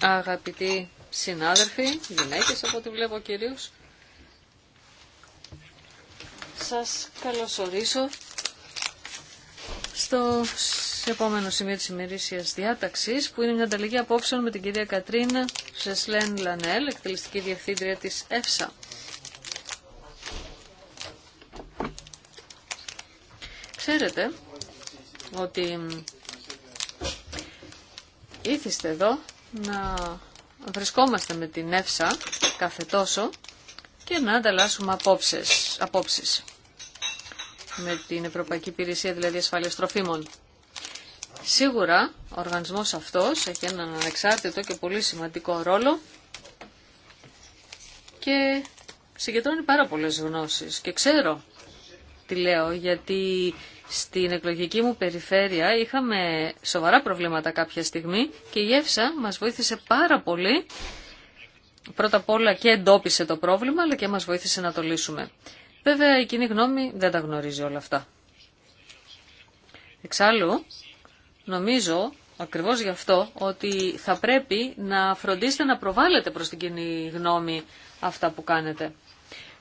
Αγαπητοί συνάδελφοι, γυναίκες από ό,τι βλέπω κυρίως, σας καλωσορίσω στο επόμενο σημείο της ημερήσιας διάταξης, που είναι μια ανταλλαγή απόψεων με την κυρία Κατρίνα Σεσλέν Λανέλ, εκτελεστική διευθύντρια της ΕΦΣΑ. Ξέρετε ότι ήθιστε εδώ να βρισκόμαστε με την ΕΦΣΑ κάθε τόσο και να ανταλλάσσουμε απόψεις, απόψεις με την Ευρωπαϊκή Υπηρεσία δηλαδή Ασφάλειας Τροφίμων. Σίγουρα ο οργανισμός αυτός έχει έναν ανεξάρτητο και πολύ σημαντικό ρόλο και συγκεντρώνει πάρα πολλές γνώσεις και ξέρω τι λέω γιατί στην εκλογική μου περιφέρεια είχαμε σοβαρά προβλήματα κάποια στιγμή και η Εύσα μας βοήθησε πάρα πολύ. Πρώτα απ' όλα και εντόπισε το πρόβλημα, αλλά και μας βοήθησε να το λύσουμε. Βέβαια, η κοινή γνώμη δεν τα γνωρίζει όλα αυτά. Εξάλλου, νομίζω ακριβώς γι' αυτό ότι θα πρέπει να φροντίσετε να προβάλλετε προς την κοινή γνώμη αυτά που κάνετε.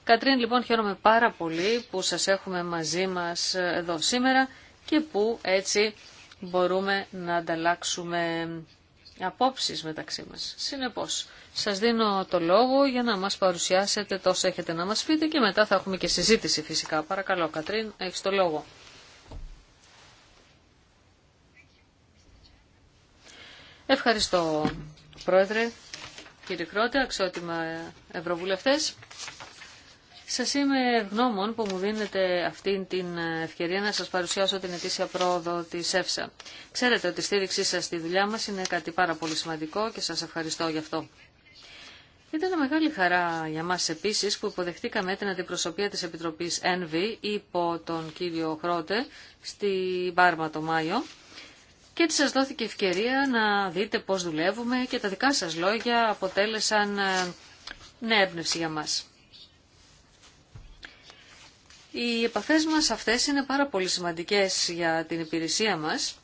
Κατρίν, λοιπόν, χαίρομαι πάρα πολύ που σας έχουμε μαζί μας εδώ σήμερα και που έτσι μπορούμε να ανταλλάξουμε απόψεις μεταξύ μας. Συνεπώς, σας δίνω το λόγο για να μας παρουσιάσετε τόσο έχετε να μας πείτε και μετά θα έχουμε και συζήτηση φυσικά. Παρακαλώ, Κατρίν, έχεις το λόγο. Ευχαριστώ, Πρόεδρε, κύριε Κρότε, αξιότιμα Ευρωβουλευτές. Σας είμαι ευγνώμων που μου δίνετε αυτή την ευκαιρία να σας παρουσιάσω την ετήσια πρόοδο της ΕΦΣΑ. Ξέρετε ότι η στήριξή σας στη δουλειά μας είναι κάτι πάρα πολύ σημαντικό και σας ευχαριστώ γι' αυτό. Ήταν μεγάλη χαρά για μας επίσης που υποδεχτήκαμε την αντιπροσωπεία της Επιτροπής ΕΝΒΗ υπό τον κύριο Χρότε στη Μπάρμα το Μάιο και έτσι σας δόθηκε ευκαιρία να δείτε πώς δουλεύουμε και τα δικά σας λόγια αποτέλεσαν ε, νέα έμπνευση για μας. Οι επαφές μας αυτές είναι πάρα πολύ σημαντικές για την υπηρεσία μας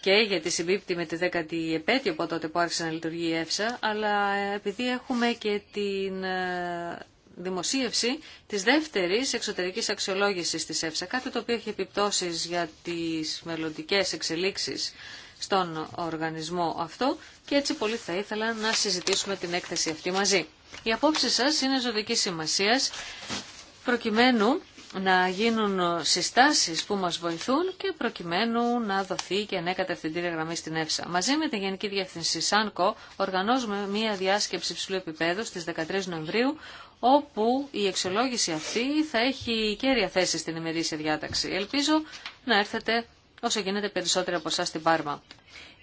και για τη συμπίπτει με τη δέκατη επέτειο από τότε που άρχισε να λειτουργεί η ΕΦΣΑ, αλλά επειδή έχουμε και την ε, δημοσίευση της δεύτερης εξωτερικής αξιολόγησης της ΕΦΣΑ, κάτι το οποίο έχει επιπτώσεις για τις μελλοντικέ εξελίξεις στον οργανισμό αυτό και έτσι πολύ θα ήθελα να συζητήσουμε την έκθεση αυτή μαζί. Οι απόψεις σας είναι ζωτική σημασίας προκειμένου να γίνουν συστάσεις που μας βοηθούν και προκειμένου να δοθεί και ένα κατευθυντήρια γραμμή στην ΕΦΣΑ. Μαζί με την Γενική Διεύθυνση ΣΑΝΚΟ οργανώσουμε μία διάσκεψη ψηλού επίπεδου στις 13 Νοεμβρίου όπου η εξολόγηση αυτή θα έχει κέρια θέση στην ημερήσια διάταξη. Ελπίζω να έρθετε όσο γίνεται περισσότερο από εσά στην Πάρμα.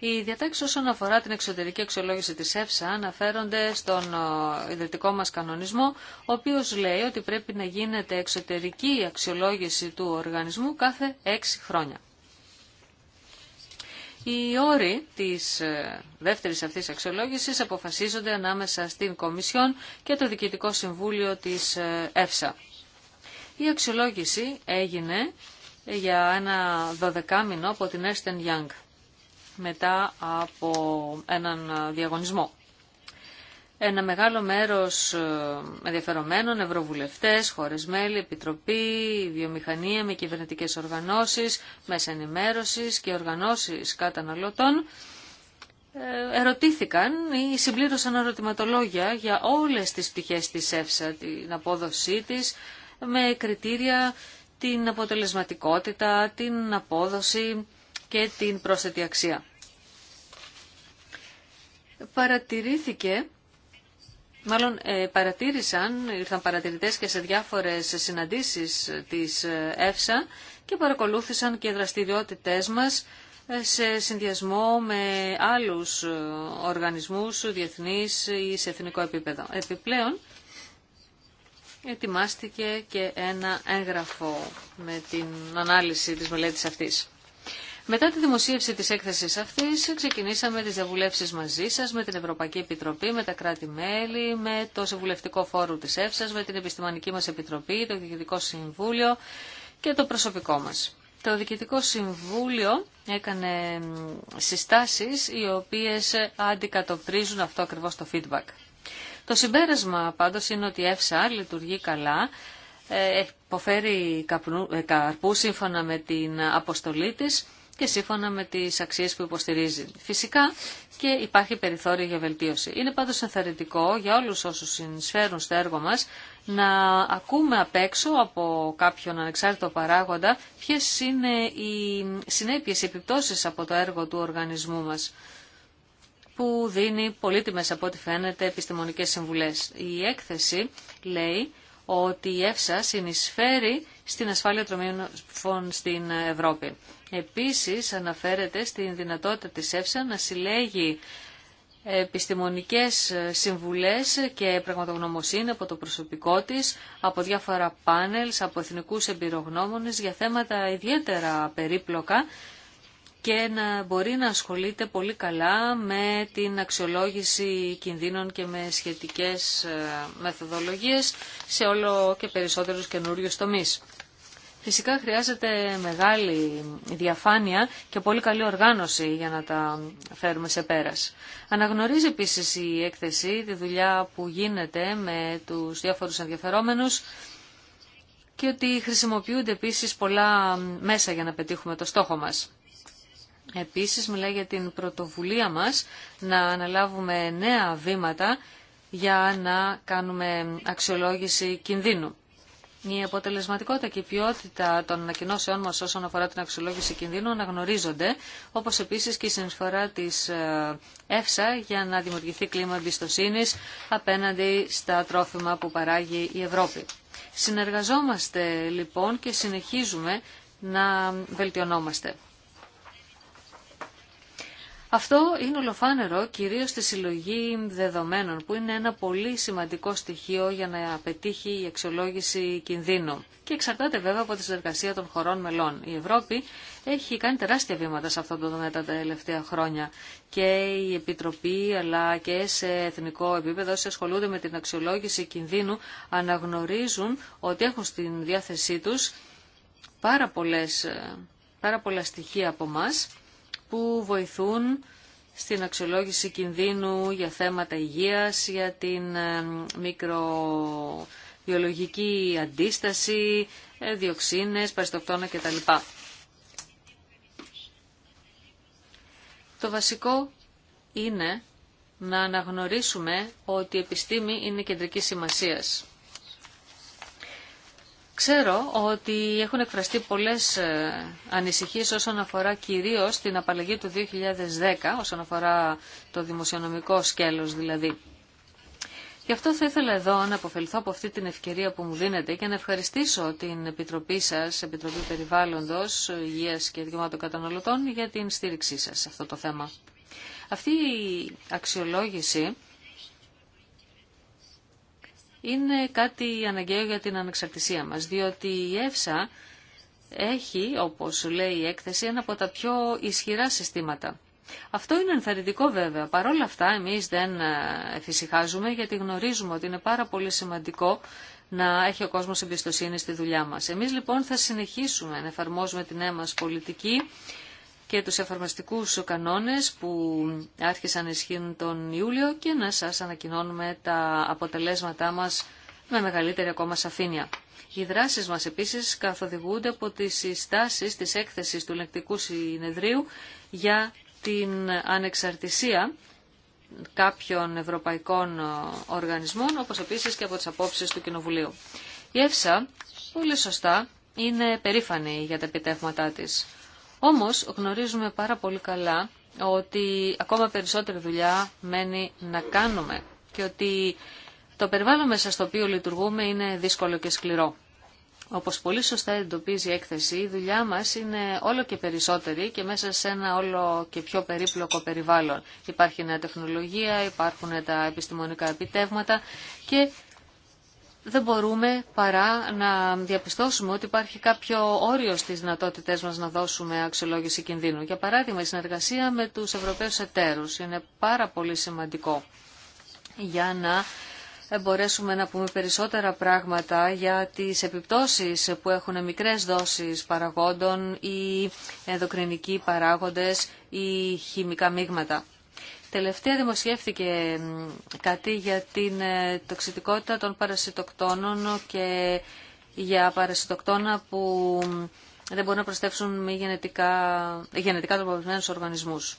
Οι διατάξει όσον αφορά την εξωτερική αξιολόγηση της ΕΦΣΑ αναφέρονται στον ιδρυτικό μας κανονισμό, ο οποίος λέει ότι πρέπει να γίνεται εξωτερική αξιολόγηση του οργανισμού κάθε έξι χρόνια. Οι όροι της ε, δεύτερη αυτής αξιολόγησης αποφασίζονται ανάμεσα στην Κομισιόν και το Διοικητικό Συμβούλιο της ε, ΕΦΣΑ. Η αξιολόγηση έγινε για ένα δωδεκάμινο από την Έρστεν Young μετά από έναν διαγωνισμό. Ένα μεγάλο μέρος ε, ενδιαφερομένων, ευρωβουλευτές, χώρες μέλη, επιτροπή, βιομηχανία με κυβερνητικές οργανώσεις, μέσα ενημέρωσης και οργανώσεις καταναλωτών, ε, ερωτήθηκαν ή συμπλήρωσαν ερωτηματολόγια για όλες τις πτυχές της ΕΦΣΑ, την απόδοσή της, με κριτήρια την αποτελεσματικότητα, την απόδοση και την πρόσθετη αξία παρατηρήθηκε Μάλλον ε, παρατήρησαν, ήρθαν παρατηρητές και σε διάφορες συναντήσεις της ΕΦΣΑ και παρακολούθησαν και δραστηριότητές μας ε, σε συνδυασμό με άλλους ε, οργανισμούς διεθνείς ή σε εθνικό επίπεδο. Επιπλέον, ετοιμάστηκε και ένα έγγραφο με την ανάλυση της μελέτης αυτής. Μετά τη δημοσίευση της έκθεσης αυτής, ξεκινήσαμε τις διαβουλεύσεις μαζί σας, με την Ευρωπαϊκή Επιτροπή, με τα κράτη-μέλη, με το Συμβουλευτικό Φόρου της ΕΦΣΑ, με την Επιστημονική μας Επιτροπή, το Διοικητικό Συμβούλιο και το προσωπικό μας. Το Διοικητικό Συμβούλιο έκανε συστάσεις οι οποίες αντικατοπτρίζουν αυτό ακριβώς το feedback. Το συμπέρασμα πάντως είναι ότι η ΕΦΣΑ λειτουργεί καλά, υποφέρει ε, καρπού ε, σύμφωνα με την αποστολή της και σύμφωνα με τις αξίες που υποστηρίζει. Φυσικά και υπάρχει περιθώριο για βελτίωση. Είναι πάντω ενθαρρυντικό για όλους όσους συνεισφέρουν στο έργο μα να ακούμε απ' έξω από κάποιον ανεξάρτητο παράγοντα ποιε είναι οι συνέπειες, οι επιπτώσεις από το έργο του οργανισμού μα, που δίνει πολύτιμες από ό,τι φαίνεται επιστημονικές συμβουλές. Η έκθεση λέει ότι η ΕΦΣΑ συνεισφέρει στην ασφάλεια τρομίων στην Ευρώπη. Επίσης αναφέρεται στην δυνατότητα της ΕΦΣΑ να συλλέγει επιστημονικές συμβουλές και πραγματογνωμοσύνη από το προσωπικό της, από διάφορα πάνελς, από εθνικούς εμπειρογνώμονες για θέματα ιδιαίτερα περίπλοκα και να μπορεί να ασχολείται πολύ καλά με την αξιολόγηση κινδύνων και με σχετικές ε, μεθοδολογίες σε όλο και περισσότερους καινούριου τομείς. Φυσικά χρειάζεται μεγάλη διαφάνεια και πολύ καλή οργάνωση για να τα φέρουμε σε πέρας. Αναγνωρίζει επίσης η έκθεση τη δουλειά που γίνεται με τους διάφορους ενδιαφερόμενους και ότι χρησιμοποιούνται επίσης πολλά μέσα για να πετύχουμε το στόχο μας. Επίσης μιλάει για την πρωτοβουλία μας να αναλάβουμε νέα βήματα για να κάνουμε αξιολόγηση κινδύνου. Η αποτελεσματικότητα και η ποιότητα των ανακοινώσεών μας όσον αφορά την αξιολόγηση κινδύνου αναγνωρίζονται, όπως επίσης και η συνεισφορά της ΕΦΣΑ για να δημιουργηθεί κλίμα εμπιστοσύνης απέναντι στα τρόφιμα που παράγει η Ευρώπη. Συνεργαζόμαστε λοιπόν και συνεχίζουμε να βελτιωνόμαστε. Αυτό είναι ολοφάνερο κυρίως στη συλλογή δεδομένων, που είναι ένα πολύ σημαντικό στοιχείο για να πετύχει η αξιολόγηση κινδύνου. Και εξαρτάται βέβαια από τη συνεργασία των χωρών μελών. Η Ευρώπη έχει κάνει τεράστια βήματα σε αυτό το τομέα τα τελευταία χρόνια. Και η Επιτροπή αλλά και σε εθνικό επίπεδο όσοι ασχολούνται με την αξιολόγηση κινδύνου αναγνωρίζουν ότι έχουν στην διάθεσή τους πάρα, πολλές, ε, πάρα πολλά στοιχεία από εμά που βοηθούν στην αξιολόγηση κινδύνου για θέματα υγείας, για την ε, μικροβιολογική αντίσταση, ε, διοξίνες, παριστοκτόνα κτλ. Το βασικό είναι να αναγνωρίσουμε ότι η επιστήμη είναι κεντρική σημασίας. Ξέρω ότι έχουν εκφραστεί πολλές ε, ανησυχίες όσον αφορά κυρίως την απαλλαγή του 2010, όσον αφορά το δημοσιονομικό σκέλος δηλαδή. Γι' αυτό θα ήθελα εδώ να αποφελθώ από αυτή την ευκαιρία που μου δίνετε και να ευχαριστήσω την Επιτροπή σας, Επιτροπή Περιβάλλοντος, Υγείας και Δικαιωμάτων Καταναλωτών για την στήριξή σας σε αυτό το θέμα. Αυτή η αξιολόγηση είναι κάτι αναγκαίο για την ανεξαρτησία μας, διότι η ΕΦΣΑ έχει, όπως λέει η έκθεση, ένα από τα πιο ισχυρά συστήματα. Αυτό είναι ενθαρρυντικό βέβαια. Παρ' όλα αυτά εμείς δεν ε, εφησυχάζουμε γιατί γνωρίζουμε ότι είναι πάρα πολύ σημαντικό να έχει ο κόσμος εμπιστοσύνη στη δουλειά μας. Εμείς λοιπόν θα συνεχίσουμε να εφαρμόζουμε την νέα μας πολιτική και τους εφαρμοστικούς κανόνες που άρχισαν να ισχύουν τον Ιούλιο και να σας ανακοινώνουμε τα αποτελέσματά μας με μεγαλύτερη ακόμα σαφήνεια. Οι δράσεις μας επίσης καθοδηγούνται από τις συστάσεις της έκθεσης του ελεγκτικού συνεδρίου για την ανεξαρτησία κάποιων ευρωπαϊκών οργανισμών, όπως επίσης και από τις απόψεις του Κοινοβουλίου. Η ΕΦΣΑ, πολύ σωστά, είναι περήφανη για τα επιτεύγματά της. Όμως γνωρίζουμε πάρα πολύ καλά ότι ακόμα περισσότερη δουλειά μένει να κάνουμε και ότι το περιβάλλον μέσα στο οποίο λειτουργούμε είναι δύσκολο και σκληρό. Όπως πολύ σωστά εντοπίζει η έκθεση, η δουλειά μας είναι όλο και περισσότερη και μέσα σε ένα όλο και πιο περίπλοκο περιβάλλον. Υπάρχει νέα τεχνολογία, υπάρχουν τα επιστημονικά επιτεύγματα και δεν μπορούμε παρά να διαπιστώσουμε ότι υπάρχει κάποιο όριο στις δυνατότητές μας να δώσουμε αξιολόγηση κινδύνου. Για παράδειγμα, η συνεργασία με τους Ευρωπαίους εταίρους είναι πάρα πολύ σημαντικό για να μπορέσουμε να πούμε περισσότερα πράγματα για τις επιπτώσεις που έχουν μικρές δόσεις παραγόντων ή ενδοκρινικοί παράγοντες ή χημικά μείγματα. Τελευταία δημοσιεύθηκε κάτι για την ε, τοξικότητα των παρασιτοκτόνων και για παρασιτοκτόνα που δεν μπορούν να προστεύσουν μη γενετικά, γενετικά τροποποιημένους οργανισμούς.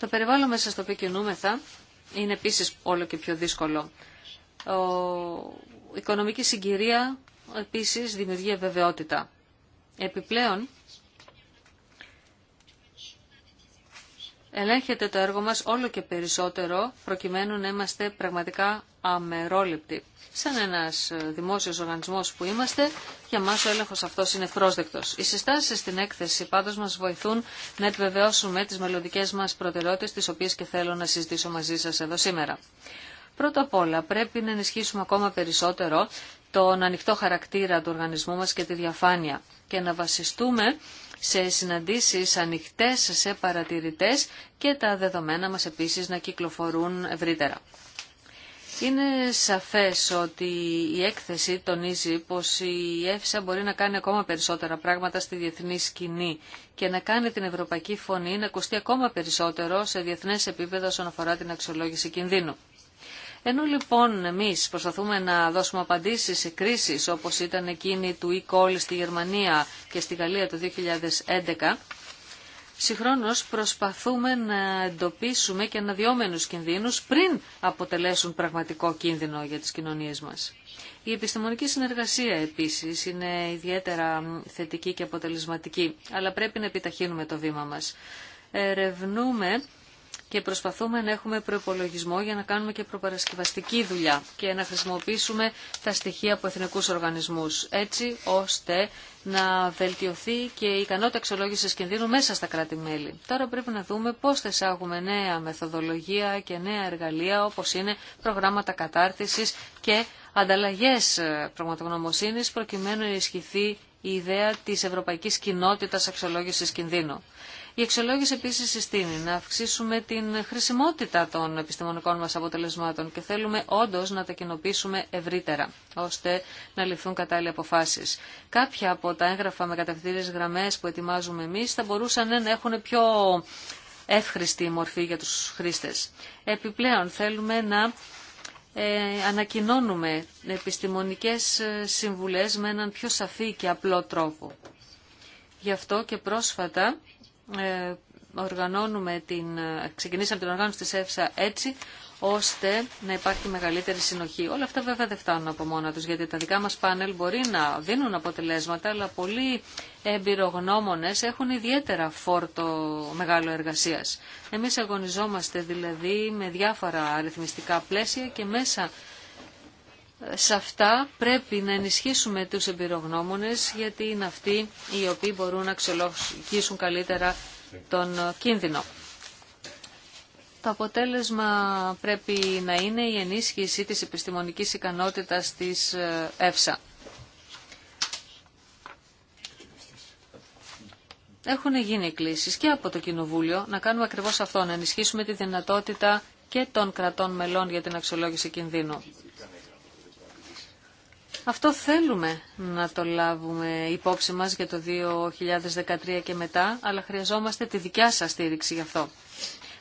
Το περιβάλλον μέσα στο οποίο κινούμεθα είναι επίσης όλο και πιο δύσκολο. Ο... οικονομική συγκυρία επίσης δημιουργεί βεβαιότητα. Επιπλέον, ελέγχεται το έργο μας όλο και περισσότερο προκειμένου να είμαστε πραγματικά αμερόληπτοι. Σαν ένας ε, δημόσιος οργανισμός που είμαστε, για μα ο έλεγχος αυτός είναι πρόσδεκτος. Οι συστάσεις στην έκθεση πάντως μας βοηθούν να επιβεβαιώσουμε τις μελλοντικέ μας προτεραιότητες, τις οποίες και θέλω να συζητήσω μαζί σας εδώ σήμερα. Πρώτα απ' όλα πρέπει να ενισχύσουμε ακόμα περισσότερο τον ανοιχτό χαρακτήρα του οργανισμού μας και τη διαφάνεια και να βασιστούμε σε συναντήσεις ανοιχτές σε παρατηρητές και τα δεδομένα μας επίσης να κυκλοφορούν ευρύτερα. Είναι σαφές ότι η έκθεση τονίζει πως η ΕΦΣΑ μπορεί να κάνει ακόμα περισσότερα πράγματα στη διεθνή σκηνή και να κάνει την ευρωπαϊκή φωνή να ακουστεί ακόμα περισσότερο σε διεθνές επίπεδο όσον αφορά την αξιολόγηση κινδύνου. Ενώ λοιπόν εμείς προσπαθούμε να δώσουμε απαντήσεις σε κρίσεις όπως ήταν εκείνη του e-call στη Γερμανία και στη Γαλλία το 2011, συγχρόνως προσπαθούμε να εντοπίσουμε και αναδυόμενους κινδύνους πριν αποτελέσουν πραγματικό κίνδυνο για τις κοινωνίες μας. Η επιστημονική συνεργασία επίσης είναι ιδιαίτερα θετική και αποτελεσματική, αλλά πρέπει να επιταχύνουμε το βήμα μας. Ερευνούμε και προσπαθούμε να έχουμε προπολογισμό για να κάνουμε και προπαρασκευαστική δουλειά και να χρησιμοποιήσουμε τα στοιχεία από εθνικούς οργανισμούς, έτσι ώστε να βελτιωθεί και η ικανότητα αξιολόγηση κινδύνου μέσα στα κράτη-μέλη. Τώρα πρέπει να δούμε πώ θα εισάγουμε νέα μεθοδολογία και νέα εργαλεία, όπω είναι προγράμματα κατάρτιση και ανταλλαγέ πραγματογνωμοσύνη, προκειμένου να ισχυθεί η ιδέα τη Ευρωπαϊκή Κοινότητα αξιολόγηση Κινδύνου. Η εξολόγηση επίσης συστήνει να αυξήσουμε την χρησιμότητα των επιστημονικών μας αποτελεσμάτων και θέλουμε όντως να τα κοινοποιήσουμε ευρύτερα, ώστε να ληφθούν κατάλληλε αποφάσεις. Κάποια από τα έγγραφα με κατευθύνες γραμμές που ετοιμάζουμε εμείς θα μπορούσαν να έχουν πιο εύχρηστη μορφή για τους χρήστες. Επιπλέον θέλουμε να ε, ανακοινώνουμε επιστημονικές συμβουλές με έναν πιο σαφή και απλό τρόπο. Γι' αυτό και πρόσφατα ε, οργανώνουμε την, ε, ξεκινήσαμε την οργάνωση της ΕΦΣΑ έτσι ώστε να υπάρχει μεγαλύτερη συνοχή. Όλα αυτά βέβαια δεν φτάνουν από μόνα τους, γιατί τα δικά μας πάνελ μπορεί να δίνουν αποτελέσματα, αλλά πολλοί εμπειρογνώμονες έχουν ιδιαίτερα φόρτο μεγάλο εργασίας. Εμείς αγωνιζόμαστε δηλαδή με διάφορα αριθμιστικά πλαίσια και μέσα σε αυτά πρέπει να ενισχύσουμε τους εμπειρογνώμονες γιατί είναι αυτοί οι οποίοι μπορούν να αξιολογήσουν καλύτερα τον κίνδυνο. Το αποτέλεσμα πρέπει να είναι η ενίσχυση της επιστημονικής ικανότητας της ΕΦΣΑ. Έχουν γίνει κλήσεις και από το Κοινοβούλιο να κάνουμε ακριβώς αυτό, να ενισχύσουμε τη δυνατότητα και των κρατών μελών για την αξιολόγηση κινδύνου. Αυτό θέλουμε να το λάβουμε υπόψη μας για το 2013 και μετά, αλλά χρειαζόμαστε τη δικιά σας στήριξη γι' αυτό.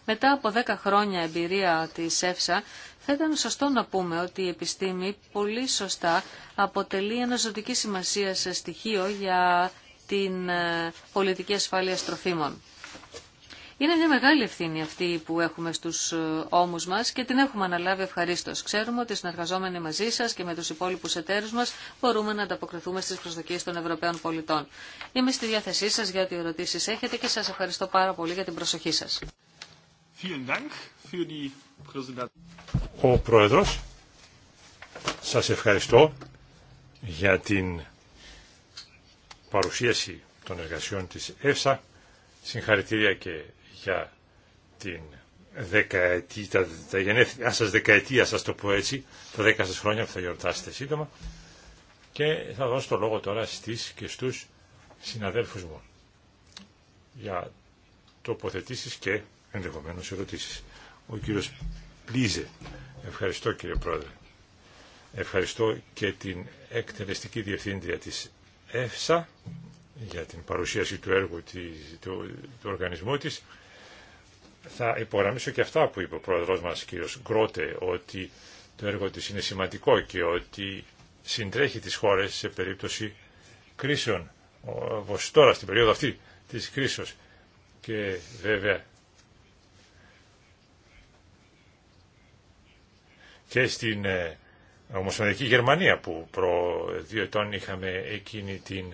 Μετά από 10 χρόνια εμπειρία της ΕΦΣΑ, θα ήταν σωστό να πούμε ότι η επιστήμη πολύ σωστά αποτελεί ένα ζωτική σημασία σε στοιχείο για την ε, πολιτική ασφάλεια τροφίμων. Είναι μια μεγάλη ευθύνη αυτή που έχουμε στους ε, ώμους μας και την έχουμε αναλάβει ευχαρίστω. Ξέρουμε ότι συνεργαζόμενοι μαζί σας και με τους υπόλοιπους εταίρους μας μπορούμε να ανταποκριθούμε στις προσδοκίες των Ευρωπαίων πολιτών. Είμαι στη διάθεσή σας για ό,τι ερωτήσεις έχετε και σας ευχαριστώ πάρα πολύ για την προσοχή σας. Ο Πρόεδρος, σας ευχαριστώ για την παρουσίαση των εργασιών της ΕΦΣΑ. Συγχαρητήρια και για την δεκαετή, τα, τα γενέθλιά σας δεκαετία σας το πω έτσι, τα δέκα σας χρόνια που θα γιορτάσετε σύντομα και θα δώσω το λόγο τώρα στις και στους συναδέλφους μου για τοποθετήσεις και ενδεχομένως ερωτήσεις. Ο κύριος Πλίζε. Ευχαριστώ κύριε Πρόεδρε. Ευχαριστώ και την εκτελεστική διευθύντρια της ΕΦΣΑ για την παρουσίαση του έργου του, του οργανισμού της θα υπογραμμίσω και αυτά που είπε ο πρόεδρος μας κύριος Γκρότε, ότι το έργο της είναι σημαντικό και ότι συντρέχει τις χώρες σε περίπτωση κρίσεων, όπως τώρα στην περίοδο αυτή της κρίσεως. Και βέβαια και στην ε, Ομοσπονδιακή Γερμανία που προ δύο ετών είχαμε εκείνη την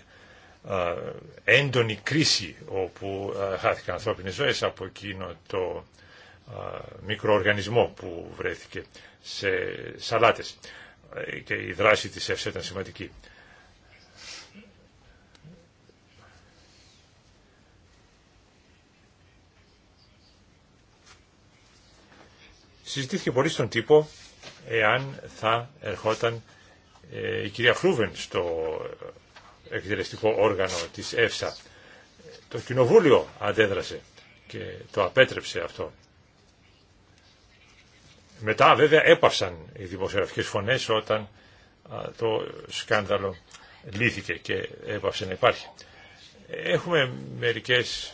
ε, έντονη κρίση όπου ε, χάθηκαν ανθρώπινες ζωές από εκείνο το ε, μικροοργανισμό που βρέθηκε σε σαλάτες και η δράση της ΕΦΣΕ ήταν σημαντική. Συζητήθηκε πολύ στον τύπο εάν θα ερχόταν η κυρία Φρούβεν στο εκτελεστικό όργανο της ΕΦΣΑ. Το Κοινοβούλιο αντέδρασε και το απέτρεψε αυτό. Μετά βέβαια έπαυσαν οι δημοσιογραφικές φωνές όταν το σκάνδαλο λύθηκε και έπαυσε να υπάρχει. Έχουμε μερικές,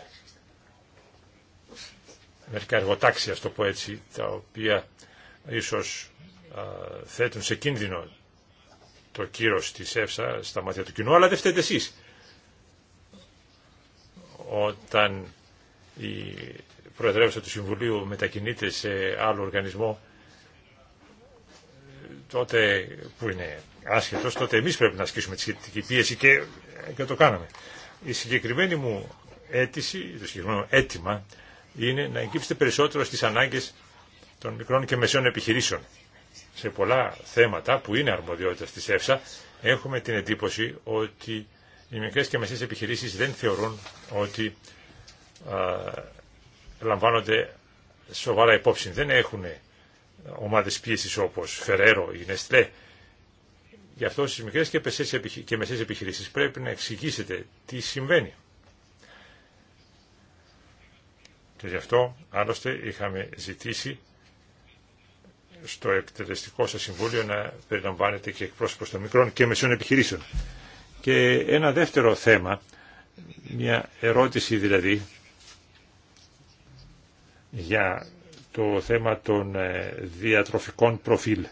μερικά εργοτάξια, στο πω έτσι, τα οποία ίσως θέτουν σε κίνδυνο το κύρος της ΕΦΣΑ στα μάτια του κοινού, αλλά δεν φταίτε εσείς. Όταν η προεδρεύουσα του Συμβουλίου μετακινείται σε άλλο οργανισμό, τότε που είναι άσχετος, τότε εμείς πρέπει να ασκήσουμε τη σχετική πίεση και, και το κάναμε. Η συγκεκριμένη μου αίτηση, το συγκεκριμένο αίτημα, είναι να εγκύψετε περισσότερο στις ανάγκες των μικρών και μεσαίων επιχειρήσεων σε πολλά θέματα που είναι αρμοδιότητα της ΕΦΣΑ έχουμε την εντύπωση ότι οι μικρές και μεσαίες επιχειρήσεις δεν θεωρούν ότι α, λαμβάνονται σοβαρά υπόψη. Δεν έχουν ομάδες πίεσης όπως Φεραίρο ή Νεστλέ. Γι' αυτό στις μικρές και, και μεσαίες επιχειρήσεις πρέπει να εξηγήσετε τι συμβαίνει. Και γι' αυτό άλλωστε είχαμε ζητήσει στο εκτελεστικό σας συμβούλιο να περιλαμβάνεται και εκπρόσωπος των μικρών και μεσών επιχειρήσεων. Και ένα δεύτερο θέμα, μια ερώτηση δηλαδή για το θέμα των ε, διατροφικών προφίλ.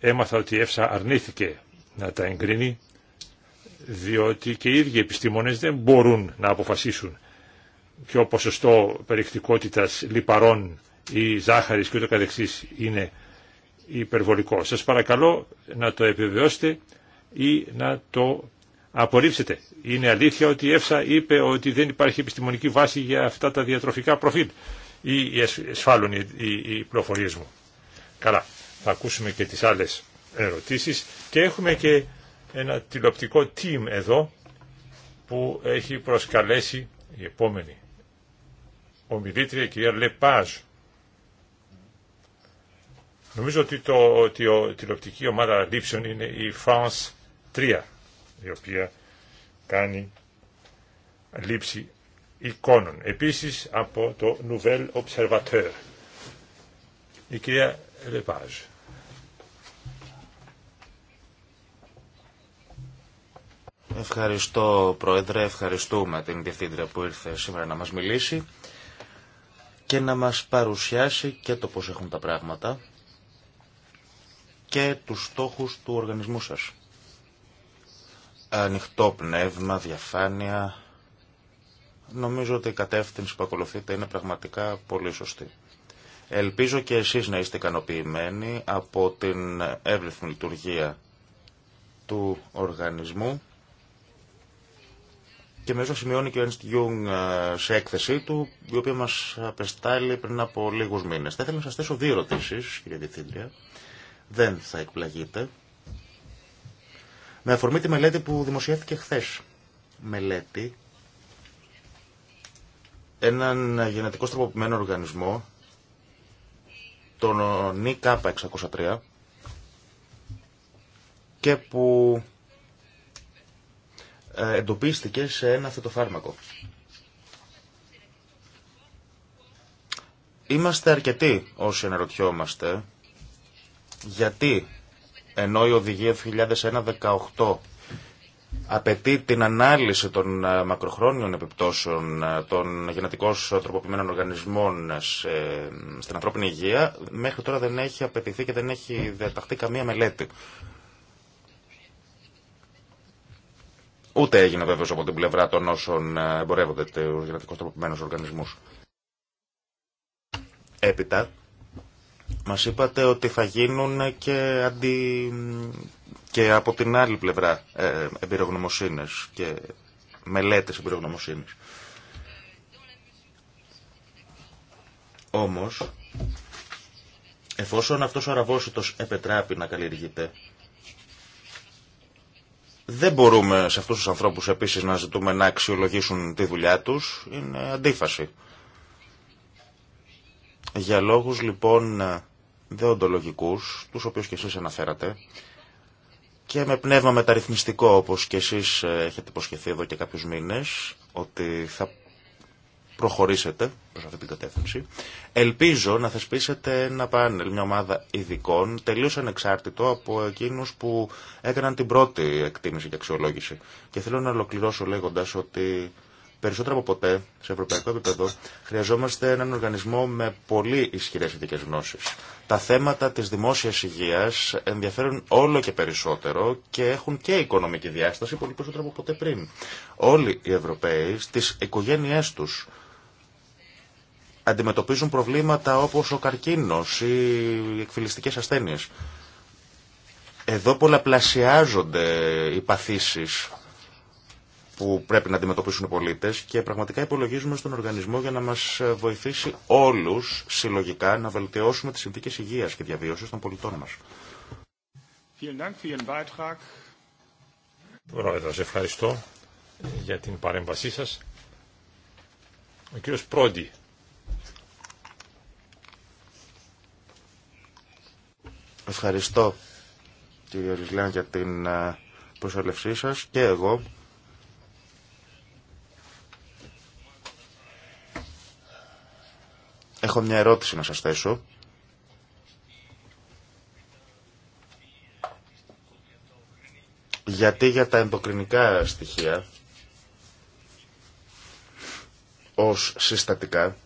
Έμαθα ότι η ΕΦΣΑ αρνήθηκε να τα εγκρίνει διότι και οι ίδιοι επιστήμονες δεν μπορούν να αποφασίσουν ποιο ποσοστό περιεκτικότητας λιπαρών ή ζάχαρης και ούτω καθεξής είναι υπερβολικό. Σας παρακαλώ να το επιβεβαιώσετε ή να το απορρίψετε. Είναι αλήθεια ότι η ΕΦΣΑ είπε ότι δεν υπάρχει επιστημονική βάση για αυτά τα διατροφικά προφίλ ή εσφάλουν οι πληροφορίες μου. Καλά, θα ακούσουμε και τις άλλες ερωτήσεις και έχουμε και ένα τηλεοπτικό team εδώ που έχει προσκαλέσει η επόμενη ομιλήτρια, η κυρία Λεπάζ. Νομίζω ότι, το, ότι η τηλεοπτική ομάδα λήψεων είναι η France 3, η οποία κάνει λήψη εικόνων. Επίσης από το Nouvel Observateur. Η κυρία Λεπάζ. Ευχαριστώ Πρόεδρε, ευχαριστούμε την Διευθύντρια που ήρθε σήμερα να μας μιλήσει και να μας παρουσιάσει και το πώς έχουν τα πράγματα και τους στόχους του οργανισμού σας. Ανοιχτό πνεύμα, διαφάνεια. Νομίζω ότι η κατεύθυνση που ακολουθείτε είναι πραγματικά πολύ σωστή. Ελπίζω και εσείς να είστε ικανοποιημένοι από την εύρυθμη λειτουργία του οργανισμού και με σημειώνει και ο Ernst Jung ε, σε έκθεσή του, η οποία μας απεστάλλει πριν από λίγους μήνες. Θα ήθελα να σας θέσω δύο ερωτήσεις, κύριε Διευθύντρια. Δεν θα εκπλαγείτε. Με αφορμή τη μελέτη που δημοσιεύτηκε χθε. Μελέτη. Έναν γενετικό στροποποιημένο οργανισμό, τον ΝΙΚΑΠΑ 603, και που ε, εντοπίστηκε σε ένα φυτοφάρμακο. Είμαστε αρκετοί όσοι αναρωτιόμαστε γιατί ενώ η οδηγια 2018 απαιτεί την ανάλυση των ε, μακροχρόνιων επιπτώσεων ε, των γενετικώς τροποποιημένων οργανισμών στην ανθρώπινη υγεία, μέχρι τώρα δεν έχει απαιτηθεί και δεν έχει διαταχθεί καμία μελέτη. Ούτε έγινε βέβαιος από την πλευρά των όσων ε, εμπορεύονται του γενετικώς τροποποιημένους οργανισμούς. Έπειτα, μας είπατε ότι θα γίνουν και, αντι... και από την άλλη πλευρά ε, εμπειρογνωμοσύνες και μελέτες εμπειρογνωμοσύνης. Όμως, εφόσον αυτός ο αραβόσιτος επετράπει να καλλιεργείται, δεν μπορούμε σε αυτούς τους ανθρώπους επίσης να ζητούμε να αξιολογήσουν τη δουλειά τους. Είναι αντίφαση. Για λόγους λοιπόν δεοντολογικούς, τους οποίους και εσείς αναφέρατε, και με πνεύμα μεταρρυθμιστικό όπως και εσείς ε, έχετε υποσχεθεί εδώ και κάποιους μήνες, ότι θα προχωρήσετε προ αυτή την κατεύθυνση. Ελπίζω να θεσπίσετε ένα πάνελ, μια ομάδα ειδικών, τελείως ανεξάρτητο από εκείνου που έκαναν την πρώτη εκτίμηση και αξιολόγηση. Και θέλω να ολοκληρώσω λέγοντα ότι περισσότερο από ποτέ, σε ευρωπαϊκό επίπεδο, χρειαζόμαστε έναν οργανισμό με πολύ ισχυρέ ειδικέ γνώσει. Τα θέματα τη δημόσια υγεία ενδιαφέρουν όλο και περισσότερο και έχουν και οικονομική διάσταση πολύ περισσότερο από ποτέ πριν. Όλοι οι Ευρωπαίοι στι οικογένειε του αντιμετωπίζουν προβλήματα όπως ο καρκίνος ή οι εκφυλιστικές ασθένειες. Εδώ πολλαπλασιάζονται οι παθήσεις που πρέπει να αντιμετωπίσουν οι πολίτες και πραγματικά υπολογίζουμε στον οργανισμό για να μας βοηθήσει όλους συλλογικά να βελτιώσουμε τις συνθήκες υγείας και διαβίωσης των πολιτών μας. ευχαριστώ για την παρέμβασή σας. Ο κύριος Πρόντι. Ευχαριστώ κύριε Λιλάν για την ε, προσέλευσή σας και εγώ. Έχω μια ερώτηση να σας θέσω. Γιατί για τα ενδοκρινικά στοιχεία ως συστατικά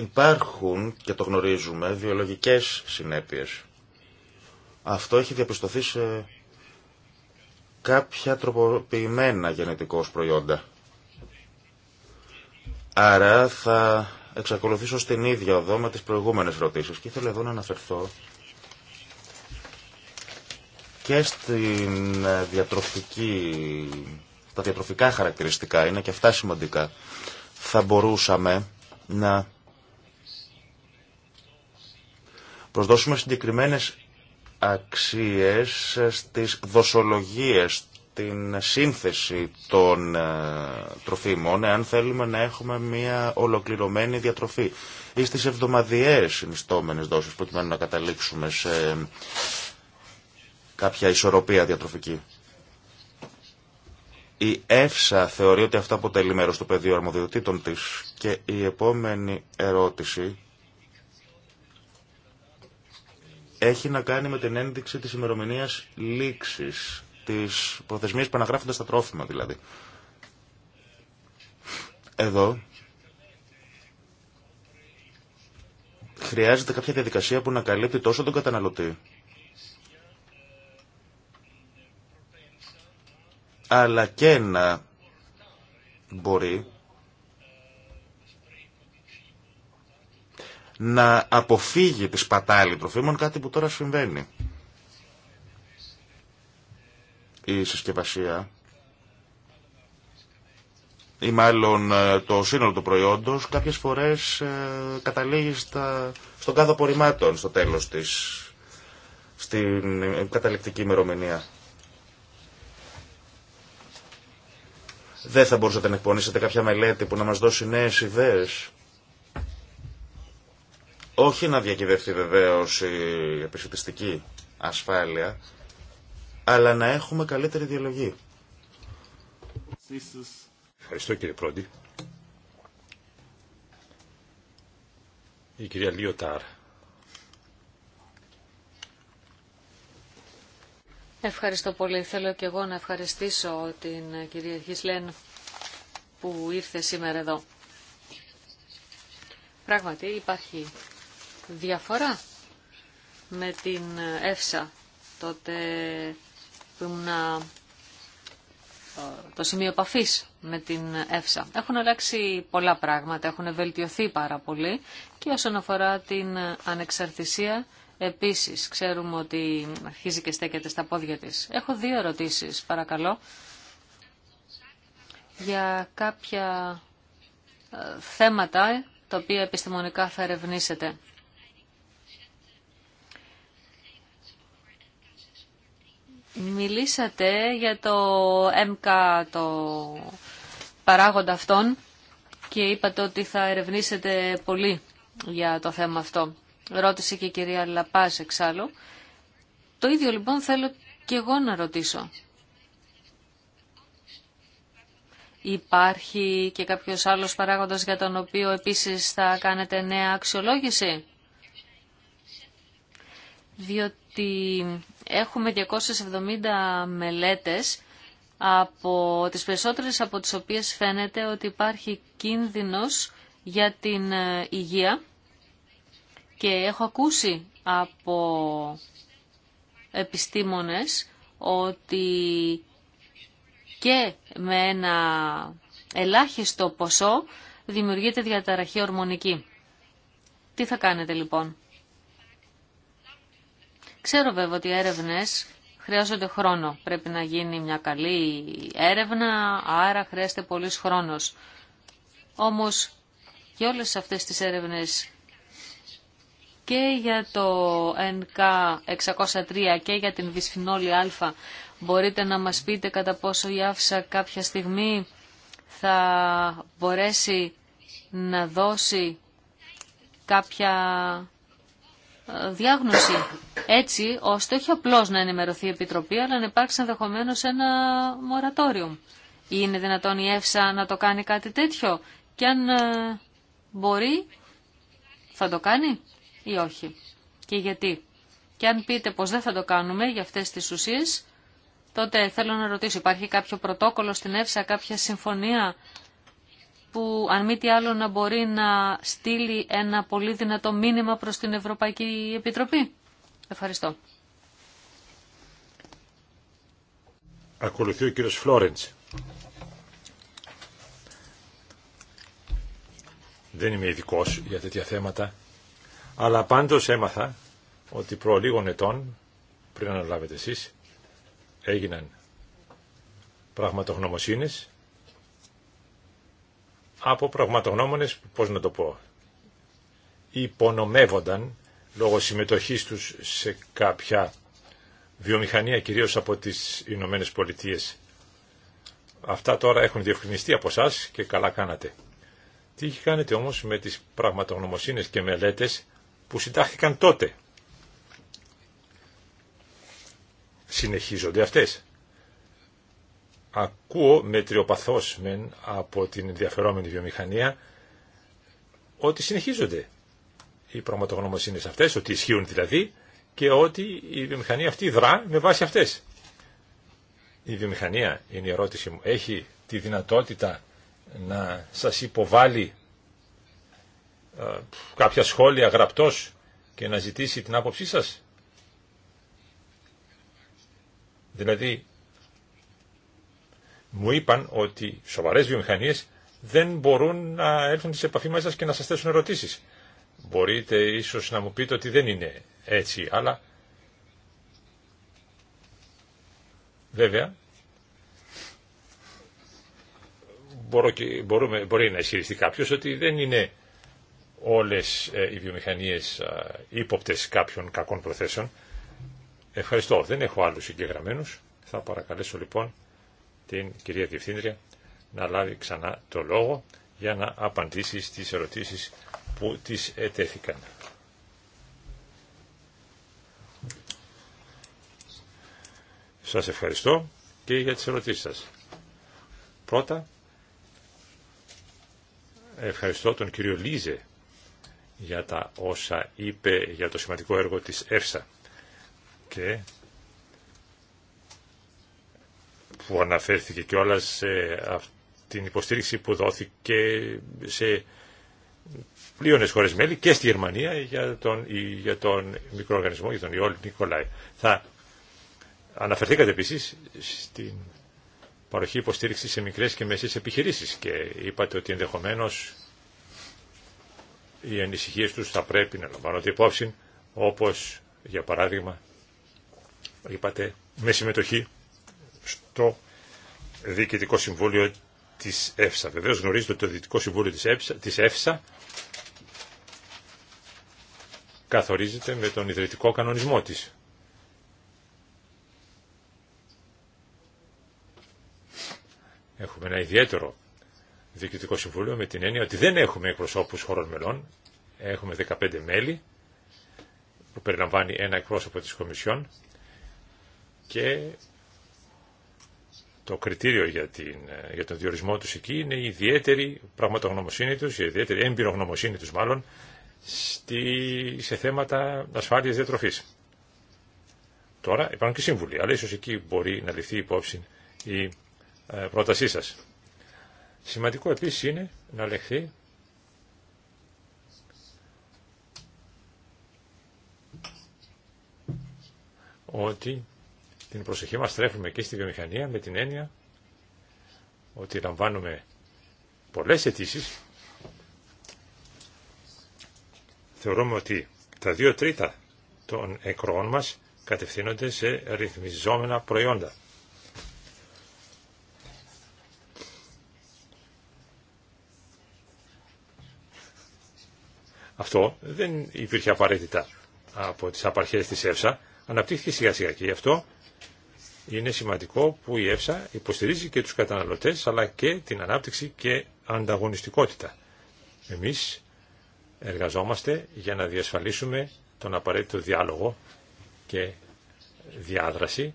Υπάρχουν, και το γνωρίζουμε, βιολογικές συνέπειες. Αυτό έχει διαπιστωθεί σε κάποια τροποποιημένα γενετικώς προϊόντα. Άρα θα εξακολουθήσω στην ίδια οδό με τις προηγούμενες ερωτήσεις. και ήθελα εδώ να αναφερθώ και στην ε, διατροφική, τα διατροφικά χαρακτηριστικά είναι και αυτά σημαντικά. Θα μπορούσαμε να προσδώσουμε συγκεκριμένες αξίες στις δοσολογίες, την σύνθεση των ε, τροφίμων, εάν θέλουμε να έχουμε μια ολοκληρωμένη διατροφή ή στις εβδομαδιαίες συνιστόμενες δόσεις, προκειμένου να καταλήξουμε σε κάποια ισορροπία διατροφική. Η ΕΦΣΑ θεωρεί ότι αυτό αποτελεί μέρος του πεδίου αρμοδιοτήτων της και η επόμενη ερώτηση έχει να κάνει με την ένδειξη της ημερομηνία λήξης, της προθεσμίας που αναγράφονται στα τρόφιμα δηλαδή. Εδώ χρειάζεται κάποια διαδικασία που να καλύπτει τόσο τον καταναλωτή, αλλά και να μπορεί να αποφύγει τη σπατάλη τροφίμων, κάτι που τώρα συμβαίνει. Η συσκευασία ή μάλλον ε, το σύνολο του προϊόντος κάποιες φορές ε, καταλήγει στα, στον κάδο απορριμμάτων στο τέλος της, στην καταληκτική ημερομηνία. Δεν θα μπορούσατε να εκπονήσετε κάποια μελέτη που να μας δώσει νέες ιδέες όχι να διακυβευτεί βεβαίω η επιστημιστική ασφάλεια, αλλά να έχουμε καλύτερη διαλογή. Ευχαριστώ κύριε Πρόντι. Η κυρία Λιωτάρ. Ευχαριστώ πολύ. Θέλω και εγώ να ευχαριστήσω την κυρία Χισλέν που ήρθε σήμερα εδώ. Πράγματι υπάρχει διαφορά με την ΕΦΣΑ τότε που ήμουν το σημείο επαφή με την ΕΦΣΑ. Έχουν αλλάξει πολλά πράγματα, έχουν βελτιωθεί πάρα πολύ και όσον αφορά την ανεξαρτησία επίσης ξέρουμε ότι αρχίζει και στέκεται στα πόδια της. Έχω δύο ερωτήσεις παρακαλώ για κάποια θέματα τα οποία επιστημονικά θα ερευνήσετε. Μιλήσατε για το MK, το παράγοντα αυτόν και είπατε ότι θα ερευνήσετε πολύ για το θέμα αυτό. Ρώτησε και η κυρία Λαπάς εξάλλου. Το ίδιο λοιπόν θέλω και εγώ να ρωτήσω. Υπάρχει και κάποιος άλλος παράγοντας για τον οποίο επίσης θα κάνετε νέα αξιολόγηση διότι έχουμε 270 μελέτες από τις περισσότερες από τις οποίες φαίνεται ότι υπάρχει κίνδυνος για την ε, υγεία και έχω ακούσει από επιστήμονες ότι και με ένα ελάχιστο ποσό δημιουργείται διαταραχή ορμονική. Τι θα κάνετε λοιπόν. Ξέρω βέβαια ότι οι έρευνες χρειάζονται χρόνο. Πρέπει να γίνει μια καλή έρευνα, άρα χρειάζεται πολύς χρόνος. Όμως και όλες αυτές τις έρευνες και για το NK603 και για την βυσφινόλη α μπορείτε να μας πείτε κατά πόσο η άφησα κάποια στιγμή θα μπορέσει να δώσει κάποια διάγνωση έτσι ώστε όχι απλώς να ενημερωθεί η Επιτροπή αλλά να υπάρξει ενδεχομένω ένα μορατόριο. Είναι δυνατόν η ΕΦΣΑ να το κάνει κάτι τέτοιο και αν ε, μπορεί θα το κάνει ή όχι και γιατί. Και αν πείτε πως δεν θα το κάνουμε για αυτές τις ουσίες τότε θέλω να ρωτήσω υπάρχει κάποιο πρωτόκολλο στην ΕΦΣΑ, κάποια συμφωνία που αν μη τι άλλο να μπορεί να στείλει ένα πολύ δυνατό μήνυμα προς την Ευρωπαϊκή Επιτροπή. Ευχαριστώ. Ακολουθεί ο κύριος Φλόρεντς. Δεν είμαι ειδικό για τέτοια θέματα, αλλά πάντως έμαθα ότι προ λίγων ετών, πριν αναλάβετε εσείς, έγιναν πραγματογνωμοσύνες από πραγματογνώμονες, πώς να το πω, υπονομεύονταν λόγω συμμετοχής τους σε κάποια βιομηχανία, κυρίως από τις Ηνωμένε Πολιτείε. Αυτά τώρα έχουν διευκρινιστεί από εσά και καλά κάνατε. Τι είχε κάνετε όμως με τις πραγματογνωμοσύνες και μελέτες που συντάχθηκαν τότε. Συνεχίζονται αυτές ακούω με μεν από την ενδιαφερόμενη βιομηχανία ότι συνεχίζονται οι πραγματογνωμοσύνες αυτές, ότι ισχύουν δηλαδή και ότι η βιομηχανία αυτή δρά με βάση αυτές. Η βιομηχανία, είναι η ερώτηση μου, έχει τη δυνατότητα να σας υποβάλει ε, κάποια σχόλια γραπτός και να ζητήσει την άποψή σας. Δηλαδή, μου είπαν ότι σοβαρές βιομηχανίες δεν μπορούν να έρθουν σε επαφή μαζί σας και να σας θέσουν ερωτήσεις. Μπορείτε ίσως να μου πείτε ότι δεν είναι έτσι, αλλά βέβαια μπορώ και, μπορούμε, μπορεί να ισχυριστεί κάποιος ότι δεν είναι όλες ε, οι βιομηχανίες ε, ύποπτες κάποιων κακών προθέσεων. Ευχαριστώ. Δεν έχω άλλους συγκεγραμμένους. Θα παρακαλέσω λοιπόν την κυρία Διευθύντρια να λάβει ξανά το λόγο για να απαντήσει στις ερωτήσεις που της ετέθηκαν. Σας ευχαριστώ και για τις ερωτήσεις σας. Πρώτα, ευχαριστώ τον κύριο Λίζε για τα όσα είπε για το σημαντικό έργο της ΕΦΣΑ και που αναφέρθηκε και σε την υποστήριξη που δόθηκε σε πλήρωνες χώρες μέλη και στη Γερμανία για τον, για τον μικροοργανισμό, για τον Ιόλ Νικολάη. Θα αναφερθήκατε επίσης στην παροχή υποστήριξη σε μικρές και μεσές επιχειρήσεις και είπατε ότι ενδεχομένως οι ανησυχίε τους θα πρέπει να λαμβάνονται υπόψη όπως για παράδειγμα είπατε με συμμετοχή το Διοικητικό Συμβούλιο της ΕΦΣΑ. Βεβαίως γνωρίζετε ότι το Διοικητικό Συμβούλιο της, ΕΦΣΑ, της καθορίζεται με τον ιδρυτικό κανονισμό της. Έχουμε ένα ιδιαίτερο Διοικητικό Συμβούλιο με την έννοια ότι δεν έχουμε εκπροσώπους χωρών μελών, έχουμε 15 μέλη που περιλαμβάνει ένα εκπρόσωπο της Κομισιόν και το κριτήριο για, την, ε, για τον διορισμό τους εκεί είναι η ιδιαίτερη πραγματογνωμοσύνη τους, η ιδιαίτερη εμπειρογνωμοσύνη τους μάλλον, στη, σε θέματα ασφάλειας διατροφής. Τώρα υπάρχουν και σύμβουλοι, αλλά ίσως εκεί μπορεί να ληφθεί υπόψη η ε, πρότασή σας. Σημαντικό επίσης είναι να λεχθεί ότι την προσοχή μας στρέφουμε και στη βιομηχανία με την έννοια ότι λαμβάνουμε πολλές αιτήσει. Θεωρούμε ότι τα δύο τρίτα των εκροών μας κατευθύνονται σε ρυθμιζόμενα προϊόντα. Αυτό δεν υπήρχε απαραίτητα από τις απαρχές της ΕΦΣΑ, αναπτύχθηκε σιγά σιγά και γι' αυτό είναι σημαντικό που η ΕΦΣΑ υποστηρίζει και τους καταναλωτές αλλά και την ανάπτυξη και ανταγωνιστικότητα. Εμείς εργαζόμαστε για να διασφαλίσουμε τον απαραίτητο διάλογο και διάδραση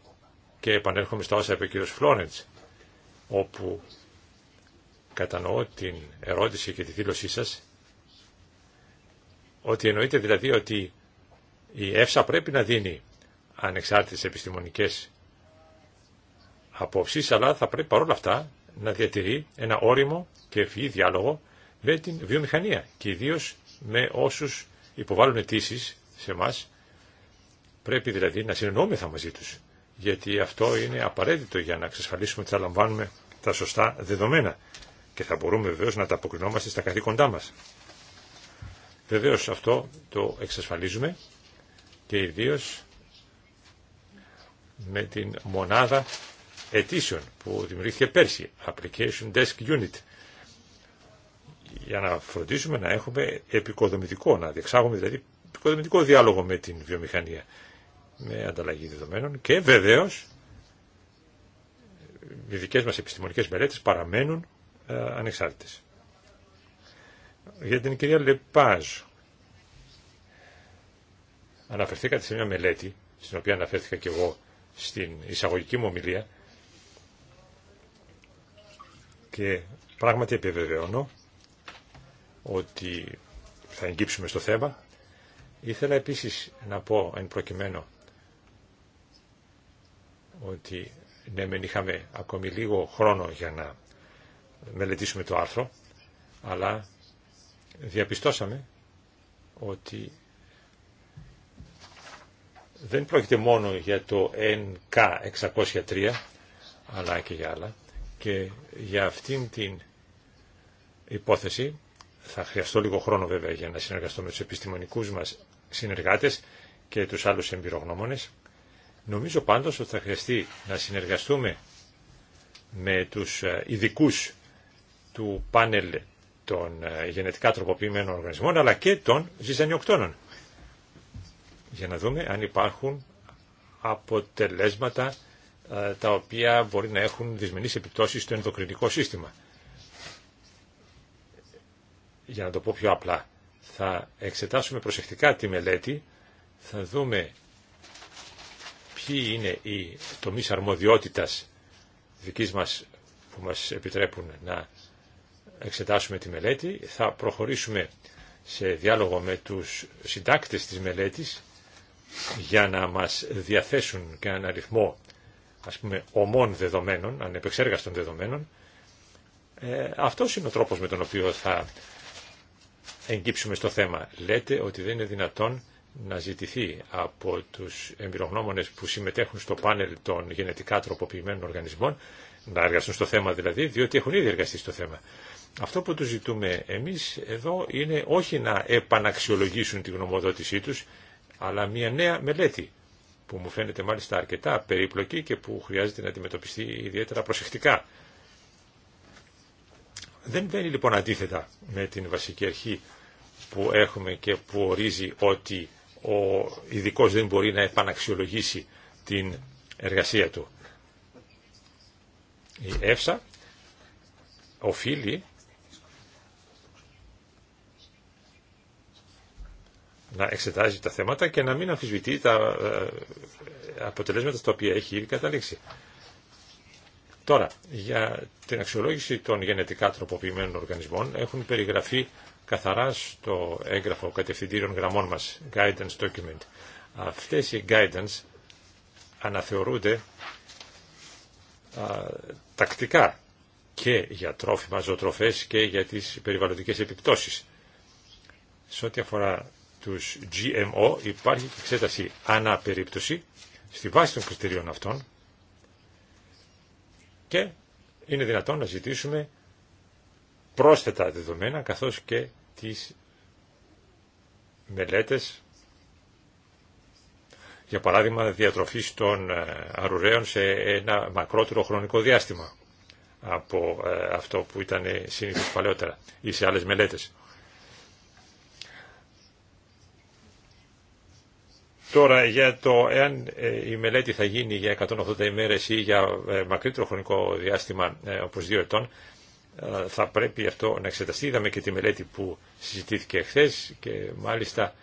και επανέρχομαι στα όσα είπε ο Φλόρεντς όπου κατανοώ την ερώτηση και τη δήλωσή σας ότι εννοείται δηλαδή ότι η ΕΦΣΑ πρέπει να δίνει ανεξάρτητες επιστημονικές απόψει, αλλά θα πρέπει παρόλα αυτά να διατηρεί ένα όριμο και ευφυή διάλογο με την βιομηχανία και ιδίω με όσου υποβάλλουν αιτήσει σε εμά. Πρέπει δηλαδή να συνεννοούμεθα μαζί του, γιατί αυτό είναι απαραίτητο για να εξασφαλίσουμε ότι θα λαμβάνουμε τα σωστά δεδομένα και θα μπορούμε βεβαίω να τα αποκρινόμαστε στα καθήκοντά μα. Βεβαίω αυτό το εξασφαλίζουμε και ιδίω με την μονάδα αιτήσεων που δημιουργήθηκε πέρσι, Application Desk Unit, για να φροντίσουμε να έχουμε επικοδομητικό, να διεξάγουμε δηλαδή επικοδομητικό διάλογο με την βιομηχανία, με ανταλλαγή δεδομένων και βεβαίως οι δικές μας επιστημονικές μελέτες παραμένουν ε, ανεξάρτητες. Για την κυρία Λεπάζ, αναφερθήκατε σε μια μελέτη, στην οποία αναφέρθηκα και εγώ στην εισαγωγική μου ομιλία, και πράγματι επιβεβαιώνω ότι θα εγκύψουμε στο θέμα. Ήθελα επίσης να πω εν προκειμένου ότι ναι μεν είχαμε ακόμη λίγο χρόνο για να μελετήσουμε το άρθρο, αλλά διαπιστώσαμε ότι δεν πρόκειται μόνο για το NK603, αλλά και για άλλα και για αυτήν την υπόθεση θα χρειαστώ λίγο χρόνο βέβαια για να συνεργαστώ με τους επιστημονικούς μας συνεργάτες και τους άλλους εμπειρογνώμονες. Νομίζω πάντως ότι θα χρειαστεί να συνεργαστούμε με τους ε, ειδικού του πάνελ των ε, γενετικά τροποποιημένων οργανισμών αλλά και των ζυζανιοκτώνων για να δούμε αν υπάρχουν αποτελέσματα ε, τα οποία μπορεί να έχουν δυσμενείς επιπτώσεις στο ενδοκρινικό σύστημα. Για να το πω πιο απλά, θα εξετάσουμε προσεκτικά τη μελέτη, θα δούμε ποιοι είναι οι τομείς αρμοδιότητας δικής μας που μας επιτρέπουν να εξετάσουμε τη μελέτη. Θα προχωρήσουμε σε διάλογο με τους συντάκτες της μελέτης για να μας διαθέσουν και έναν αριθμό ας πούμε, ομών δεδομένων, ανεπεξέργαστων δεδομένων, ε, αυτός είναι ο τρόπος με τον οποίο θα εγκύψουμε στο θέμα. Λέτε ότι δεν είναι δυνατόν να ζητηθεί από τους εμπειρογνώμονες που συμμετέχουν στο πάνελ των γενετικά τροποποιημένων οργανισμών να εργαστούν στο θέμα δηλαδή, διότι έχουν ήδη εργαστεί στο θέμα. Αυτό που τους ζητούμε εμείς εδώ είναι όχι να επαναξιολογήσουν τη γνωμοδότησή τους, αλλά μια νέα μελέτη που μου φαίνεται μάλιστα αρκετά περίπλοκη και που χρειάζεται να αντιμετωπιστεί ιδιαίτερα προσεκτικά. Δεν βαίνει λοιπόν αντίθετα με την βασική αρχή που έχουμε και που ορίζει ότι ο ειδικό δεν μπορεί να επαναξιολογήσει την εργασία του. Η ΕΦΣΑ οφείλει να εξετάζει τα θέματα και να μην αμφισβητεί τα ε, ε, αποτελέσματα στα οποία έχει ήδη καταλήξει. Τώρα, για την αξιολόγηση των γενετικά τροποποιημένων οργανισμών έχουν περιγραφεί καθαρά στο έγγραφο κατευθυντήριων γραμμών μας, Guidance Document. Αυτές οι Guidance αναθεωρούνται τακτικά και για τρόφιμα, ζωοτροφές και για τις περιβαλλοντικές επιπτώσεις. Σε ό,τι αφορά τους GMO υπάρχει εξέταση ανά περίπτωση στη βάση των κριτηρίων αυτών και είναι δυνατόν να ζητήσουμε πρόσθετα δεδομένα καθώς και τις μελέτες για παράδειγμα διατροφής των ε, αρουραίων σε ένα μακρότερο χρονικό διάστημα από ε, αυτό που ήταν συνήθως παλαιότερα ή σε άλλες μελέτες. Τώρα για το εάν ε, η μελέτη θα γίνει για 180 ημέρες ή για ε, μακρύτερο χρονικό διάστημα ε, όπως δύο ετών θα πρέπει αυτό να εξεταστεί. Είδαμε και τη μελέτη που συζητήθηκε χθε και μάλιστα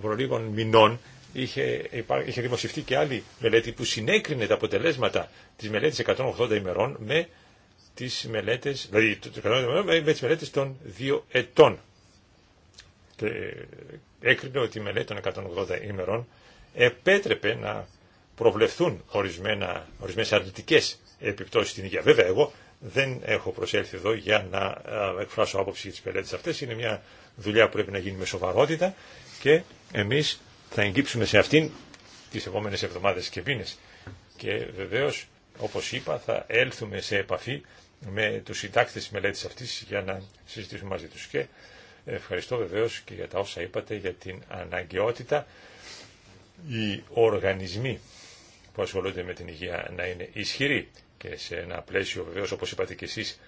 προ λίγων μηνών είχε, είχε δημοσιευτεί και άλλη μελέτη που συνέκρινε τα αποτελέσματα της μελέτης 180 ημερών με τις μελέτες, δηλαδή, με τις μελέτες των δύο ετών και ε, έκρινε ότι η μελέτη των 180 ημερών επέτρεπε να προβλεφθούν ορισμένα, ορισμένες αρνητικές επιπτώσεις στην υγεία. Βέβαια εγώ δεν έχω προσέλθει εδώ για να ε, εκφράσω άποψη για τις μελέτες αυτές. Είναι μια δουλειά που πρέπει να γίνει με σοβαρότητα και εμείς θα εγκύψουμε σε αυτήν τις επόμενες εβδομάδες και μήνες. Και βεβαίως, όπως είπα, θα έλθουμε σε επαφή με τους συντάκτες της μελέτης αυτής για να συζητήσουμε μαζί τους. Ευχαριστώ βεβαίως και για τα όσα είπατε για την αναγκαιότητα οι οργανισμοί που ασχολούνται με την υγεία να είναι ισχυροί και σε ένα πλαίσιο βεβαίως όπως είπατε και εσείς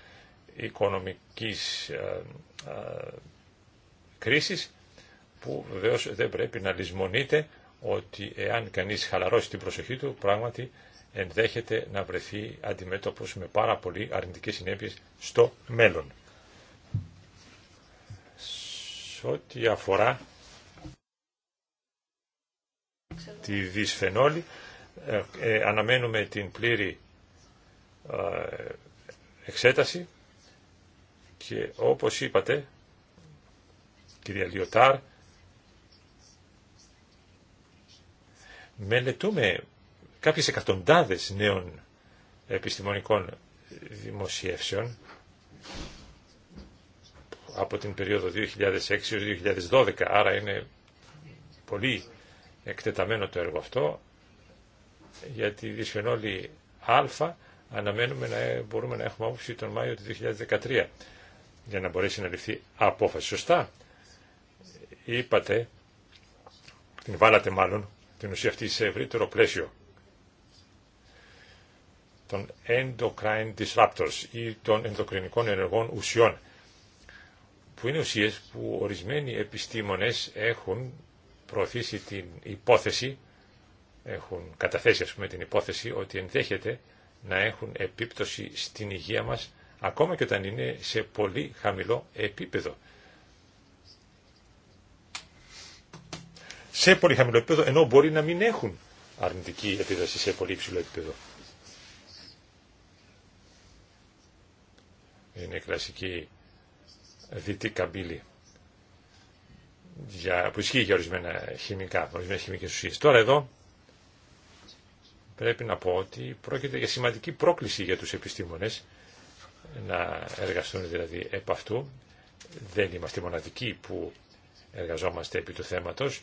οικονομικής κρίση, ε, ε, κρίσης που βεβαίως δεν πρέπει να λησμονείται ότι εάν κανείς χαλαρώσει την προσοχή του πράγματι ενδέχεται να βρεθεί αντιμέτωπος με πάρα πολύ αρνητικές συνέπειες στο μέλλον σε ό,τι αφορά τη δυσφενόλη ε, ε, αναμένουμε την πλήρη ε, εξέταση και όπως είπατε κυρία Λιωτάρ μελετούμε κάποιες εκατοντάδες νέων επιστημονικών δημοσιεύσεων από την περίοδο 2006-2012, άρα είναι πολύ εκτεταμένο το έργο αυτό, γιατί τη δυσφενόλη Α αναμένουμε να μπορούμε να έχουμε άποψη τον Μάιο του 2013 για να μπορέσει να ληφθεί απόφαση. Σωστά είπατε, την βάλατε μάλλον, την ουσία αυτή σε ευρύτερο πλαίσιο των endocrine disruptors ή των ενδοκρινικών ενεργών ουσιών που είναι ουσίες που ορισμένοι επιστήμονες έχουν προωθήσει την υπόθεση, έχουν καταθέσει ας πούμε την υπόθεση ότι ενδέχεται να έχουν επίπτωση στην υγεία μας ακόμα και όταν είναι σε πολύ χαμηλό επίπεδο. Σε πολύ χαμηλό επίπεδο ενώ μπορεί να μην έχουν αρνητική επίδραση σε πολύ υψηλό επίπεδο. Είναι κλασική δυτικά μπύλη για, που ισχύει για ορισμένα χημικά, ορισμένα χημικέ ουσίε. Τώρα εδώ πρέπει να πω ότι πρόκειται για σημαντική πρόκληση για τους επιστήμονες να εργαστούν δηλαδή επ' αυτού. Δεν είμαστε μοναδικοί που εργαζόμαστε επί του θέματος.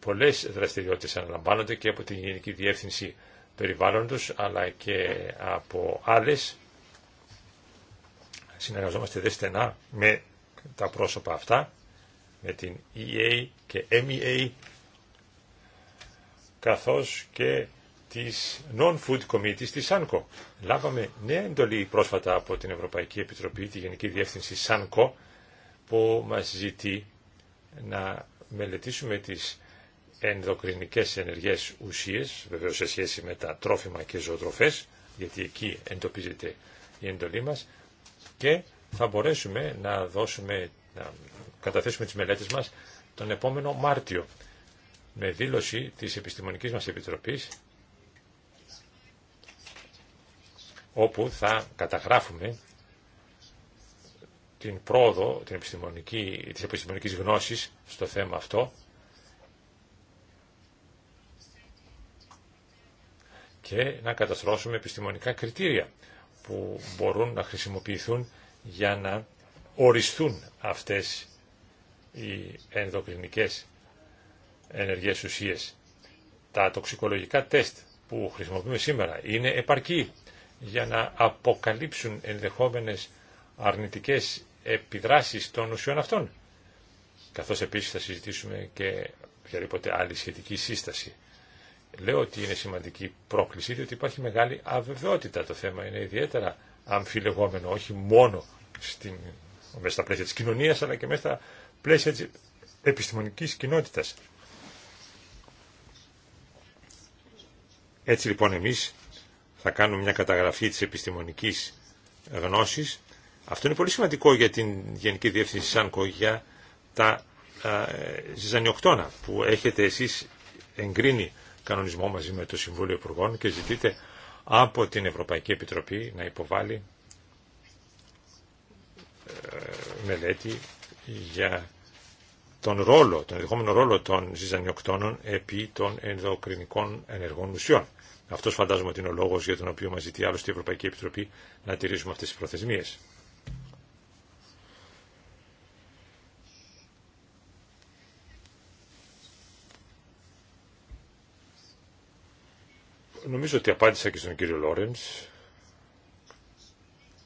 Πολλές δραστηριότητες αναλαμβάνονται και από την Γενική Διεύθυνση Περιβάλλοντος αλλά και από άλλες συνεργαζόμαστε δε στενά με τα πρόσωπα αυτά, με την EA και MEA, καθώς και της Non-Food Committee της ΣΑΝΚΟ. Λάβαμε νέα εντολή πρόσφατα από την Ευρωπαϊκή Επιτροπή, τη Γενική Διεύθυνση ΣΑΝΚΟ, που μας ζητεί να μελετήσουμε τις ενδοκρινικές ενεργές ουσίες, βεβαίως σε σχέση με τα τρόφιμα και ζωοτροφές, γιατί εκεί εντοπίζεται η εντολή μας, και θα μπορέσουμε να δώσουμε, να καταθέσουμε τις μελέτες μας τον επόμενο Μάρτιο με δήλωση της Επιστημονικής μας Επιτροπής όπου θα καταγράφουμε την πρόοδο την επιστημονική, της επιστημονικής γνώσης στο θέμα αυτό και να καταστρώσουμε επιστημονικά κριτήρια που μπορούν να χρησιμοποιηθούν για να οριστούν αυτές οι ενδοκρινικές ενεργές ουσίες. Τα τοξικολογικά τεστ που χρησιμοποιούμε σήμερα είναι επαρκή για να αποκαλύψουν ενδεχόμενες αρνητικές επιδράσεις των ουσιών αυτών. Καθώς επίσης θα συζητήσουμε και οποιαδήποτε άλλη σχετική σύσταση. Λέω ότι είναι σημαντική πρόκληση, διότι υπάρχει μεγάλη αβεβαιότητα. Το θέμα είναι ιδιαίτερα αμφιλεγόμενο, όχι μόνο στην, μέσα στα πλαίσια της κοινωνίας, αλλά και μέσα στα πλαίσια της επιστημονικής κοινότητας. Έτσι λοιπόν εμείς θα κάνουμε μια καταγραφή της επιστημονικής γνώσης. Αυτό είναι πολύ σημαντικό για την Γενική Διεύθυνση ΣΑΝΚΟ για τα ε, ζυζανιοκτώνα που έχετε εσείς εγκρίνει κανονισμό μαζί με το Συμβούλιο Υπουργών και ζητείται από την Ευρωπαϊκή Επιτροπή να υποβάλει ε, μελέτη για τον ρόλο, τον ενδεχόμενο ρόλο των ζυζανιοκτώνων επί των ενδοκρινικών ενεργών ουσιών. Αυτός φαντάζομαι ότι είναι ο λόγος για τον οποίο μας ζητεί άλλωστε η Ευρωπαϊκή Επιτροπή να τηρήσουμε αυτές τις προθεσμίες. Νομίζω ότι απάντησα και στον κύριο Λόρενς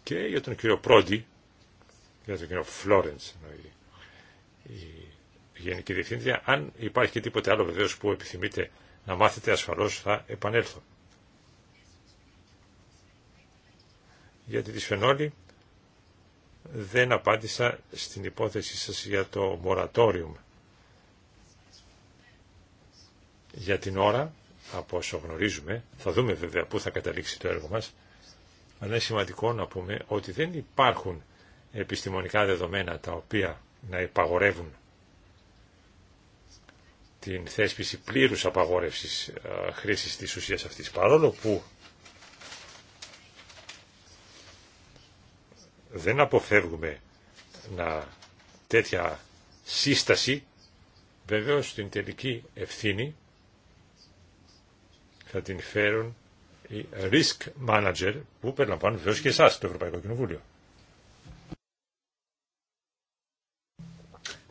και για τον κύριο Πρόντι, για τον κύριο Φλόρενς, η Γενική Διευθύντρια. Αν υπάρχει και τίποτε άλλο βεβαίω που επιθυμείτε να μάθετε ασφαλώς θα επανέλθω. Γιατί τη δυσφενόλη δεν απάντησα στην υπόθεσή σας για το μορατόριουμ. Για την ώρα από όσο γνωρίζουμε, θα δούμε βέβαια πού θα καταλήξει το έργο μας, αλλά είναι σημαντικό να πούμε ότι δεν υπάρχουν επιστημονικά δεδομένα τα οποία να υπαγορεύουν την θέσπιση πλήρους απαγόρευσης ε, χρήσης της ουσίας αυτής. Παρόλο που δεν αποφεύγουμε να τέτοια σύσταση, βεβαίως την τελική ευθύνη θα την φέρουν οι risk manager που περιλαμβάνουν βεβαίως και εσά το Ευρωπαϊκό Κοινοβούλιο.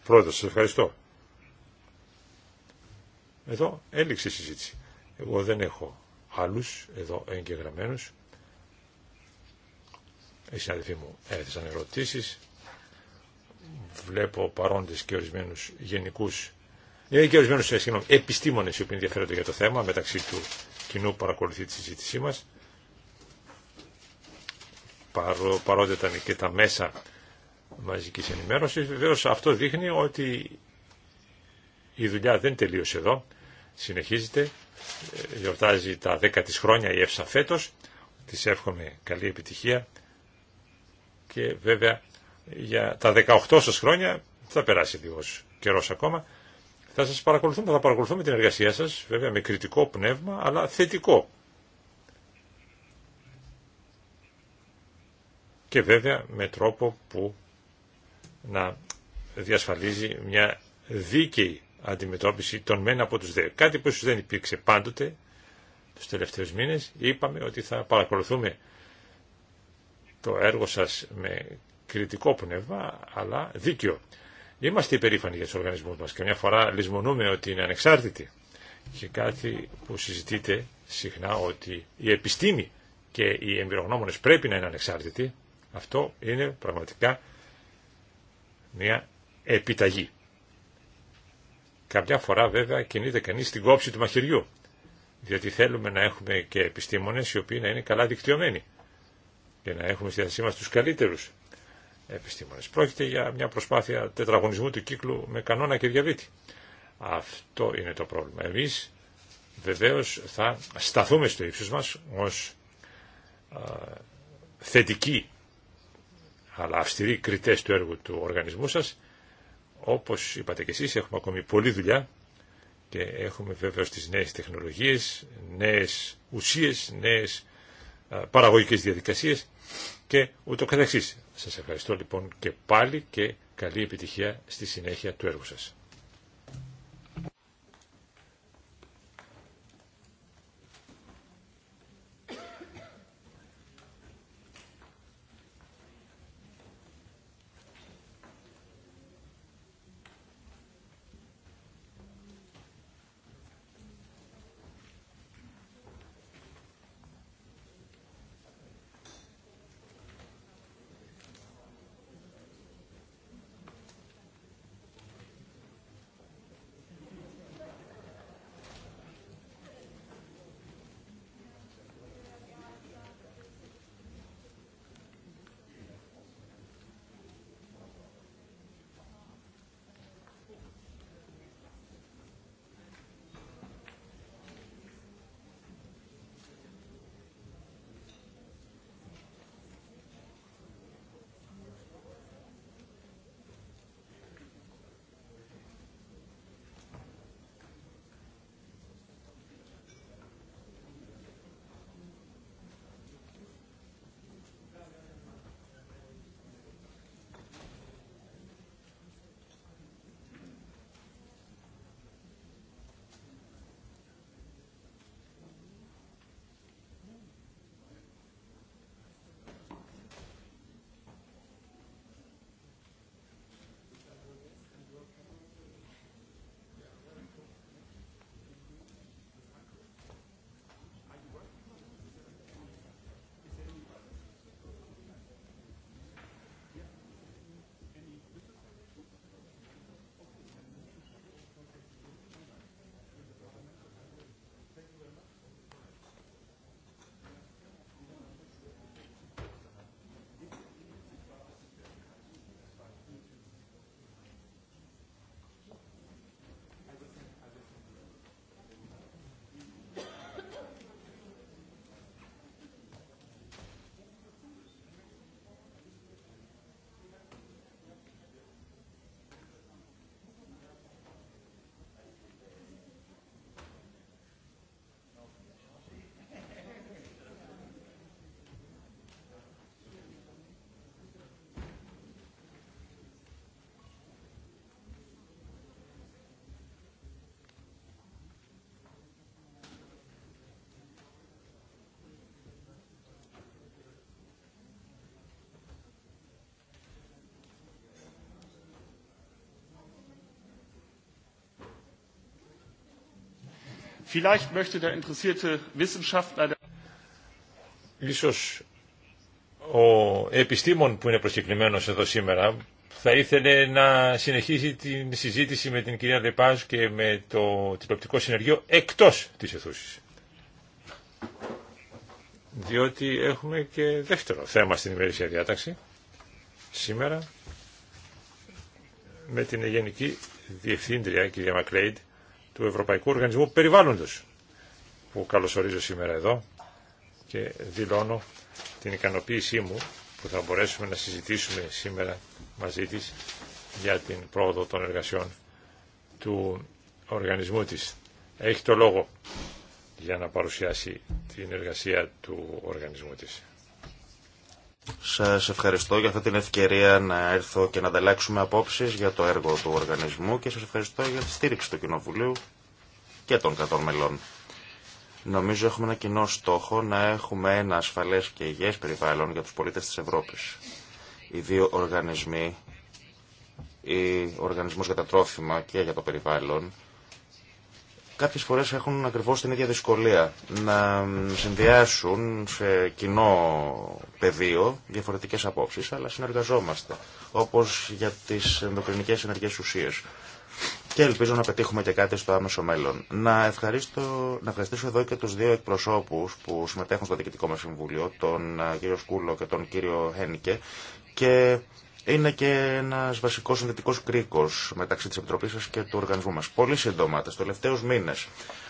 Πρόεδρος, σας ευχαριστώ. Εδώ έληξε η συζήτηση. Εγώ δεν έχω άλλους εδώ εγγεγραμμένους. Οι συναδελφοί μου έθεσαν ερωτήσεις. Βλέπω παρόντες και ορισμένους γενικούς, ε, και ορισμένους ε, συγγνώμη, επιστήμονες οι οποίοι ενδιαφέρονται για το θέμα μεταξύ του κοινού παρακολουθεί τη συζήτησή μας. Παρό, παρότι ήταν και τα μέσα μαζικής ενημέρωσης. Βεβαίω αυτό δείχνει ότι η δουλειά δεν τελείωσε εδώ. Συνεχίζεται. Ε, γιορτάζει τα δέκα της χρόνια η ΕΦΣΑ φέτος. Της εύχομαι καλή επιτυχία. Και βέβαια για τα 18 σας χρόνια θα περάσει λίγος καιρός ακόμα. Θα σας παρακολουθούμε, θα παρακολουθούμε την εργασία σας, βέβαια με κριτικό πνεύμα, αλλά θετικό. Και βέβαια με τρόπο που να διασφαλίζει μια δίκαιη αντιμετώπιση των μεν από τους δε. Κάτι που ίσως δεν υπήρξε πάντοτε τους τελευταίους μήνες. Είπαμε ότι θα παρακολουθούμε το έργο σας με κριτικό πνεύμα, αλλά δίκαιο. Είμαστε υπερήφανοι για του οργανισμού μας και μια φορά λησμονούμε ότι είναι ανεξάρτητοι και κάτι που συζητείται συχνά ότι η επιστήμη και οι εμπειρογνώμονε πρέπει να είναι ανεξάρτητοι, αυτό είναι πραγματικά μια επιταγή. Καμιά φορά βέβαια κινείται κανεί στην κόψη του μαχαιριού, διότι θέλουμε να έχουμε και επιστήμονε οι οποίοι να είναι καλά δικτυωμένοι και να έχουμε στη θέση μα του καλύτερου επιστήμονες. Πρόκειται για μια προσπάθεια τετραγωνισμού του κύκλου με κανόνα και διαβήτη. Αυτό είναι το πρόβλημα. Εμείς βεβαίως θα σταθούμε στο ύψος μας ως θετικοί αλλά αυστηροί κριτές του έργου του οργανισμού σας. Όπως είπατε και εσείς έχουμε ακόμη πολλή δουλειά και έχουμε βεβαίως τις νέες τεχνολογίες, νέες ουσίες, νέες παραγωγικές διαδικασίες και ούτω καθεξής. Σας ευχαριστώ λοιπόν και πάλι και καλή επιτυχία στη συνέχεια του έργου σας. Vielleicht möchte der interessierte Wissenschaftler ο επιστήμον που είναι προσκεκλημένος εδώ σήμερα θα ήθελε να συνεχίσει την συζήτηση με την κυρία Δεπάζ και με το τηλεοπτικό συνεργείο εκτός της αιθούσης. Διότι έχουμε και δεύτερο θέμα στην ημερήσια διάταξη σήμερα με την Γενική Διευθύντρια κυρία Μακλέιντ του Ευρωπαϊκού Οργανισμού Περιβάλλοντος που καλωσορίζω σήμερα εδώ και δηλώνω την ικανοποίησή μου που θα μπορέσουμε να συζητήσουμε σήμερα μαζί της για την πρόοδο των εργασιών του οργανισμού της. Έχει το λόγο για να παρουσιάσει την εργασία του οργανισμού της. Σα ευχαριστώ για αυτή την ευκαιρία να έρθω και να ανταλλάξουμε απόψεις για το έργο του οργανισμού και σα ευχαριστώ για τη στήριξη του Κοινοβουλίου και των κατών μελών. Νομίζω έχουμε ένα κοινό στόχο να έχουμε ένα ασφαλές και υγιές περιβάλλον για τους πολίτες της Ευρώπης. Οι δύο οργανισμοί, ο οργανισμο για τα Τρόφιμα και για το Περιβάλλον, κάποιες φορές έχουν ακριβώς την ίδια δυσκολία να συνδυάσουν σε κοινό πεδίο διαφορετικές απόψεις, αλλά συνεργαζόμαστε, όπως για τις ενδοκρινικές ενεργές ουσίες. Και ελπίζω να πετύχουμε και κάτι στο άμεσο μέλλον. Να, ευχαριστώ, να ευχαριστήσω εδώ και τους δύο εκπροσώπους που συμμετέχουν στο Διοικητικό μας Συμβούλιο, τον ε, κύριο Σκούλο και τον κύριο Χένικε, και είναι και ένα βασικό συνδετικό κρίκο μεταξύ τη Επιτροπή σα και του οργανισμού μα. Πολύ σύντομα, του τελευταίου μήνε,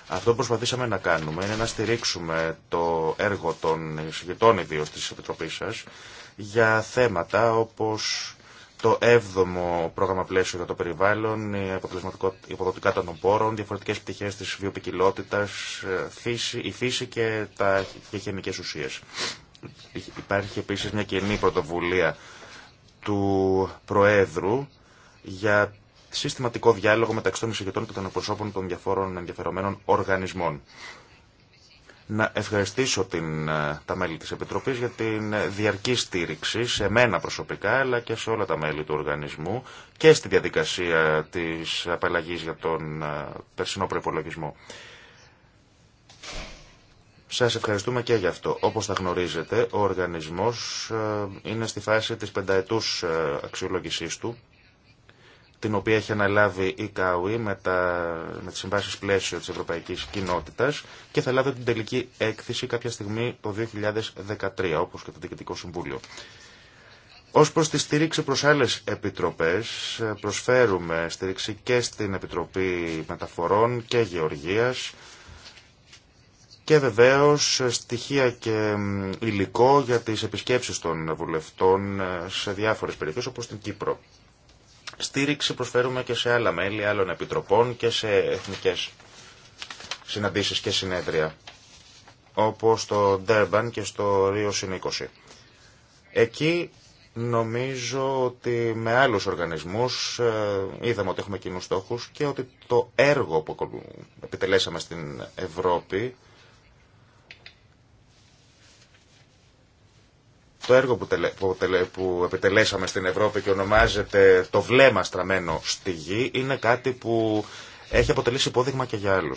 αυτό που προσπαθήσαμε να κάνουμε είναι να στηρίξουμε το έργο των εισηγητών, ιδίω τη Επιτροπή σα, για θέματα όπω το 7ο πρόγραμμα πλαίσιο για το περιβάλλον, η αποδοτικά των πόρων, διαφορετικέ πτυχέ τη βιοπικιλότητα, ε, η φύση και, τα, χημικέ ουσίε. Υπάρχει επίση μια κοινή πρωτοβουλία του Προέδρου για συστηματικό διάλογο μεταξύ των εισηγητών και των προσώπων των διαφόρων ενδιαφερομένων οργανισμών. Να ευχαριστήσω την, ε, τα μέλη της Επιτροπής για την ε, διαρκή στήριξη σε μένα προσωπικά αλλά και σε όλα τα μέλη του οργανισμού και στη διαδικασία της απαλλαγής για τον ε, περσινό προπολογισμό. Σας ευχαριστούμε και γι' αυτό. Όπως θα γνωρίζετε, ο οργανισμός ε, είναι στη φάση της πενταετούς ε, αξιολόγησής του, την οποία έχει αναλάβει η ΚΑΟΗ με, τα, με τις συμβάσεις πλαίσιο της Ευρωπαϊκής Κοινότητας και θα λάβει την τελική έκθεση κάποια στιγμή το 2013, όπως και το Διοικητικό Συμβούλιο. Ως προς τη στήριξη προς άλλες επιτροπές, ε, προσφέρουμε στήριξη και στην Επιτροπή Μεταφορών και Γεωργίας, και βεβαίως στοιχεία και υλικό για τις επισκέψεις των βουλευτών ε, σε διάφορες περιοχές όπως την Κύπρο. Στήριξη προσφέρουμε και σε άλλα μέλη άλλων επιτροπών και σε εθνικές συναντήσεις και συνέδρια όπως στο Ντέρμπαν και στο Ρίο Συνήκωση. Εκεί νομίζω ότι με άλλους οργανισμούς ε, είδαμε ότι έχουμε κοινούς στόχους και ότι το έργο που επιτελέσαμε στην Ευρώπη το έργο που, που, επιτελέσαμε στην Ευρώπη και ονομάζεται το βλέμμα στραμμένο στη γη είναι κάτι που έχει αποτελέσει υπόδειγμα και για άλλου.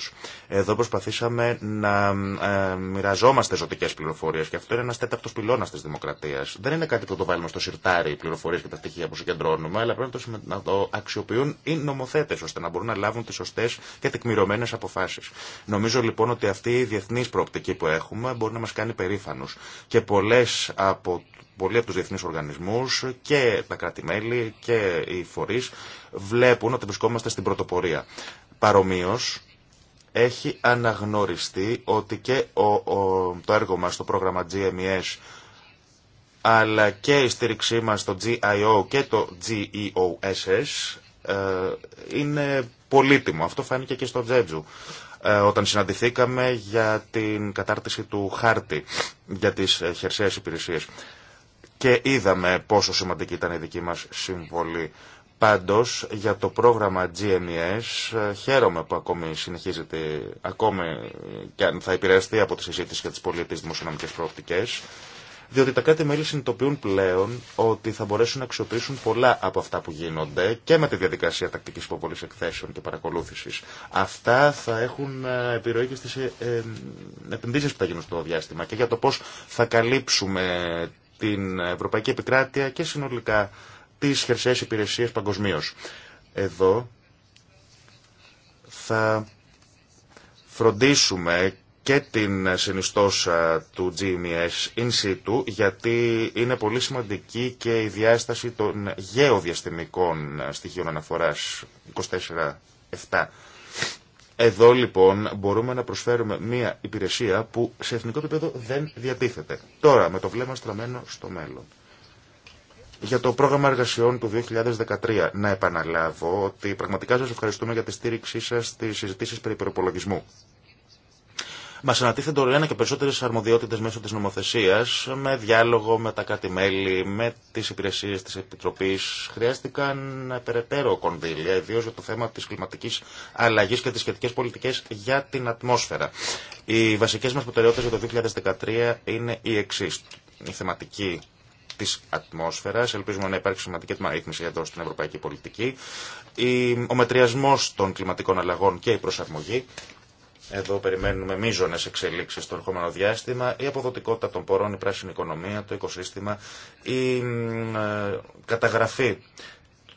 Εδώ προσπαθήσαμε να ε, μοιραζόμαστε ζωτικέ πληροφορίε και αυτό είναι ένα τέταρτο πυλώνα τη δημοκρατία. Δεν είναι κάτι που το βάλουμε στο σιρτάρι οι πληροφορίε και τα στοιχεία που συγκεντρώνουμε, αλλά πρέπει να το αξιοποιούν οι νομοθέτε ώστε να μπορούν να λάβουν τι σωστέ και τεκμηρωμένε αποφάσει. Νομίζω λοιπόν ότι αυτή η διεθνή προοπτική που έχουμε μπορεί να μα κάνει περήφανου. Και πολλέ από πολλοί από τους διεθνείς οργανισμούς και τα κρατη και οι φορείς βλέπουν ότι βρισκόμαστε στην πρωτοπορία. Παρομοίως, έχει αναγνωριστεί ότι και το έργο μας το πρόγραμμα GMES αλλά και η στήριξή μας στο GIO και το GEOSS ε, είναι πολύτιμο. Αυτό φάνηκε και στο Τζέτζου ε, όταν συναντηθήκαμε για την κατάρτιση του χάρτη για τις ε, χερσαίες υπηρεσίες. Και είδαμε πόσο σημαντική ήταν η δική μας συμβολή. Πάντως, για το πρόγραμμα GMES ε, χαίρομαι που ακόμη συνεχίζεται, ακόμη και αν θα επηρεαστεί από τη συζήτηση για τις πολιτικές δημοσιονομικές προοπτικές, διότι τα κράτη-μέλη συνειδητοποιούν πλέον ότι θα μπορέσουν να αξιοποιήσουν πολλά από αυτά που γίνονται και με τη διαδικασία τακτική υποβολή εκθέσεων και παρακολούθηση. Αυτά θα έχουν ε, επιρροή και στι ε, επενδύσει που θα γίνουν στο διάστημα και για το πώ θα καλύψουμε την ευρωπαϊκή επικράτεια και συνολικά τις χερσαίες υπηρεσίες παγκοσμίω. Εδώ θα φροντίσουμε και την συνιστόσα του GMS in situ, γιατί είναι πολύ σημαντική και η διάσταση των γεωδιαστημικών στοιχείων αναφοράς 24-7. Εδώ λοιπόν μπορούμε να προσφέρουμε μια υπηρεσία που σε εθνικό επίπεδο δεν διατίθεται. Τώρα με το βλέμμα στραμμένο στο μέλλον για το πρόγραμμα εργασιών του 2013. Να επαναλάβω ότι πραγματικά σας ευχαριστούμε για τη στήριξή σας στις συζητήσεις περί προπολογισμού. Μα ανατίθενται ολένα και περισσότερε αρμοδιότητε μέσω τη νομοθεσία, με διάλογο με τα κάτι μελη με τι υπηρεσίε τη Επιτροπή. Χρειάστηκαν περαιτέρω κονδύλια, ιδίω για το θέμα τη κλιματική αλλαγή και τι σχετικέ πολιτικέ για την ατμόσφαιρα. Οι βασικέ μα προτεραιότητε για το 2013 είναι οι εξή. Η θεματική τη ατμόσφαιρα. Ελπίζουμε να υπάρξει σημαντική μεταρρύθμιση εδώ στην ευρωπαϊκή πολιτική. Ο μετριασμό των κλιματικών αλλαγών και η προσαρμογή. Εδώ περιμένουμε μείζονε εξελίξει στο ερχόμενο διάστημα. Η αποδοτικότητα των πορών, η πράσινη οικονομία, το οικοσύστημα, η ε, καταγραφή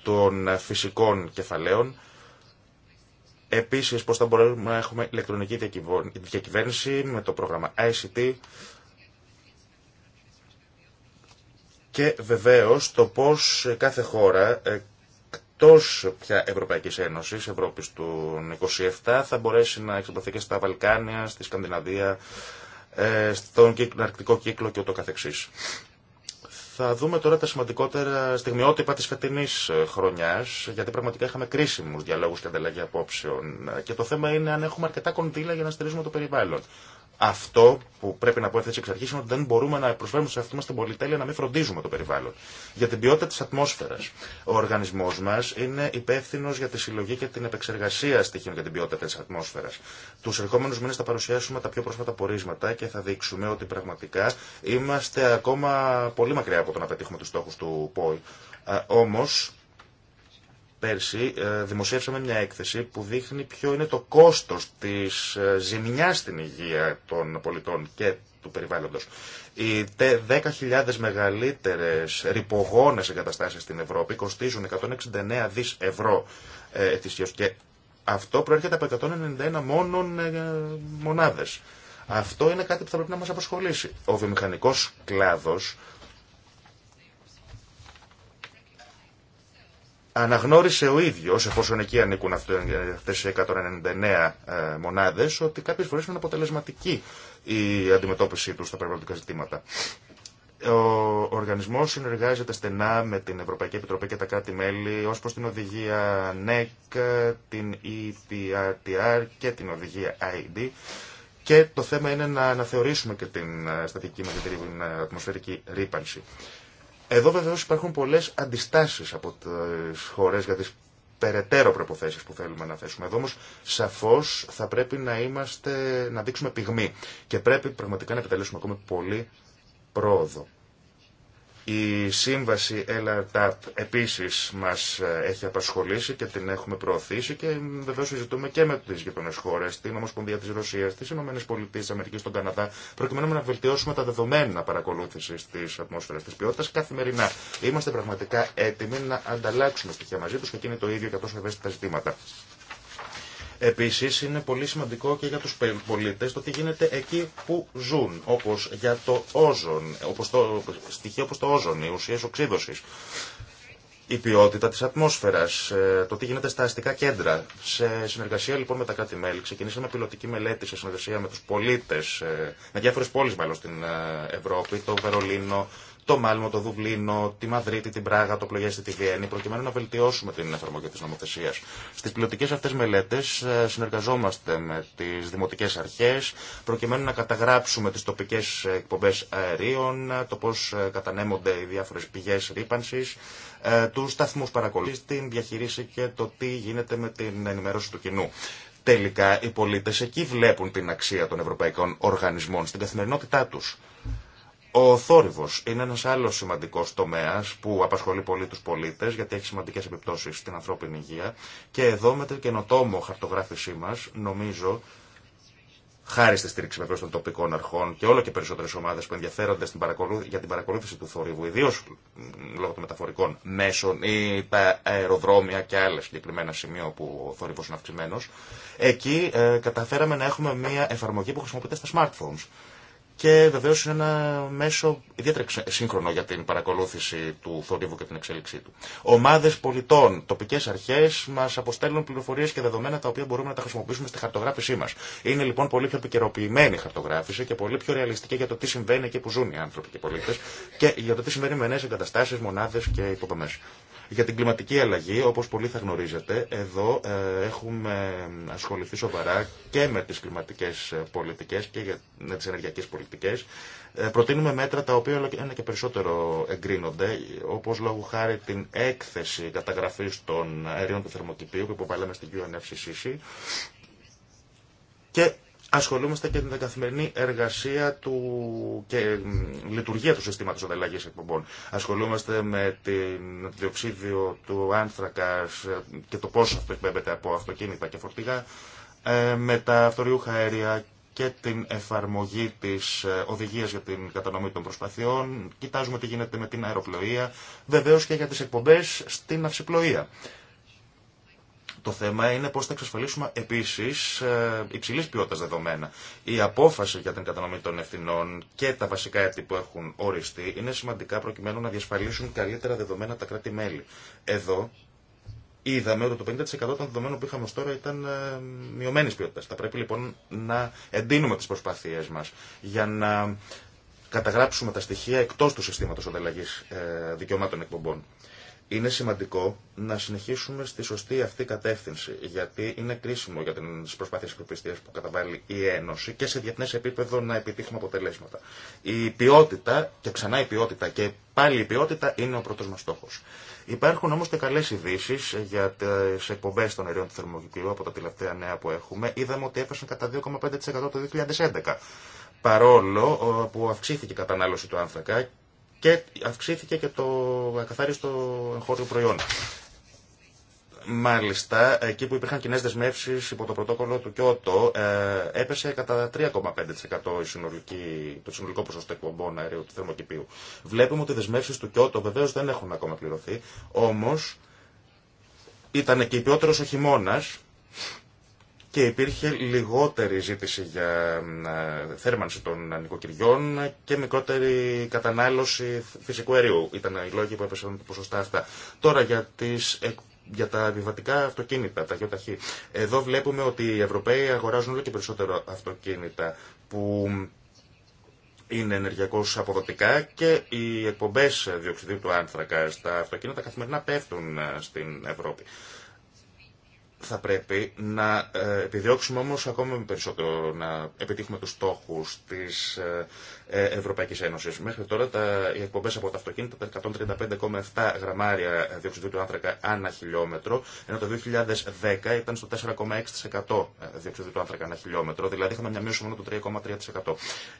των φυσικών κεφαλαίων. Επίσης, πώς θα μπορούμε να έχουμε ηλεκτρονική διακυβέρνηση με το πρόγραμμα ICT, και βεβαίως το πώς κάθε χώρα εκτός πια Ευρωπαϊκής Ένωσης, Ευρώπης του 27, θα μπορέσει να εξαπλωθεί και στα Βαλκάνια, στη Σκανδιναδία, ε, στον Αρκτικό κύκλο και ούτω καθεξής. Θα δούμε τώρα τα σημαντικότερα στιγμιότυπα της φετινής χρονιάς, γιατί πραγματικά είχαμε κρίσιμους διαλόγους και ανταλλαγή απόψεων. Και το θέμα είναι αν έχουμε αρκετά κονδύλια για να στηρίζουμε το περιβάλλον. Αυτό που πρέπει να πω έτσι εξ αρχή είναι ότι δεν μπορούμε να προσφέρουμε σε αυτή μα την πολυτέλεια να μην φροντίζουμε το περιβάλλον. Για την ποιότητα τη ατμόσφαιρα. Ο οργανισμό μα είναι υπεύθυνο για τη συλλογή και την επεξεργασία στοιχείων για την ποιότητα τη ατμόσφαιρα. Του ερχόμενου μήνε θα παρουσιάσουμε τα πιο πρόσφατα πορίσματα και θα δείξουμε ότι πραγματικά είμαστε ακόμα πολύ μακριά από το να πετύχουμε του στόχου του ΠΟΗ. Όμω Πέρσι ε, δημοσίευσαμε μια έκθεση που δείχνει ποιο είναι το κόστος της ε, ζημιάς στην υγεία των πολιτών και του περιβάλλοντος. Οι 10.000 μεγαλύτερες ρηπογόνες εγκαταστάσεις στην Ευρώπη κοστίζουν 169 δις ευρώ ε, ετησίως και αυτό προέρχεται από 191 μόνον μονάδες. Αυτό είναι κάτι που θα πρέπει να μας απασχολήσει. Ο βιομηχανικός κλάδος αναγνώρισε ο ίδιος, εφόσον εκεί ανήκουν αυτές οι 199 ε, μονάδες, ότι κάποιες φορές είναι αποτελεσματική η αντιμετώπιση του στα περιβαλλοντικά ζητήματα. Ο οργανισμό συνεργάζεται στενά με την Ευρωπαϊκή Επιτροπή και τα κράτη-μέλη ω προ την οδηγία NEC, την EPRTR και την οδηγία ID. Και το θέμα είναι να αναθεωρήσουμε και την ε, στατική για την ατμοσφαιρική ρήπανση. Εδώ βεβαίως υπάρχουν πολλές αντιστάσεις από τις χώρες για τις περαιτέρω προποθέσει που θέλουμε να θέσουμε. Εδώ όμω σαφώ θα πρέπει να, είμαστε, να δείξουμε πυγμή και πρέπει πραγματικά να επιτελέσουμε ακόμη πολύ πρόοδο. Η σύμβαση LRTAP επίσης μας ε, έχει απασχολήσει και την έχουμε προωθήσει και βεβαίω συζητούμε και με τις γειτονές χώρες, την Ομοσπονδία της Ρωσίας, τις ΗΠΑ, Πολιτείες Αμερικής, τον Καναδά, προκειμένου να βελτιώσουμε τα δεδομένα παρακολούθησης της ατμόσφαιρας της ποιότητας καθημερινά. Είμαστε πραγματικά έτοιμοι να ανταλλάξουμε στοιχεία μαζί τους και είναι το ίδιο για τόσο ευαίσθητα ζητήματα. Επίση, είναι πολύ σημαντικό και για τους πολίτε το τι γίνεται εκεί που ζουν, όπω για το όζον, όπως το, στοιχείο όπως το όζον, οι ουσίες οξύδωσης η ποιότητα της ατμόσφαιρας, ε, το τι γίνεται στα αστικά κέντρα. Σε συνεργασία λοιπόν με τα κράτη-μέλη ξεκινήσαμε πιλωτική μελέτη σε συνεργασία με τους πολίτες, ε, με διάφορες πόλεις μάλλον στην ε, Ευρώπη, το Βερολίνο, το Μάλμο, το Δουβλίνο, τη Μαδρίτη, την Πράγα, το Πλογέστη, τη Βιέννη, προκειμένου να βελτιώσουμε την εφαρμογή τη νομοθεσία. Στι πιλωτικέ αυτέ μελέτε συνεργαζόμαστε με τι δημοτικέ αρχέ, προκειμένου να καταγράψουμε τι τοπικέ εκπομπέ αερίων, το πώ κατανέμονται οι διάφορε πηγέ ρήπανση, ε, του σταθμού παρακολούθηση, την διαχείριση και το τι γίνεται με την ενημέρωση του κοινού. Τελικά οι πολίτε εκεί βλέπουν την αξία των ευρωπαϊκών οργανισμών στην καθημερινότητά του. Ο θόρυβο είναι ένα άλλο σημαντικό τομέα που απασχολεί πολύ του πολίτε γιατί έχει σημαντικέ επιπτώσει στην ανθρώπινη υγεία και εδώ με την καινοτόμο χαρτογράφησή μα νομίζω χάρη στη στήριξη βεβαίω των τοπικών αρχών και όλο και περισσότερε ομάδε που ενδιαφέρονται στην για την παρακολούθηση του θορύβου, ιδίω λόγω των μεταφορικών μέσων ή τα αεροδρόμια και άλλα συγκεκριμένα σημεία όπου ο θορύβο είναι αυξημένο, εκεί ε, καταφέραμε να έχουμε μια εφαρμογή που χρησιμοποιείται στα smartphones και βεβαίω είναι ένα μέσο ιδιαίτερα σύγχρονο για την παρακολούθηση του θορύβου και την εξέλιξή του. Ομάδε πολιτών, τοπικέ αρχέ μα αποστέλνουν πληροφορίε και δεδομένα τα οποία μπορούμε να τα χρησιμοποιήσουμε στη χαρτογράφησή μα. Είναι λοιπόν πολύ πιο επικαιροποιημένη η χαρτογράφηση και πολύ πιο ρεαλιστική για το τι συμβαίνει εκεί που ζουν οι άνθρωποι και οι πολίτε και για το τι συμβαίνει με νέε εγκαταστάσει, μονάδε και υποδομέ. Για την κλιματική αλλαγή, όπως πολλοί θα γνωρίζετε, εδώ ε, έχουμε ασχοληθεί σοβαρά και με τις κλιματικές ε, πολιτικές και με τις ενεργειακές πολιτικές. Ε, προτείνουμε μέτρα τα οποία είναι και περισσότερο εγκρίνονται, όπως λόγω χάρη την έκθεση καταγραφής των αερίων του θερμοκηπίου που υποβάλαμε στην UNFCCC και ασχολούμαστε και την καθημερινή εργασία του και λειτουργία του συστήματος ανταλλαγής εκπομπών. Ασχολούμαστε με την διοξίδιο του άνθρακα ε, και το πόσο αυτό εκπέμπεται από αυτοκίνητα και φορτηγά, ε, με τα αυτοριούχα αέρια και την εφαρμογή της ε, οδηγίας για την κατανομή των προσπαθειών. Κοιτάζουμε τι γίνεται με την αεροπλοεία, βεβαίως και για τις εκπομπές στην αυσιπλοεία. Το θέμα είναι πώ θα εξασφαλίσουμε επίση ε, υψηλή ποιότητα δεδομένα. Η απόφαση για την κατανομή των ευθυνών και τα βασικά έτη που έχουν οριστεί είναι σημαντικά προκειμένου να διασφαλίσουν καλύτερα δεδομένα τα κράτη-μέλη. Εδώ είδαμε ότι το 50% των δεδομένων που είχαμε ω τώρα ήταν ε, μειωμένη ποιότητα. Θα πρέπει λοιπόν να εντείνουμε τι προσπάθειέ μα για να καταγράψουμε τα στοιχεία εκτό του συστήματο ανταλλαγή ε, δικαιωμάτων εκπομπών. Είναι σημαντικό να συνεχίσουμε στη σωστή αυτή κατεύθυνση, γιατί είναι κρίσιμο για τι προσπάθειε εκπαιδευτία που καταβάλει η Ένωση και σε διεθνέ επίπεδο να επιτύχουμε αποτελέσματα. Η ποιότητα, και ξανά η ποιότητα και πάλι η ποιότητα είναι ο πρώτο μα στόχο. Υπάρχουν όμω και καλέ ειδήσει για τι εκπομπέ των αερίων του θερμοκηπίου από τα τελευταία νέα που έχουμε. Είδαμε ότι έφτασαν κατά 2,5% το 2011 παρόλο ε, που αυξήθηκε η κατανάλωση του άνθρακα και αυξήθηκε και το ακαθάριστο εγχώριο προϊόν. Μάλιστα, εκεί που υπήρχαν κοινέ δεσμεύσει υπό το πρωτόκολλο του Κιώτο, ε, έπεσε κατά 3,5% το συνολικό ποσοστό εκπομπών αερίου του θερμοκηπίου. Βλέπουμε ότι οι δεσμεύσει του Κιώτο βεβαίω δεν έχουν ακόμα πληρωθεί, όμω ήταν και ποιότερο ο χειμώνα και υπήρχε λιγότερη ζήτηση για ε, θέρμανση των νοικοκυριών και μικρότερη κατανάλωση φυσικού αερίου. Ήταν οι λόγοι που έπεσαν τα ποσοστά αυτά. Τώρα για τις για τα επιβατικά αυτοκίνητα, τα γεωταχή. Εδώ βλέπουμε ότι οι Ευρωπαίοι αγοράζουν όλο και περισσότερο αυτοκίνητα που είναι ενεργειακώ αποδοτικά και οι εκπομπέ διοξιδίου του άνθρακα στα αυτοκίνητα καθημερινά πέφτουν ε, στην Ευρώπη. Θα πρέπει να ε, επιδιώξουμε όμως ακόμα περισσότερο να επιτύχουμε τους στόχους της ε, ε, Ευρωπαϊκής Ένωσης. Μέχρι τώρα τα, οι εκπομπές από τα αυτοκίνητα τα 135,7 γραμμάρια διοξιδίου του άνθρακα ανά χιλιόμετρο, ενώ το 2010 ήταν στο 4,6% διοξιδίου του άνθρακα ανά χιλιόμετρο, δηλαδή είχαμε μια μείωση μόνο του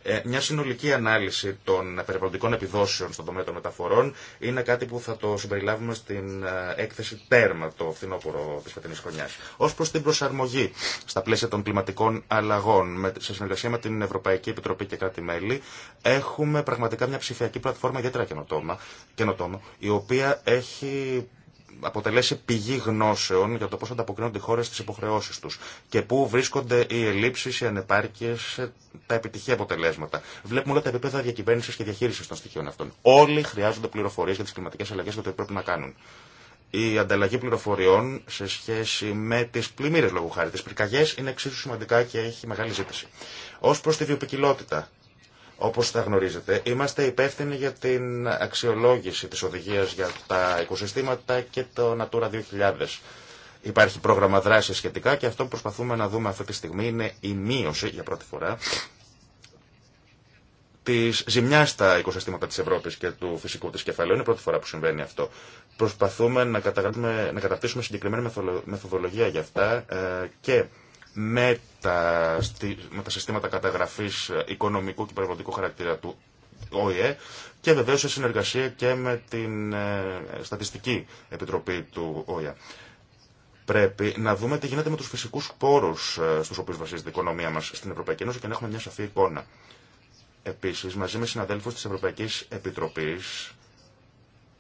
3,3%. μια συνολική ανάλυση των περιβαλλοντικών επιδόσεων στον τομέα των μεταφορών είναι κάτι που θα το συμπεριλάβουμε στην έκθεση τέρμα το φθινόπωρο της φετινής χρονιάς. Ω προ την προσαρμογή στα πλαίσια των κλιματικών αλλαγών, σε συνεργασία με την Ευρωπαϊκή Επιτροπή και κράτη-μέλη, έχουμε πραγματικά μια ψηφιακή πλατφόρμα ιδιαίτερα καινοτόμα, η οποία έχει αποτελέσει πηγή γνώσεων για το πώ ανταποκρίνονται οι χώρε στι υποχρεώσει του και πού βρίσκονται οι ελλείψει, οι ανεπάρκειε, τα επιτυχή αποτελέσματα. Βλέπουμε όλα τα επίπεδα διακυβέρνηση και διαχείριση των στοιχείων αυτών. Όλοι χρειάζονται πληροφορίε για τι κλιματικέ αλλαγέ και το πρέπει να κάνουν η ανταλλαγή πληροφοριών σε σχέση με τι πλημμύρε λόγω χάρη, τι πυρκαγιέ είναι εξίσου σημαντικά και έχει μεγάλη ζήτηση. Ω προ τη βιοπικιλότητα, όπω θα γνωρίζετε, είμαστε υπεύθυνοι για την αξιολόγηση τη οδηγία για τα οικοσυστήματα και το Natura 2000. Υπάρχει πρόγραμμα δράση σχετικά και αυτό που προσπαθούμε να δούμε αυτή τη στιγμή είναι η μείωση για πρώτη φορά τη ζημιά στα οικοσυστήματα τη Ευρώπη και του φυσικού τη κεφαλαίου. Είναι η πρώτη φορά που συμβαίνει αυτό. Προσπαθούμε να, να καταρτήσουμε συγκεκριμένη μεθοδολογία για αυτά ε, και με τα, με τα συστήματα καταγραφή οικονομικού και περιβαλλοντικού χαρακτήρα του ΟΗΕ και βεβαίω σε συνεργασία και με την ε, Στατιστική Επιτροπή του ΟΗΕ πρέπει να δούμε τι γίνεται με του φυσικού πόρου ε, στου οποίου βασίζεται η οικονομία μα στην Ευρωπαϊκή Ένωση και να έχουμε μια σαφή εικόνα. Επίσης, μαζί με συναδέλφους της Ευρωπαϊκής Επιτροπής,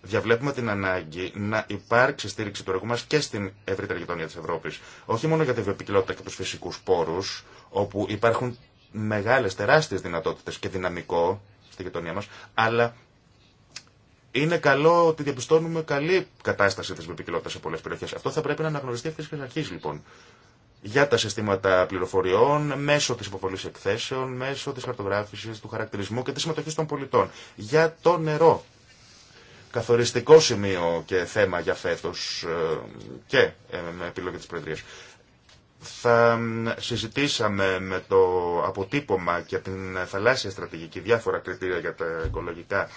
διαβλέπουμε την ανάγκη να υπάρξει στήριξη του έργου μας και στην ευρύτερη γειτονία της Ευρώπης. Όχι μόνο για τη βιοπικιλότητα και τους φυσικούς πόρους, όπου υπάρχουν μεγάλες, τεράστιες δυνατότητες και δυναμικό στη γειτονία μας, αλλά είναι καλό ότι διαπιστώνουμε καλή κατάσταση τη βιοπικιλότητα σε πολλέ περιοχέ. Αυτό θα πρέπει να αναγνωριστεί αυτή τη αρχή, λοιπόν για τα συστήματα πληροφοριών, μέσω της υποβολή εκθέσεων, μέσω της χαρτογράφηση, του χαρακτηρισμού και της συμμετοχή των πολιτών. Για το νερό, καθοριστικό σημείο και θέμα για φέτος ε, και ε, με επιλογή τη Προεδρία. Θα συζητήσαμε με το αποτύπωμα και την θαλάσσια στρατηγική διάφορα κριτήρια για τα οικολογικά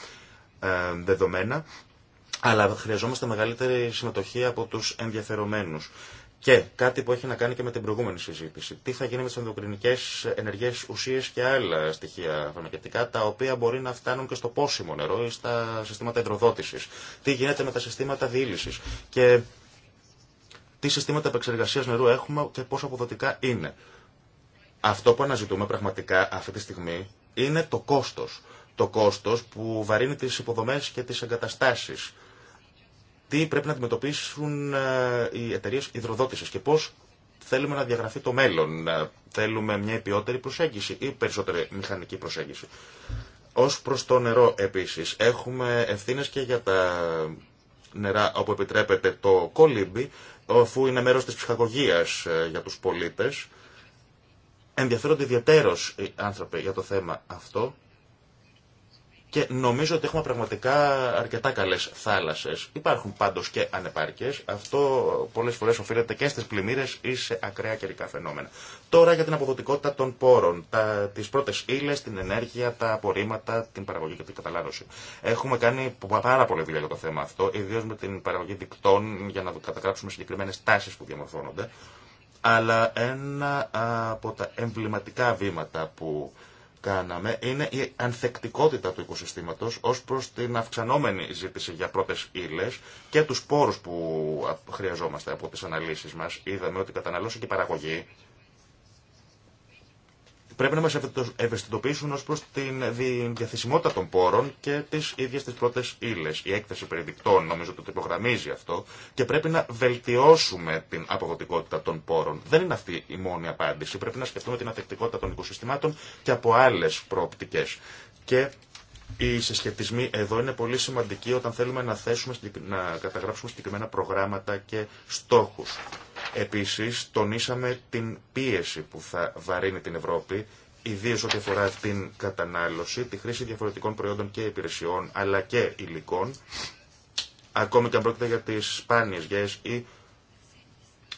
ε, δεδομένα, αλλά χρειαζόμαστε μεγαλύτερη συμμετοχή από τους ενδιαφερομένους. Και κάτι που έχει να κάνει και με την προηγούμενη συζήτηση. Τι θα γίνει με τι ενδοκρινικέ ενεργέ ουσίε και άλλα στοιχεία φαρμακευτικά, τα οποία μπορεί να φτάνουν και στο πόσιμο νερό ή στα συστήματα υδροδότηση. Τι γίνεται με τα συστήματα διήλυση. Και τι συστήματα επεξεργασία νερού έχουμε και πόσο αποδοτικά είναι. Αυτό που αναζητούμε πραγματικά αυτή τη στιγμή είναι το κόστο. Το κόστο που βαρύνει τι υποδομέ και τι εγκαταστάσει τι πρέπει να αντιμετωπίσουν ε, οι εταιρείε υδροδότηση και πώς θέλουμε να διαγραφεί το μέλλον. Ε, θέλουμε μια ποιότερη προσέγγιση ή περισσότερη μηχανική προσέγγιση. Ω προς το νερό επίσης έχουμε ευθύνε και για τα νερά όπου επιτρέπεται το κόλυμπι, αφού είναι μέρος τη ψυχαγωγίας ε, για τους πολίτες. Ενδιαφέρονται ιδιαίτερω οι άνθρωποι για το θέμα αυτό και νομίζω ότι έχουμε πραγματικά αρκετά καλέ θάλασσε. Υπάρχουν πάντω και ανεπάρκειε. Αυτό πολλέ φορέ οφείλεται και στι πλημμύρε ή σε ακραία καιρικά φαινόμενα. Τώρα για την αποδοτικότητα των πόρων, τι πρώτε ύλε, την ενέργεια, τα απορρίμματα, την παραγωγή και την καταλάρωση. Έχουμε κάνει πάρα πολύ δουλειά για το θέμα αυτό, ιδίω με την παραγωγή δικτών για να καταγράψουμε συγκεκριμένε τάσει που διαμορφώνονται. Αλλά ένα από τα εμβληματικά βήματα που κάναμε είναι η ανθεκτικότητα του οικοσυστήματος ως προς την αυξανόμενη ζήτηση για πρώτες ύλες και τους πόρους που χρειαζόμαστε από τις αναλύσεις μας. Είδαμε ότι η και η παραγωγή πρέπει να μα ευαισθητοποιήσουν ω προ την διαθεσιμότητα των πόρων και τι ίδιε τι πρώτε ύλε. Η έκθεση περιδικτών νομίζω ότι το υπογραμμίζει αυτό και πρέπει να βελτιώσουμε την αποδοτικότητα των πόρων. Δεν είναι αυτή η μόνη απάντηση. Πρέπει να σκεφτούμε την αθεκτικότητα των οικοσυστημάτων και από άλλε προοπτικέ. Και οι συσχετισμοί εδώ είναι πολύ σημαντικοί όταν θέλουμε να, θέσουμε, να καταγράψουμε συγκεκριμένα προγράμματα και στόχους. Επίσης, τονίσαμε την πίεση που θα βαρύνει την Ευρώπη, ιδίω ό,τι αφορά την κατανάλωση, τη χρήση διαφορετικών προϊόντων και υπηρεσιών, αλλά και υλικών, ακόμη και αν πρόκειται για τις σπάνιες γέες ή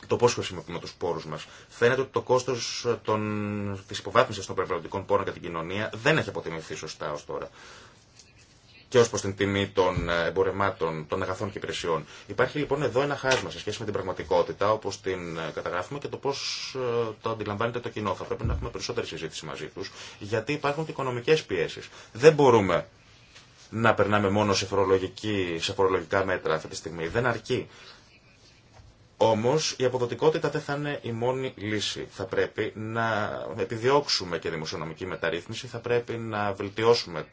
το πόσο χρησιμοποιούμε τους πόρους μας. Φαίνεται ότι το κόστος των... τη υποβάθμιση των περιβαλλοντικών πόρων για την κοινωνία δεν έχει αποτιμηθεί σωστά ω τώρα και ω προ την τιμή των ε, εμπορεμάτων, των αγαθών και υπηρεσιών. Υπάρχει λοιπόν εδώ ένα χάσμα σε σχέση με την πραγματικότητα, όπω την ε, καταγράφουμε και το πώ ε, το αντιλαμβάνεται το κοινό. Θα πρέπει να έχουμε περισσότερη συζήτηση μαζί του, γιατί υπάρχουν και οικονομικέ πιέσει. Δεν μπορούμε να περνάμε μόνο σε, σε φορολογικά μέτρα αυτή τη στιγμή. Δεν αρκεί. Όμω η αποδοτικότητα δεν θα είναι η μόνη λύση. Θα πρέπει να επιδιώξουμε και δημοσιονομική μεταρρύθμιση, θα πρέπει να βελτιώσουμε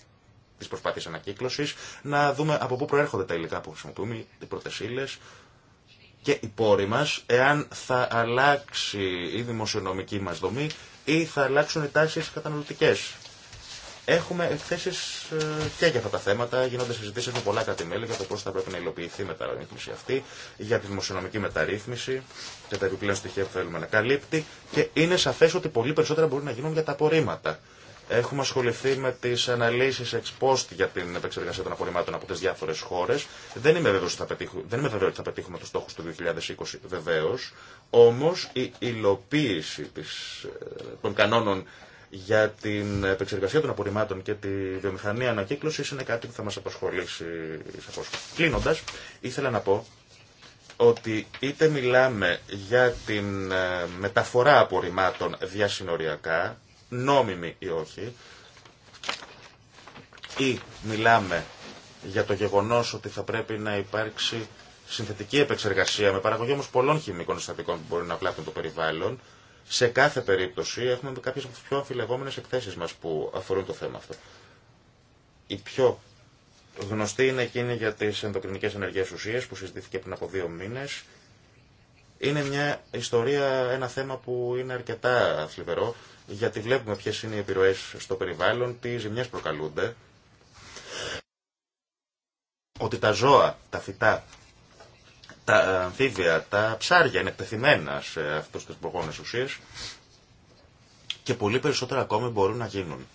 Τη προσπάθειε ανακύκλωση, να δούμε από πού προέρχονται τα υλικά που χρησιμοποιούμε, οι πρώτε ύλε και η πόρη μα, εάν θα αλλάξει η δημοσιονομική μα δομή ή θα αλλάξουν οι τάσει καταναλωτικέ. Έχουμε εκθέσει ε, και για αυτά τα θέματα. Γίνονται συζητήσει με πολλά κατημέλη για το πώ θα πρέπει να υλοποιηθεί η μεταρρύθμιση αυτή, για τη δημοσιονομική μεταρρύθμιση και τα επιπλέον στοιχεία που θέλουμε να καλύπτει. Και είναι σαφέ ότι πολύ περισσότερα μπορεί να γίνουν για τα απορρίμματα. Έχουμε ασχοληθεί με τι αναλύσει εξ για την επεξεργασία των απορριμμάτων από τι διάφορε χώρε. Δεν είμαι βέβαιο ότι θα πετύχουμε, του στόχου πετύχουμε του 2020, βεβαίω. Όμω η υλοποίηση της, ε, των κανόνων για την επεξεργασία των απορριμμάτων και τη βιομηχανία ανακύκλωση είναι κάτι που θα μα απασχολήσει σαφώ. Κλείνοντα, ήθελα να πω ότι είτε μιλάμε για την ε, μεταφορά απορριμμάτων διασυνοριακά, νόμιμη ή όχι, ή μιλάμε για το γεγονός ότι θα πρέπει να υπάρξει συνθετική επεξεργασία με παραγωγή όμως πολλών χημικών συστατικών που μπορεί να βλάπτουν το περιβάλλον, σε κάθε περίπτωση έχουμε κάποιες από τις πιο αμφιλεγόμενες εκθέσεις μας που αφορούν το θέμα αυτό. Η πιο γνωστή είναι εκείνη για τις ενδοκρινικές ενεργές ουσίες που συζητήθηκε πριν από δύο μήνες. Είναι μια ιστορία, ένα θέμα που είναι αρκετά θλιβερό γιατί βλέπουμε ποιες είναι οι επιρροές στο περιβάλλον, τι ζημιές προκαλούνται, ότι τα ζώα, τα φυτά, τα αμφίβια, τα ψάρια είναι εκτεθειμένα σε αυτούς τους προγόνε ουσίες και πολύ περισσότερα ακόμη μπορούν να γίνουν.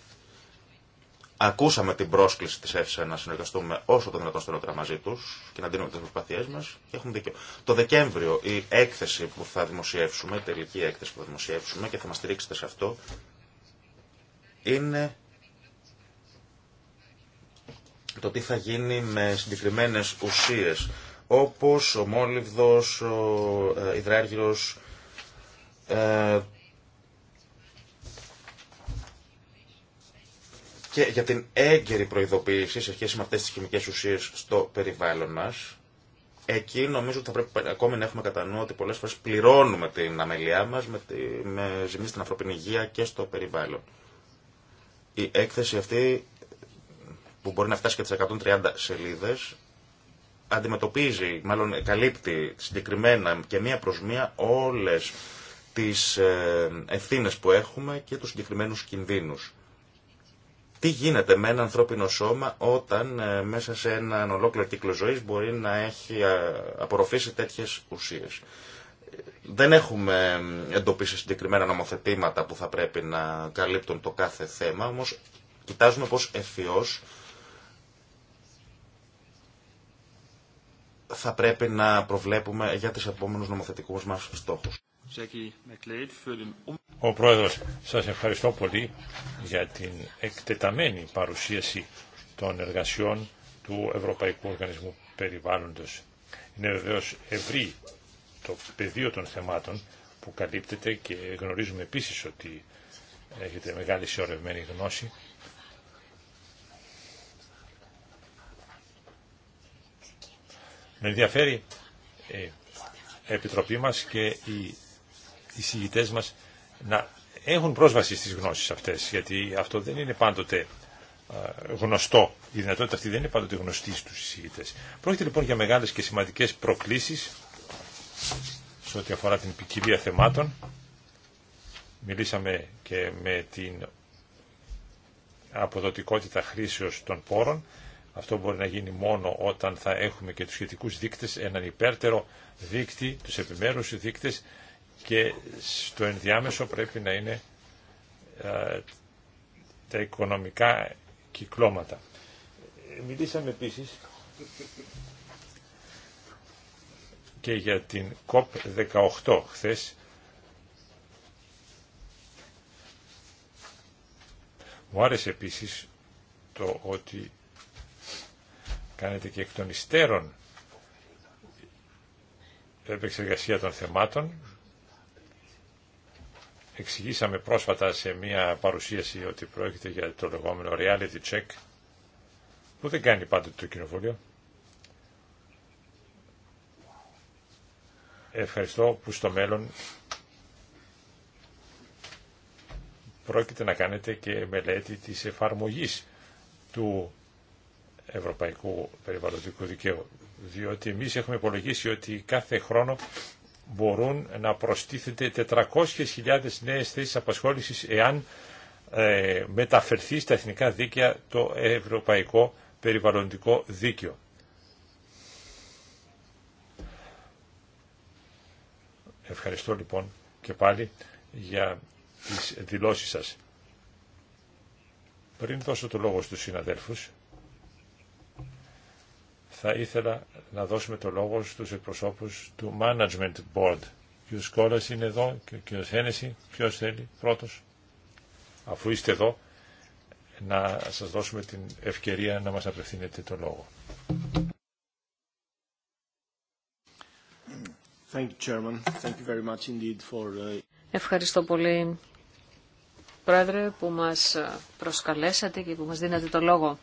Ακούσαμε την πρόσκληση τη ΕΦΣΑ να συνεργαστούμε όσο το δυνατόν στενότερα μαζί του και να δίνουμε τι προσπάθειέ μα και έχουμε δίκιο. Το Δεκέμβριο η έκθεση που θα δημοσιεύσουμε, η τελική έκθεση που θα δημοσιεύσουμε και θα μα στηρίξετε σε αυτό, είναι το τι θα γίνει με συγκεκριμένε ουσίε όπω ο μόλιβδο, ο υδράργυρο, ε, ε, και για την έγκαιρη προειδοποίηση σε σχέση με αυτές τις χημικές ουσίες στο περιβάλλον μας. Εκεί νομίζω ότι θα πρέπει ακόμη να έχουμε κατά νου ότι πολλές φορές πληρώνουμε την αμελιά μας με, τη, με στην ανθρωπινή υγεία και στο περιβάλλον. Η έκθεση αυτή που μπορεί να φτάσει και τις 130 σελίδες αντιμετωπίζει, μάλλον καλύπτει συγκεκριμένα και μία προς μία όλες τις ε, ευθύνε που έχουμε και τους συγκεκριμένους κινδύνους τι γίνεται με ένα ανθρώπινο σώμα όταν ε, μέσα σε έναν ολόκληρο κύκλο ζωής μπορεί να έχει απορροφήσει τέτοιες ουσίες. Δεν έχουμε εντοπίσει συγκεκριμένα νομοθετήματα που θα πρέπει να καλύπτουν το κάθε θέμα, όμως κοιτάζουμε πώς ευφυώς θα πρέπει να προβλέπουμε για τις επόμενους νομοθετικούς μας στόχους. Um- Ο Πρόεδρος, σας ευχαριστώ πολύ για την εκτεταμένη παρουσίαση των εργασιών του Ευρωπαϊκού Οργανισμού Περιβάλλοντος. Είναι βεβαίω ευρύ το πεδίο των θεμάτων που καλύπτεται και γνωρίζουμε επίσης ότι έχετε μεγάλη σεωρευμένη γνώση. Με ενδιαφέρει ε, η Επιτροπή μας και η οι συγητές μας να έχουν πρόσβαση στις γνώσεις αυτές, γιατί αυτό δεν είναι πάντοτε γνωστό. Η δυνατότητα αυτή δεν είναι πάντοτε γνωστή στους εισηγητές. Πρόκειται λοιπόν για μεγάλες και σημαντικές προκλήσεις σε ό,τι αφορά την ποικιλία θεμάτων. Μιλήσαμε και με την αποδοτικότητα χρήσεως των πόρων. Αυτό μπορεί να γίνει μόνο όταν θα έχουμε και τους σχετικούς δείκτες, έναν υπέρτερο δείκτη, τους επιμέρους δείκτες και στο ενδιάμεσο πρέπει να είναι ε, τα οικονομικά κυκλώματα. Μιλήσαμε επίσης και για την COP18 χθες. Μου άρεσε επίσης το ότι κάνετε και εκ των υστέρων επεξεργασία των θεμάτων εξηγήσαμε πρόσφατα σε μια παρουσίαση ότι πρόκειται για το λεγόμενο reality check που δεν κάνει πάντοτε το κοινοβούλιο. Ευχαριστώ που στο μέλλον πρόκειται να κάνετε και μελέτη της εφαρμογής του Ευρωπαϊκού Περιβαλλοντικού Δικαίου. Διότι εμείς έχουμε υπολογίσει ότι κάθε χρόνο μπορούν να προστίθενται 400.000 νέες θέσεις απασχόλησης εάν ε, μεταφερθεί στα εθνικά δίκαια το ευρωπαϊκό περιβαλλοντικό δίκαιο. Ευχαριστώ λοιπόν και πάλι για τις δηλώσεις σας. Πριν δώσω το λόγο στους συναδέλφους, θα ήθελα να δώσουμε το λόγο στους εκπροσώπους του Management Board. Ο κ. Κόλας είναι εδώ και ο κ. Χένεση. Ποιος θέλει πρώτος, αφού είστε εδώ, να σας δώσουμε την ευκαιρία να μας απευθύνετε το λόγο. Ευχαριστώ πολύ, Πρόεδρε, που μας ε, προσκαλέσατε και που μας δίνατε το λόγο.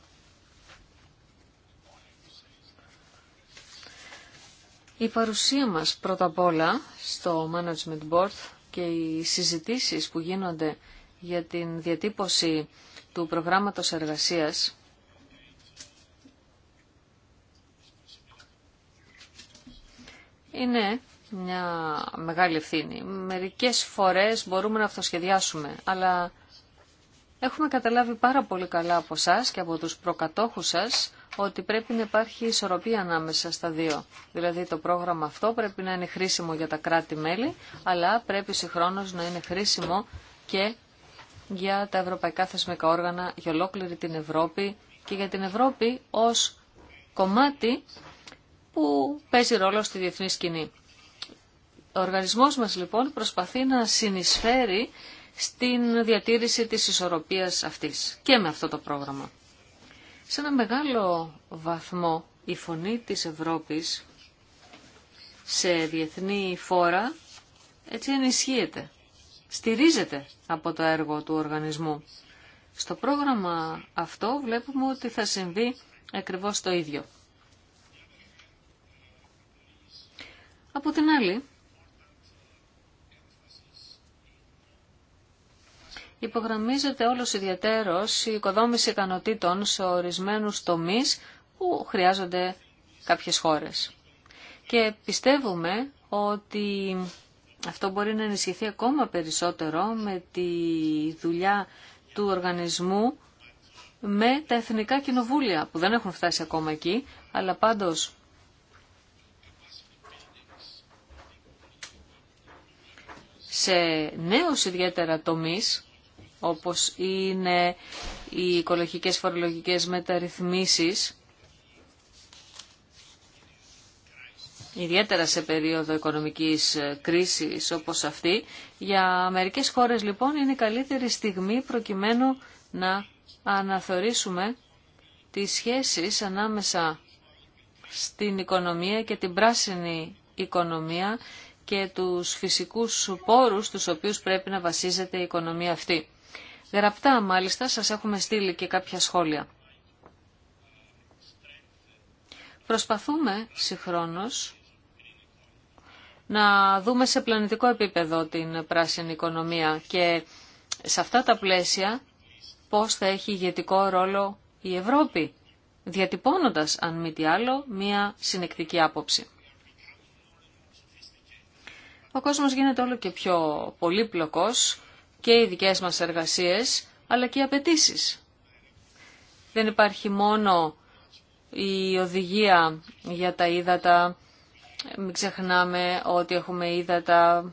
Η παρουσία μας πρώτα απ' όλα στο Management Board και οι συζητήσεις που γίνονται για την διατύπωση του προγράμματος εργασίας είναι μια μεγάλη ευθύνη. Μερικές φορές μπορούμε να αυτοσχεδιάσουμε, αλλά έχουμε καταλάβει πάρα πολύ καλά από εσά και από τους προκατόχους σας ότι πρέπει να υπάρχει ισορροπία ανάμεσα στα δύο. Δηλαδή το πρόγραμμα αυτό πρέπει να είναι χρήσιμο για τα κράτη-μέλη, αλλά πρέπει συγχρόνως να είναι χρήσιμο και για τα ευρωπαϊκά θεσμικά όργανα, για ολόκληρη την Ευρώπη και για την Ευρώπη ως κομμάτι που παίζει ρόλο στη διεθνή σκηνή. Ο οργανισμός μας λοιπόν προσπαθεί να συνεισφέρει στην διατήρηση της ισορροπίας αυτής και με αυτό το πρόγραμμα. Σε ένα μεγάλο βαθμό η φωνή της Ευρώπης σε διεθνή φόρα έτσι ενισχύεται, στηρίζεται από το έργο του οργανισμού. Στο πρόγραμμα αυτό βλέπουμε ότι θα συμβεί ακριβώς το ίδιο. Από την άλλη, υπογραμμίζεται όλος ιδιαίτερο η οικοδόμηση ικανοτήτων σε ορισμένους τομείς που χρειάζονται κάποιες χώρες. Και πιστεύουμε ότι αυτό μπορεί να ενισχυθεί ακόμα περισσότερο με τη δουλειά του οργανισμού με τα εθνικά κοινοβούλια που δεν έχουν φτάσει ακόμα εκεί, αλλά πάντως σε νέους ιδιαίτερα τομείς όπως είναι οι οικολογικές φορολογικές μεταρρυθμίσεις, ιδιαίτερα σε περίοδο οικονομικής κρίσης όπως αυτή, για μερικές χώρες λοιπόν είναι η καλύτερη στιγμή προκειμένου να αναθεωρήσουμε τις σχέσεις ανάμεσα στην οικονομία και την πράσινη οικονομία και τους φυσικούς πόρους τους οποίους πρέπει να βασίζεται η οικονομία αυτή. Γραπτά μάλιστα σας έχουμε στείλει και κάποια σχόλια. Προσπαθούμε συγχρόνως να δούμε σε πλανητικό επίπεδο την πράσινη οικονομία και σε αυτά τα πλαίσια πώς θα έχει ηγετικό ρόλο η Ευρώπη, διατυπώνοντας αν μη τι άλλο μία συνεκτική άποψη. Ο κόσμος γίνεται όλο και πιο πολύπλοκος και οι δικές μας εργασίες, αλλά και οι απαιτήσει. Δεν υπάρχει μόνο η οδηγία για τα ύδατα. Μην ξεχνάμε ότι έχουμε ύδατα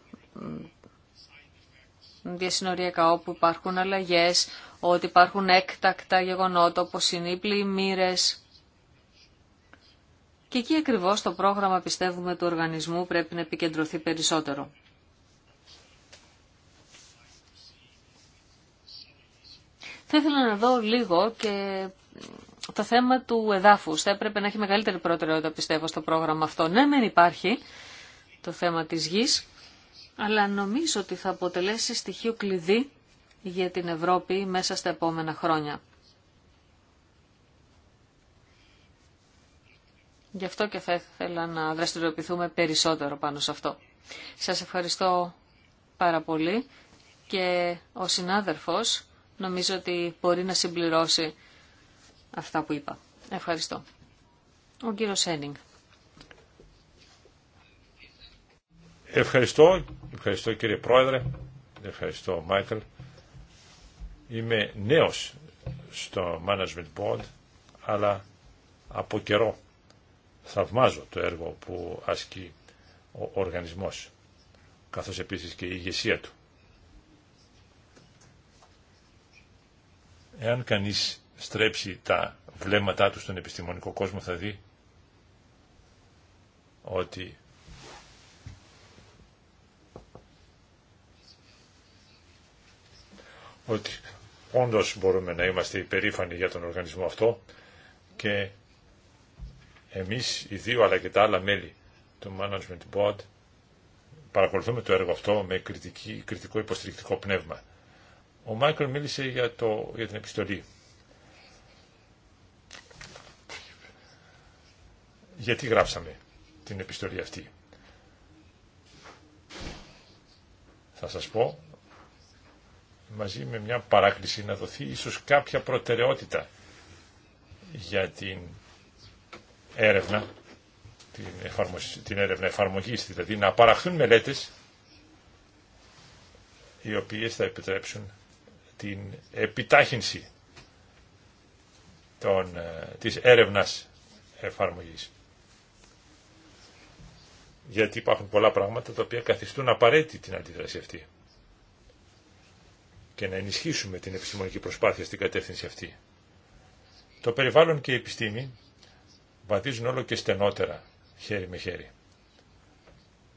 διασυνοριακά όπου υπάρχουν αλλαγές, ότι υπάρχουν έκτακτα γεγονότα όπως είναι οι πλημμύρες. Και εκεί ακριβώς το πρόγραμμα πιστεύουμε του οργανισμού πρέπει να επικεντρωθεί περισσότερο. Θα ήθελα να δω λίγο και το θέμα του εδάφους. Θα έπρεπε να έχει μεγαλύτερη προτεραιότητα, πιστεύω, στο πρόγραμμα αυτό. Ναι, δεν υπάρχει το θέμα της γης, αλλά νομίζω ότι θα αποτελέσει στοιχείο κλειδί για την Ευρώπη μέσα στα επόμενα χρόνια. Γι' αυτό και θα ήθελα να δραστηριοποιηθούμε περισσότερο πάνω σε αυτό. Σας ευχαριστώ πάρα πολύ και ο συνάδελφος νομίζω ότι μπορεί να συμπληρώσει αυτά που είπα. Ευχαριστώ. Ο κύριο Σένινγκ. Ευχαριστώ. Ευχαριστώ κύριε Πρόεδρε. Ευχαριστώ Μάικλ. Είμαι νέος στο Management Board, αλλά από καιρό θαυμάζω το έργο που ασκεί ο οργανισμός, καθώς επίσης και η ηγεσία του. Εάν κανείς στρέψει τα βλέμματά του στον επιστημονικό κόσμο θα δει ότι ότι όντως μπορούμε να είμαστε υπερήφανοι για τον οργανισμό αυτό και εμείς οι δύο αλλά και τα άλλα μέλη του Management Board παρακολουθούμε το έργο αυτό με κριτική, κριτικό υποστηρικτικό πνεύμα. Ο Μάικλ μίλησε για, το, για την επιστολή. Γιατί γράψαμε την επιστολή αυτή. Θα σας πω μαζί με μια παράκληση να δοθεί ίσως κάποια προτεραιότητα για την έρευνα, την, την έρευνα εφαρμογής, δηλαδή να παραχθούν μελέτες οι οποίες θα επιτρέψουν την επιτάχυνση των, ε, της έρευνας εφαρμογής. Γιατί υπάρχουν πολλά πράγματα τα οποία καθιστούν απαραίτητη την αντίδραση αυτή και να ενισχύσουμε την επιστημονική προσπάθεια στην κατεύθυνση αυτή. Το περιβάλλον και η επιστήμη βαδίζουν όλο και στενότερα, χέρι με χέρι.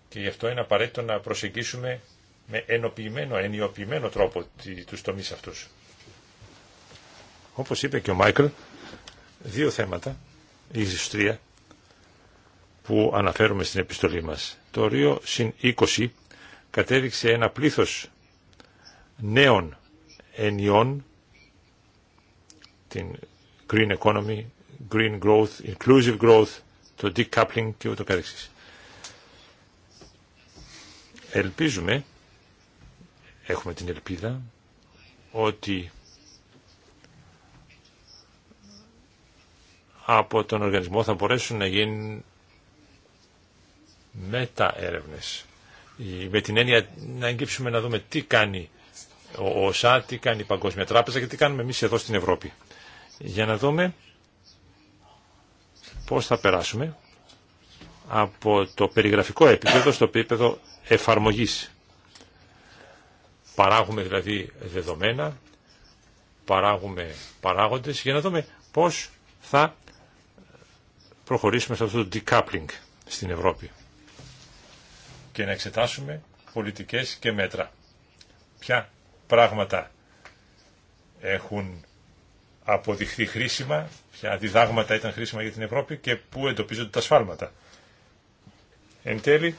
Και γι' αυτό είναι απαραίτητο να προσεγγίσουμε με ενοποιημένο, ενιοποιημένο τρόπο τους τομείς αυτούς. Όπως είπε και ο Μάικλ, δύο θέματα, η τρία, που αναφέρουμε στην επιστολή μας. Το Ρίο συν 20 κατέδειξε ένα πλήθος νέων ενιών, την green economy, green growth, inclusive growth, το decoupling και ούτω καθεξής. Ελπίζουμε Έχουμε την ελπίδα ότι από τον οργανισμό θα μπορέσουν να γίνουν μεταέρευνες. Με την έννοια να εγκύψουμε να δούμε τι κάνει ο ΩΣΑ, τι κάνει η Παγκόσμια Τράπεζα και τι κάνουμε εμείς εδώ στην Ευρώπη. Για να δούμε πώς θα περάσουμε από το περιγραφικό επίπεδο στο επίπεδο εφαρμογής. Παράγουμε δηλαδή δεδομένα, παράγουμε παράγοντες για να δούμε πώς θα προχωρήσουμε σε αυτό το decoupling στην Ευρώπη και να εξετάσουμε πολιτικές και μέτρα. Ποια πράγματα έχουν αποδειχθεί χρήσιμα, ποια διδάγματα ήταν χρήσιμα για την Ευρώπη και πού εντοπίζονται τα σφάλματα. Εν τέλει,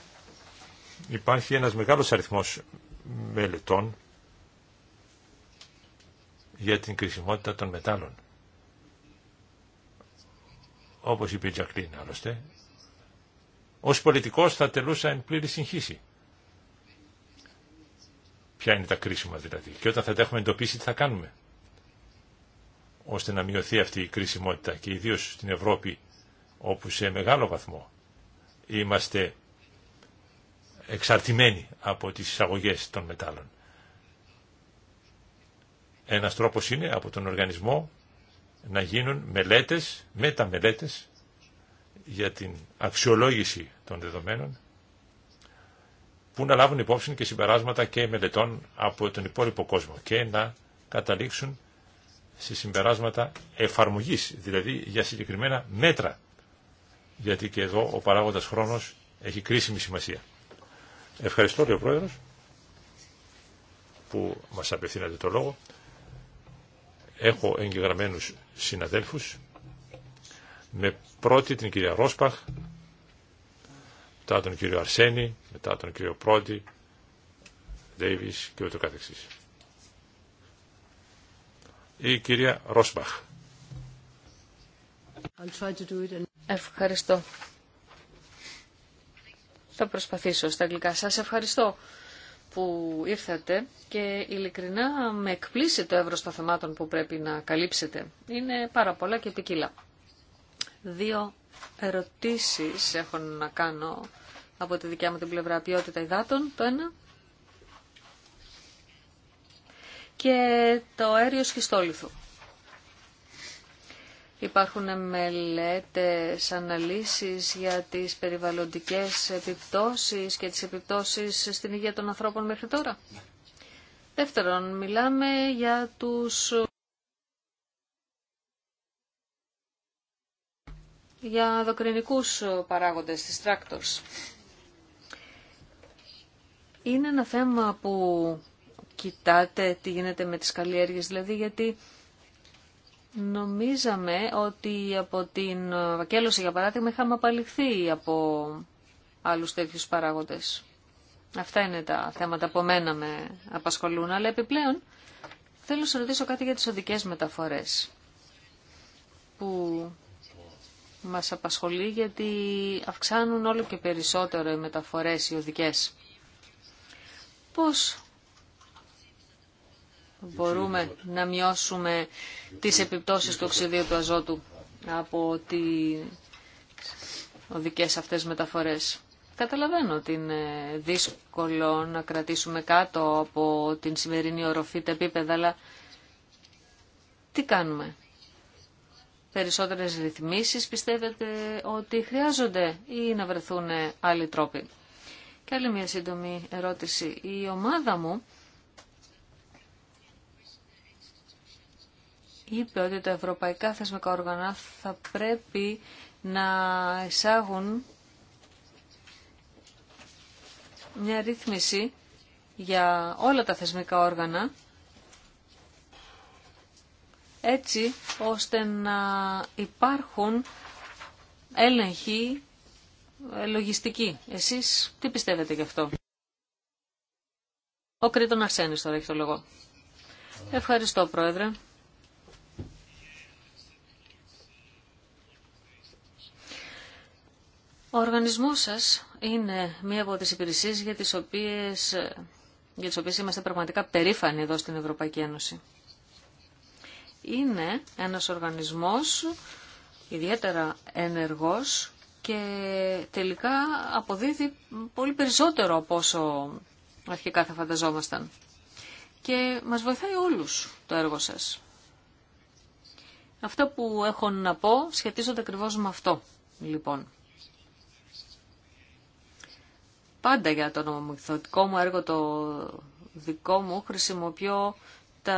υπάρχει ένας μεγάλος αριθμός μελετών για την κρισιμότητα των μετάλλων. Όπως είπε η Τζακλίν άλλωστε, ως πολιτικός θα τελούσα εν πλήρη συγχύση. Ποια είναι τα κρίσιμα δηλαδή και όταν θα τα έχουμε εντοπίσει τι θα κάνουμε ώστε να μειωθεί αυτή η κρισιμότητα και ιδίως στην Ευρώπη όπου σε μεγάλο βαθμό είμαστε εξαρτημένοι από τις εισαγωγές των μετάλλων. Ένας τρόπος είναι από τον οργανισμό να γίνουν μελέτες, μεταμελέτες για την αξιολόγηση των δεδομένων που να λάβουν υπόψη και συμπεράσματα και μελετών από τον υπόλοιπο κόσμο και να καταλήξουν σε συμπεράσματα εφαρμογής, δηλαδή για συγκεκριμένα μέτρα. Γιατί και εδώ ο παράγοντας χρόνος έχει κρίσιμη σημασία. Ευχαριστώ, λέει ο Πρόεδρος, που μας απευθύνατε το λόγο. Έχω εγγεγραμμένους συναδέλφους. Με πρώτη την κυρία Ρόσπαχ, μετά τον κύριο Αρσένη, μετά τον κύριο Πρόντι, Ντέιβις και ούτω καθεξής. Η κυρία Ρόσπαχ. Ευχαριστώ. Θα προσπαθήσω στα αγγλικά. Σας ευχαριστώ που ήρθατε και ειλικρινά με εκπλήσει το εύρος των θεμάτων που πρέπει να καλύψετε. Είναι πάρα πολλά και ποικίλα. Δύο ερωτήσεις έχω να κάνω από τη δικιά μου την πλευρά ποιότητα υδάτων, το ένα. Και το αέριο σχιστόλιθο. Υπάρχουν μελέτες, αναλύσεις για τις περιβαλλοντικές επιπτώσεις και τις επιπτώσεις στην υγεία των ανθρώπων μέχρι τώρα. Δεύτερον, μιλάμε για τους... για δοκρινικούς παράγοντες, της τράκτορς. Είναι ένα θέμα που κοιτάτε τι γίνεται με τις καλλιέργειες, δηλαδή γιατί Νομίζαμε ότι από την Βακέλωση, για παράδειγμα, είχαμε απαλληχθεί από άλλους τέτοιους παράγοντες. Αυτά είναι τα θέματα που εμένα με απασχολούν, αλλά επιπλέον θέλω να ρωτήσω κάτι για τις οδικές μεταφορές που μας απασχολεί γιατί αυξάνουν όλο και περισσότερο οι μεταφορές οι οδικές. Πώς μπορούμε να μειώσουμε τις επιπτώσεις του οξυδίου του αζότου από τι οδικές αυτές μεταφορές. Καταλαβαίνω ότι είναι δύσκολο να κρατήσουμε κάτω από την σημερινή οροφή τα επίπεδα, αλλά τι κάνουμε. Περισσότερες ρυθμίσεις πιστεύετε ότι χρειάζονται ή να βρεθούν άλλοι τρόποι. Και άλλη μια σύντομη ερώτηση. Η ομάδα μου είπε ότι τα ευρωπαϊκά θεσμικά όργανα θα πρέπει να εισάγουν μια ρύθμιση για όλα τα θεσμικά όργανα έτσι ώστε να υπάρχουν έλεγχοι ε, λογιστικοί. Εσείς τι πιστεύετε γι' αυτό. Ο Κρήτον Αρσένης τώρα έχει το λόγο. Ευχαριστώ Πρόεδρε. Ο οργανισμός σας είναι μία από τις υπηρεσίες για τις οποίες, για τις οποίες είμαστε πραγματικά περήφανοι εδώ στην Ευρωπαϊκή Ένωση. Είναι ένας οργανισμός ιδιαίτερα ενεργός και τελικά αποδίδει πολύ περισσότερο από όσο αρχικά θα φανταζόμασταν. Και μας βοηθάει όλους το έργο σας. Αυτό που έχω να πω σχετίζονται ακριβώς με αυτό, λοιπόν πάντα για το νομομηθωτικό μου έργο, το δικό μου, χρησιμοποιώ τα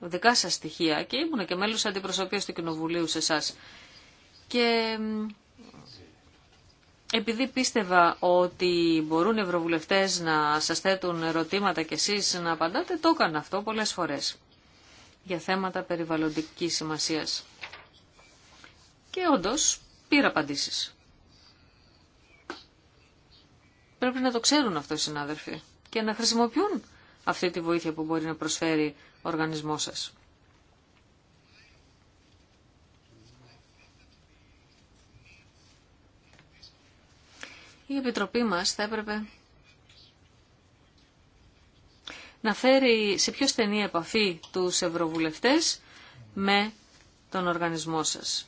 δικά σας στοιχεία και ήμουν και μέλος αντιπροσωπείας του Κοινοβουλίου σε Και επειδή πίστευα ότι μπορούν οι ευρωβουλευτές να σας θέτουν ερωτήματα και εσείς να απαντάτε, το έκανα αυτό πολλές φορές για θέματα περιβαλλοντικής σημασίας. Και όντως πήρα απαντήσεις. Πρέπει να το ξέρουν αυτό οι συνάδελφοι και να χρησιμοποιούν αυτή τη βοήθεια που μπορεί να προσφέρει ο οργανισμός σας. Η Επιτροπή μας θα έπρεπε να φέρει σε πιο στενή επαφή τους ευρωβουλευτές με τον οργανισμό σας.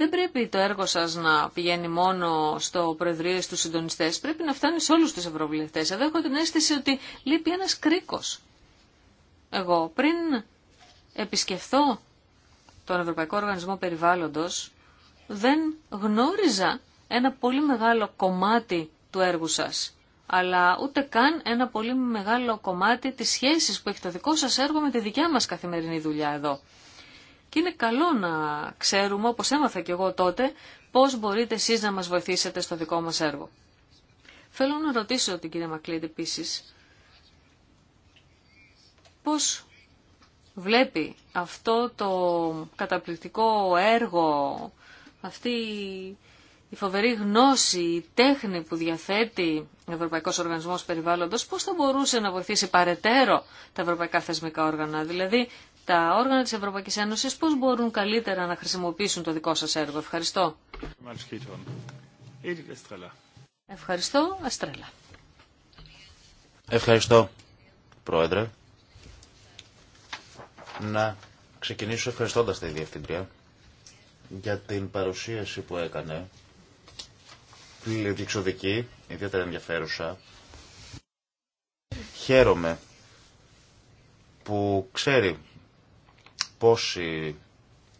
δεν πρέπει το έργο σας να πηγαίνει μόνο στο Προεδρείο ή στους συντονιστές. Πρέπει να φτάνει σε όλους τους ευρωβουλευτές. Εδώ έχω την αίσθηση ότι λείπει ένας κρίκος. Εγώ πριν επισκεφθώ τον Ευρωπαϊκό Οργανισμό Περιβάλλοντος, δεν γνώριζα ένα πολύ μεγάλο κομμάτι του έργου σας, αλλά ούτε καν ένα πολύ μεγάλο κομμάτι της σχέσης που έχει το δικό σας έργο με τη δικιά μας καθημερινή δουλειά εδώ. Και είναι καλό να ξέρουμε, όπως έμαθα και εγώ τότε, πώς μπορείτε εσείς να μας βοηθήσετε στο δικό μας έργο. Θέλω να ρωτήσω την κυρία Μακλίντ επίση. πώς βλέπει αυτό το καταπληκτικό έργο, αυτή η φοβερή γνώση, η τέχνη που διαθέτει ο Ευρωπαϊκός Οργανισμός Περιβάλλοντος, πώς θα μπορούσε να βοηθήσει παρετέρω τα ευρωπαϊκά θεσμικά όργανα. Δηλαδή, τα όργανα της Ευρωπαϊκής Ένωσης πώς μπορούν καλύτερα να χρησιμοποιήσουν το δικό σας έργο. Ευχαριστώ. Ευχαριστώ, Αστρέλα. Ευχαριστώ, Πρόεδρε. Να ξεκινήσω ευχαριστώντας τη Διευθυντρία για την παρουσίαση που έκανε διεξοδική, ιδιαίτερα ενδιαφέρουσα. Χαίρομαι που ξέρει πόση,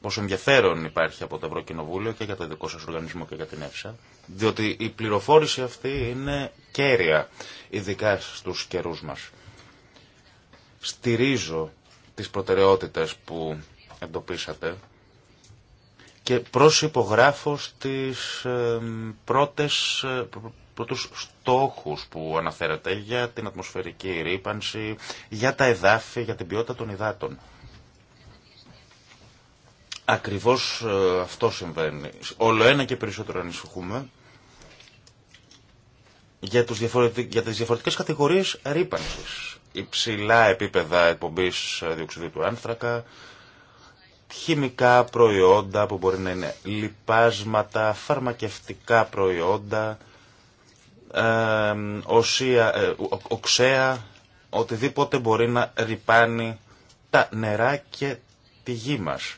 πόσο ενδιαφέρον υπάρχει από το Ευρωκοινοβούλιο και για το δικό σας οργανισμό και για την ΕΦΣΑ, διότι η πληροφόρηση αυτή είναι κέρια, ειδικά στους καιρούς μας. Στηρίζω τις προτεραιότητες που εντοπίσατε και προσυπογράφω στις πρώτες, ε, πρώτους στόχους που αναφέρατε για την ατμοσφαιρική ρήπανση, για τα εδάφη, για την ποιότητα των υδάτων. Ακριβώς ε, αυτό συμβαίνει. Όλο ένα και περισσότερο ανησυχούμε για, τους διαφορετικ... για τις διαφορετικές κατηγορίες ρήπανσης. Υψηλά επίπεδα εκπομπής ε, διοξιδίου του άνθρακα, χημικά προϊόντα που μπορεί να είναι λιπάσματα, φαρμακευτικά προϊόντα, ε, οσία, ε, οξέα, οτιδήποτε μπορεί να ρυπάνει τα νερά και τη γη μας.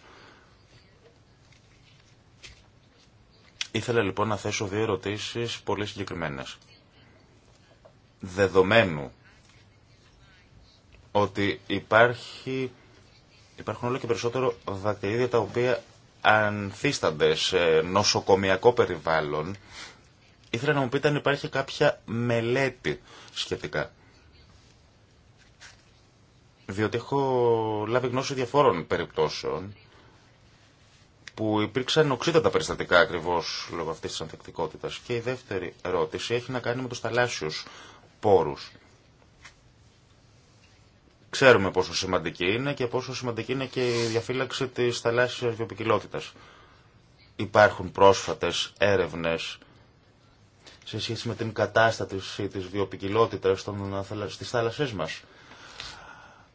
Ήθελα λοιπόν να θέσω δύο ερωτήσεις πολύ συγκεκριμένες. Δεδομένου ότι υπάρχει, υπάρχουν όλο και περισσότερο δακτυλίδια τα οποία ανθίστανται σε νοσοκομιακό περιβάλλον, ήθελα να μου πείτε αν υπάρχει κάποια μελέτη σχετικά. Διότι έχω λάβει γνώση διαφόρων περιπτώσεων που υπήρξαν οξύτατα περιστατικά ακριβώς λόγω αυτή τη ανθεκτικότητα. Και η δεύτερη ερώτηση έχει να κάνει με του θαλάσσιου πόρους. Ξέρουμε πόσο σημαντική είναι και πόσο σημαντική είναι και η διαφύλαξη της θαλάσσια βιοπικιλότητας. Υπάρχουν πρόσφατες έρευνες σε σχέση με την κατάσταση της βιοπικιλότητας στις θάλασσές μας.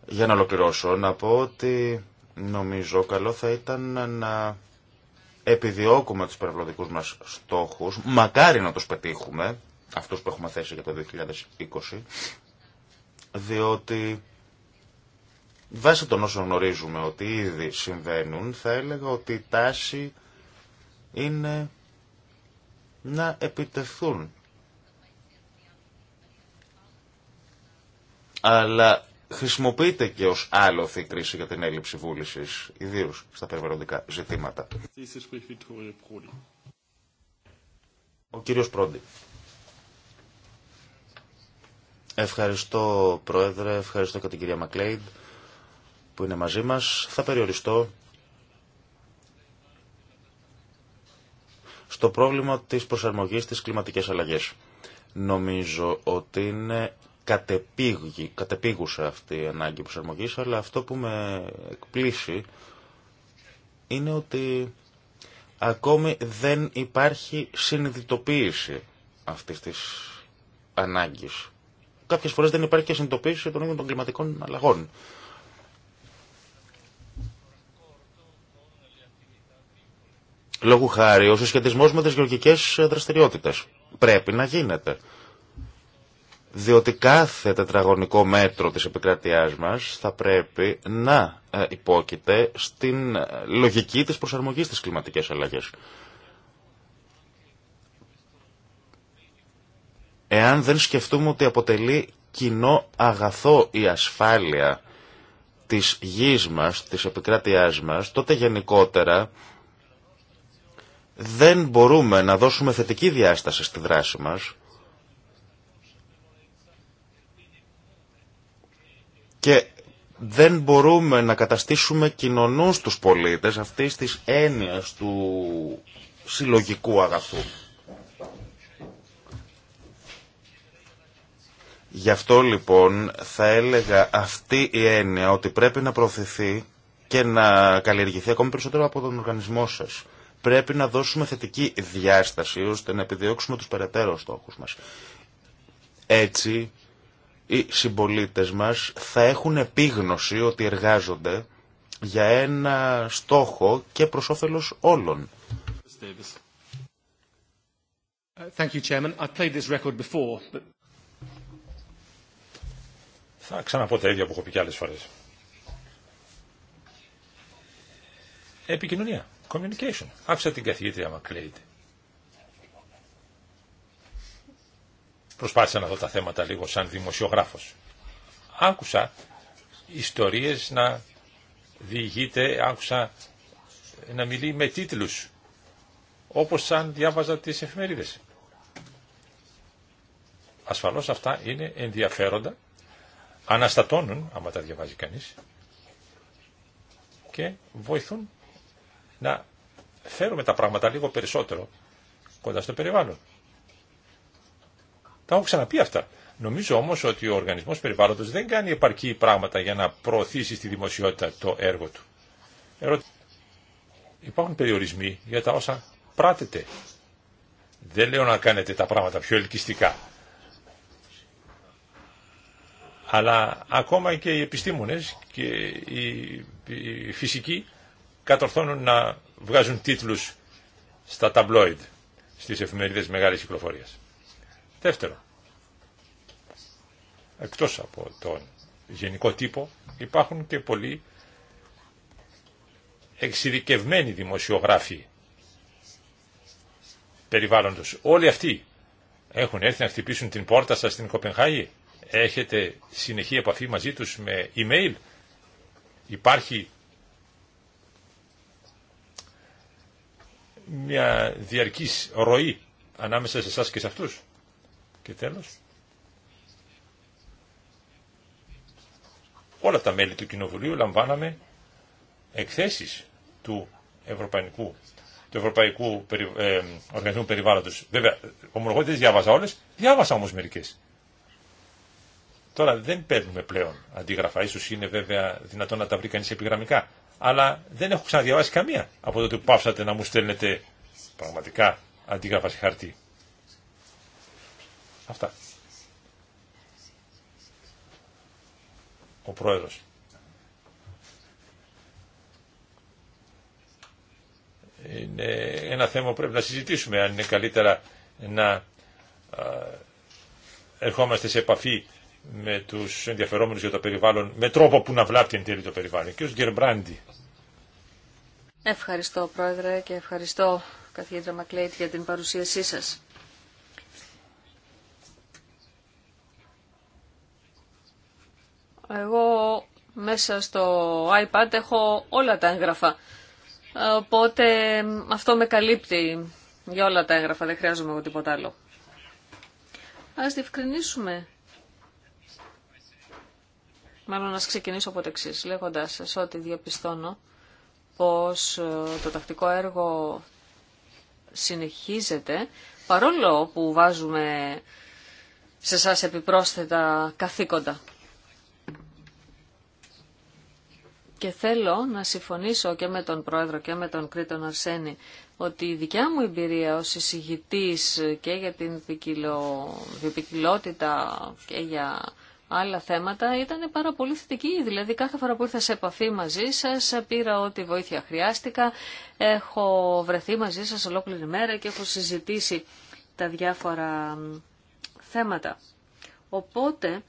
Για να ολοκληρώσω, να πω ότι Νομίζω καλό θα ήταν να επιδιώκουμε τους περιβαλλοντικούς μας στόχους, μακάρι να τους πετύχουμε, αυτούς που έχουμε θέσει για το 2020, διότι βάσει των όσων γνωρίζουμε ότι ήδη συμβαίνουν, θα έλεγα ότι η τάση είναι να επιτεθούν. Αλλά χρησιμοποιείται και ως άλοθη η κρίση για την έλλειψη βούλησης, ιδίως στα περιβαλλοντικά ζητήματα. Ο κύριος Πρόντι. Ευχαριστώ Πρόεδρε, ευχαριστώ και την κυρία Μακλέιντ που είναι μαζί μας. Θα περιοριστώ στο πρόβλημα της προσαρμογής της κλιματικές αλλαγές. Νομίζω ότι είναι κατεπήγη, αυτή η ανάγκη προσαρμογή, αλλά αυτό που με εκπλήσει είναι ότι ακόμη δεν υπάρχει συνειδητοποίηση αυτή τη ανάγκης. Κάποιες φορές δεν υπάρχει και συνειδητοποίηση των ίδιων των κλιματικών αλλαγών. Λόγου χάρη, ο συσχετισμός με τις γεωργικές δραστηριότητες πρέπει να γίνεται διότι κάθε τετραγωνικό μέτρο της επικράτειάς μας θα πρέπει να ε, υπόκειται στην ε, λογική της προσαρμογής της κλιματικές αλλαγές. Εάν δεν σκεφτούμε ότι αποτελεί κοινό αγαθό η ασφάλεια της γης μας, της επικράτειάς μας, τότε γενικότερα δεν μπορούμε να δώσουμε θετική διάσταση στη δράση μας και δεν μπορούμε να καταστήσουμε κοινωνούς τους πολίτες αυτής της έννοιας του συλλογικού αγαθού. Γι' αυτό λοιπόν θα έλεγα αυτή η έννοια ότι πρέπει να προωθηθεί και να καλλιεργηθεί ακόμη περισσότερο από τον οργανισμό σας. Πρέπει να δώσουμε θετική διάσταση ώστε να επιδιώξουμε τους περαιτέρω στόχους μας. Έτσι οι συμπολίτε μας θα έχουν επίγνωση ότι εργάζονται για ένα στόχο και προς όφελος όλων. Θα ξαναπώ τα ίδια που έχω πει και άλλες φορές. Επικοινωνία. Communication. Άφησα την καθηγήτρια Μακλέιτ προσπάθησα να δω τα θέματα λίγο σαν δημοσιογράφος. Άκουσα ιστορίες να διηγείται, άκουσα να μιλεί με τίτλους, όπως σαν διάβαζα τις εφημερίδες. Ασφαλώς αυτά είναι ενδιαφέροντα, αναστατώνουν, άμα τα διαβάζει κανείς, και βοηθούν να φέρουμε τα πράγματα λίγο περισσότερο κοντά στο περιβάλλον. Τα έχω ξαναπεί αυτά. Νομίζω όμω ότι ο Οργανισμό Περιβάλλοντο δεν κάνει επαρκή πράγματα για να προωθήσει στη δημοσιότητα το έργο του. Υπάρχουν περιορισμοί για τα όσα πράτεται. Δεν λέω να κάνετε τα πράγματα πιο ελκυστικά. Αλλά ακόμα και οι επιστήμονες και οι φυσικοί κατορθώνουν να βγάζουν τίτλους στα ταμπλόιντ στις εφημερίδες μεγάλης κυκλοφορίας. Δεύτερο, εκτός από τον γενικό τύπο υπάρχουν και πολλοί εξειδικευμένοι δημοσιογράφοι περιβάλλοντος. Όλοι αυτοί έχουν έρθει να χτυπήσουν την πόρτα σας στην Κοπενχάγη. Έχετε συνεχή επαφή μαζί τους με email. Υπάρχει μια διαρκής ροή ανάμεσα σε εσά και σε αυτούς. Και τέλος, όλα τα μέλη του Κοινοβουλίου λαμβάναμε εκθέσεις του Ευρωπαϊκού, του Ευρωπαϊκού ε, Οργανισμού Περιβάλλοντος. Βέβαια, ομολογώ δεν διάβαζα όλες, διάβασα όμως μερικές. Τώρα δεν παίρνουμε πλέον αντίγραφα, ίσως είναι βέβαια δυνατόν να τα βρει κανείς επιγραμμικά. Αλλά δεν έχω ξαναδιαβάσει καμία από τότε που πάψατε να μου στέλνετε πραγματικά αντίγραφα σε χαρτί. Αυτά. Ο πρόεδρος. Είναι ένα θέμα που πρέπει να συζητήσουμε αν είναι καλύτερα να ερχόμαστε σε επαφή με τους ενδιαφερόμενους για το περιβάλλον με τρόπο που να βλάπτει εν τέλει το περιβάλλον. Κύριος Γκερμπράντι. Ευχαριστώ Πρόεδρε και ευχαριστώ καθηγήτρα Μακλέιτ για την παρουσίασή σας. Εγώ μέσα στο iPad έχω όλα τα έγγραφα. Οπότε αυτό με καλύπτει για όλα τα έγγραφα, δεν χρειάζομαι εγώ τίποτα άλλο. Ας διευκρινίσουμε. Μάλλον να ξεκινήσω από το εξή, λέγοντας σας ότι διαπιστώνω πως ε, το τακτικό έργο συνεχίζεται, παρόλο που βάζουμε σε εσά επιπρόσθετα καθήκοντα. Και θέλω να συμφωνήσω και με τον Πρόεδρο και με τον Κρήτον Αρσένη ότι η δικιά μου εμπειρία ως εισηγητής και για την βιοπικιλότητα και για άλλα θέματα ήταν πάρα πολύ θετική. Δηλαδή κάθε φορά που ήρθα σε επαφή μαζί σας πήρα ό,τι βοήθεια χρειάστηκα. Έχω βρεθεί μαζί σας ολόκληρη μέρα και έχω συζητήσει τα διάφορα θέματα. Οπότε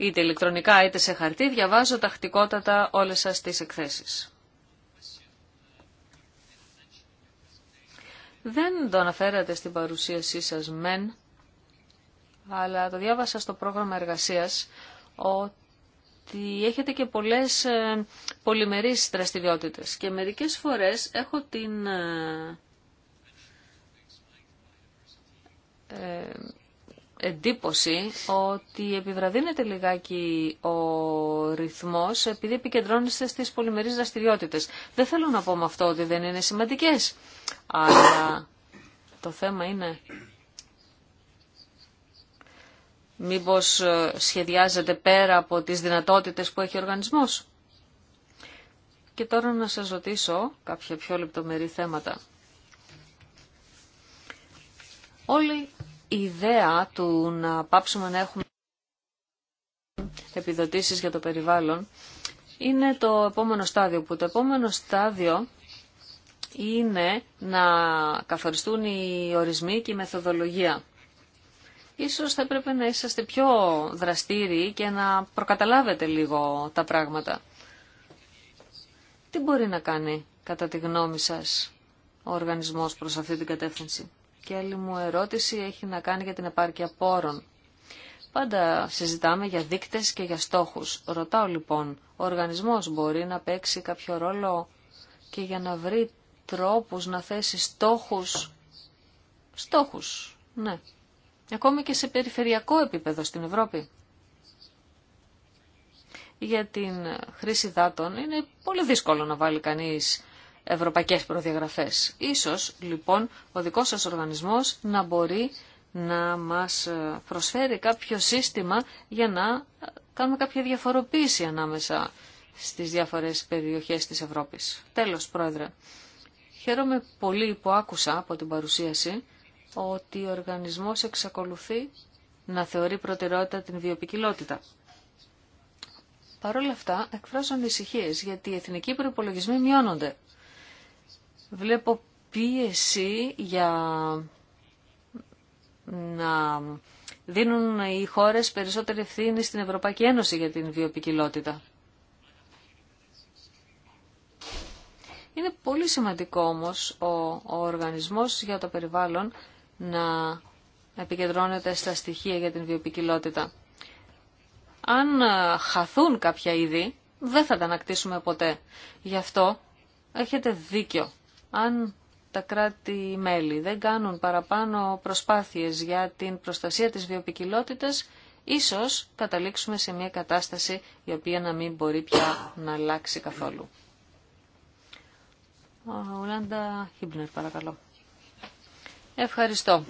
είτε ηλεκτρονικά είτε σε χαρτί, διαβάζω τακτικότατα όλες σας τις εκθέσεις. Δεν το αναφέρατε στην παρουσίασή σας μεν, αλλά το διάβασα στο πρόγραμμα εργασίας ότι έχετε και πολλές ε, πολυμερείς δραστηριότητες και μερικές φορές έχω την ε, ε, εντύπωση ότι επιβραδύνεται λιγάκι ο ρυθμός επειδή επικεντρώνεστε στις πολυμερείς δραστηριότητες. Δεν θέλω να πω με αυτό ότι δεν είναι σημαντικές, αλλά το θέμα είναι μήπως σχεδιάζεται πέρα από τις δυνατότητες που έχει ο οργανισμός. Και τώρα να σας ρωτήσω κάποια πιο λεπτομερή θέματα. Όλοι η ιδέα του να πάψουμε να έχουμε επιδοτήσεις για το περιβάλλον είναι το επόμενο στάδιο, που το επόμενο στάδιο είναι να καθοριστούν οι ορισμοί και η μεθοδολογία. Ίσως θα έπρεπε να είσαστε πιο δραστήριοι και να προκαταλάβετε λίγο τα πράγματα. Τι μπορεί να κάνει, κατά τη γνώμη σας, ο οργανισμός προς αυτή την κατεύθυνση και άλλη μου ερώτηση έχει να κάνει για την επάρκεια πόρων. Πάντα συζητάμε για δείκτες και για στόχους. Ρωτάω λοιπόν, ο οργανισμός μπορεί να παίξει κάποιο ρόλο και για να βρει τρόπους να θέσει στόχους. Στόχους, ναι. Ακόμη και σε περιφερειακό επίπεδο στην Ευρώπη. Για την χρήση δάτων είναι πολύ δύσκολο να βάλει κανείς ευρωπαϊκές προδιαγραφές. Ίσως λοιπόν ο δικός σας οργανισμός να μπορεί να μας ε, προσφέρει κάποιο σύστημα για να ε, κάνουμε κάποια διαφοροποίηση ανάμεσα στις διάφορες περιοχές της Ευρώπης. Τέλος, Πρόεδρε, χαίρομαι πολύ που άκουσα από την παρουσίαση ότι ο οργανισμός εξακολουθεί να θεωρεί προτεραιότητα την βιοπικιλότητα. Παρ' όλα αυτά εκφράζω ανησυχίε γιατί οι εθνικοί προπολογισμοί μειώνονται βλέπω πίεση για να δίνουν οι χώρες περισσότερη ευθύνη στην Ευρωπαϊκή Ένωση για την βιοπικιλότητα. Είναι πολύ σημαντικό όμως ο, οργανισμός για το περιβάλλον να επικεντρώνεται στα στοιχεία για την βιοπικιλότητα. Αν χαθούν κάποια είδη, δεν θα τα ανακτήσουμε ποτέ. Γι' αυτό έχετε δίκιο αν τα κράτη-μέλη δεν κάνουν παραπάνω προσπάθειες για την προστασία της βιοπικιλότητας, ίσως καταλήξουμε σε μια κατάσταση η οποία να μην μπορεί πια να αλλάξει καθόλου. Ουλάντα Χίμπνερ, παρακαλώ. Ευχαριστώ,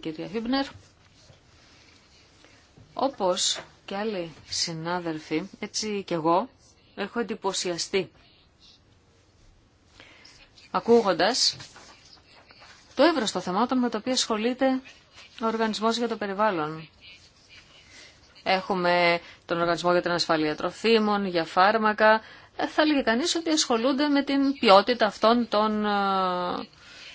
κυρία Χίμπνερ. Όπως και άλλοι συνάδελφοι, έτσι και εγώ, έχω εντυπωσιαστεί ακούγοντας το εύρος των θεμάτων με το οποίο ασχολείται ο Οργανισμός για το Περιβάλλον. Έχουμε τον Οργανισμό για την Ασφαλεία Τροφίμων, για φάρμακα. Ε, θα λέγει κανείς ότι ασχολούνται με την ποιότητα αυτών των ε,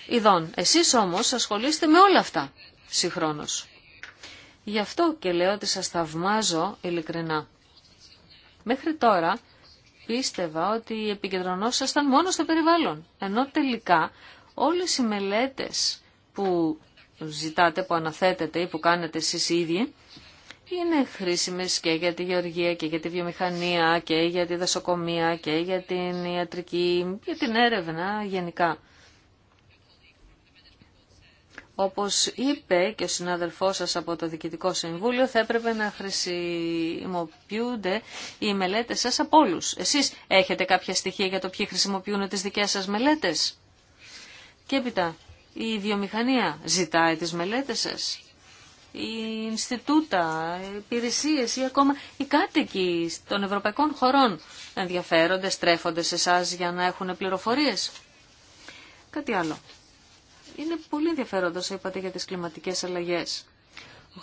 ειδών. Εσείς όμως ασχολείστε με όλα αυτά συγχρόνως. Γι' αυτό και λέω ότι σας θαυμάζω ειλικρινά. Μέχρι τώρα πίστευα ότι επικεντρωνόσασταν μόνο στο περιβάλλον. Ενώ τελικά όλες οι μελέτες που ζητάτε, που αναθέτετε ή που κάνετε εσείς ίδιοι, είναι χρήσιμες και για τη γεωργία και για τη βιομηχανία και για τη δασοκομεία και για την ιατρική, για την έρευνα γενικά. Όπως είπε και ο συνάδελφός σας από το Διοικητικό Συμβούλιο, θα έπρεπε να χρησιμοποιούνται οι μελέτες σας από όλου. Εσείς έχετε κάποια στοιχεία για το ποιοι χρησιμοποιούν τις δικές σας μελέτες. Και έπειτα, η βιομηχανία ζητάει τις μελέτες σας. Οι Ινστιτούτα, οι υπηρεσίες ή ακόμα οι κάτοικοι των ευρωπαϊκών χωρών ενδιαφέρονται, στρέφονται σε εσά για να έχουν πληροφορίες. Κάτι άλλο. Είναι πολύ ενδιαφέροντα, είπατε, για τις κλιματικές αλλαγές.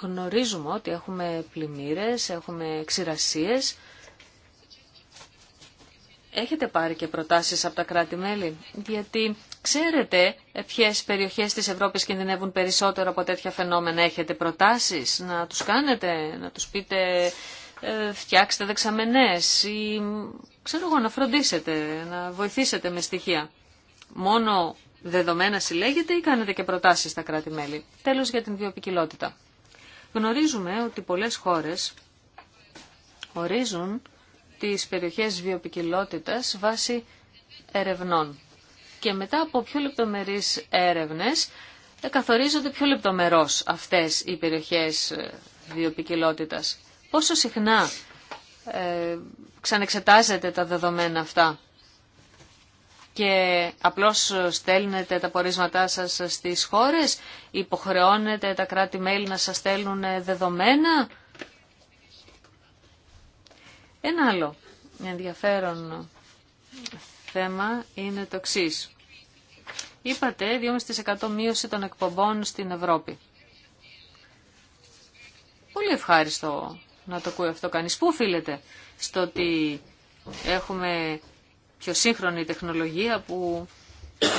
Γνωρίζουμε ότι έχουμε πλημμύρες, έχουμε ξηρασίες. Έχετε πάρει και προτάσεις από τα κράτη-μέλη, γιατί ξέρετε ποιε περιοχές της Ευρώπης κινδυνεύουν περισσότερο από τέτοια φαινόμενα. Έχετε προτάσεις να τους κάνετε, να τους πείτε «Ε, φτιάξτε δεξαμενέ. ή ξέρω εγώ να φροντίσετε, να βοηθήσετε με στοιχεία. Μόνο δεδομένα συλλέγεται ή κάνετε και προτάσεις στα κράτη-μέλη. Τέλος για την βιοπικιλότητα. Γνωρίζουμε ότι πολλέ χώρες ορίζουν τις περιοχές βιοπικιλότητας βάσει ερευνών. Και μετά από πιο λεπτομερει έρευνες ε, καθορίζονται πιο λεπτομερώς αυτές οι περιοχές ε, βιοπικιλότητας. Πόσο συχνά ε, τα δεδομένα αυτά και απλώς στέλνετε τα πορίσματά σας στις χώρες, υποχρεώνετε τα κράτη-μέλη να σας στέλνουν δεδομένα. Ένα άλλο ενδιαφέρον θέμα είναι το εξή. Είπατε 2,5% μείωση των εκπομπών στην Ευρώπη. Πολύ ευχάριστο να το ακούει αυτό κανείς. Πού οφείλεται στο ότι έχουμε πιο σύγχρονη τεχνολογία που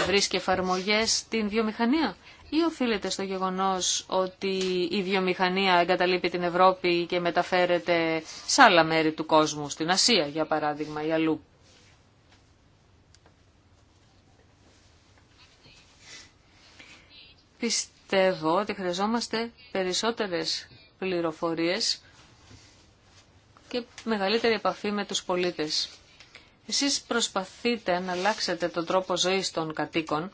βρίσκει εφαρμογέ στην βιομηχανία ή οφείλεται στο γεγονός ότι η βιομηχανία εγκαταλείπει την Ευρώπη και μεταφέρεται σε άλλα μέρη του κόσμου, στην Ασία για παράδειγμα ή αλλού. Πιστεύω ότι χρειαζόμαστε περισσότερες πληροφορίες και μεγαλύτερη επαφή με τους πολίτες. Εσείς προσπαθείτε να αλλάξετε τον τρόπο ζωής των κατοίκων,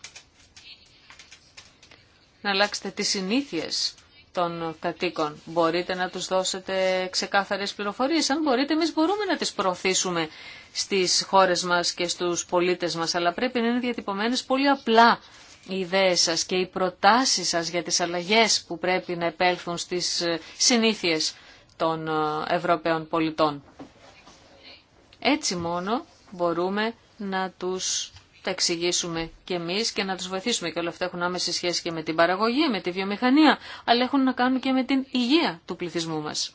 να αλλάξετε τις συνήθειες των κατοίκων. Μπορείτε να τους δώσετε ξεκάθαρες πληροφορίες. Αν μπορείτε, εμείς μπορούμε να τις προωθήσουμε στις χώρες μας και στους πολίτες μας, αλλά πρέπει να είναι διατυπωμένες πολύ απλά οι ιδέες σας και οι προτάσεις σας για τις αλλαγές που πρέπει να επέλθουν στις συνήθειες των Ευρωπαίων πολιτών. Έτσι μόνο μπορούμε να τους τα εξηγήσουμε και εμείς και να τους βοηθήσουμε και όλα αυτά έχουν άμεση σχέση και με την παραγωγή, με τη βιομηχανία, αλλά έχουν να κάνουν και με την υγεία του πληθυσμού μας.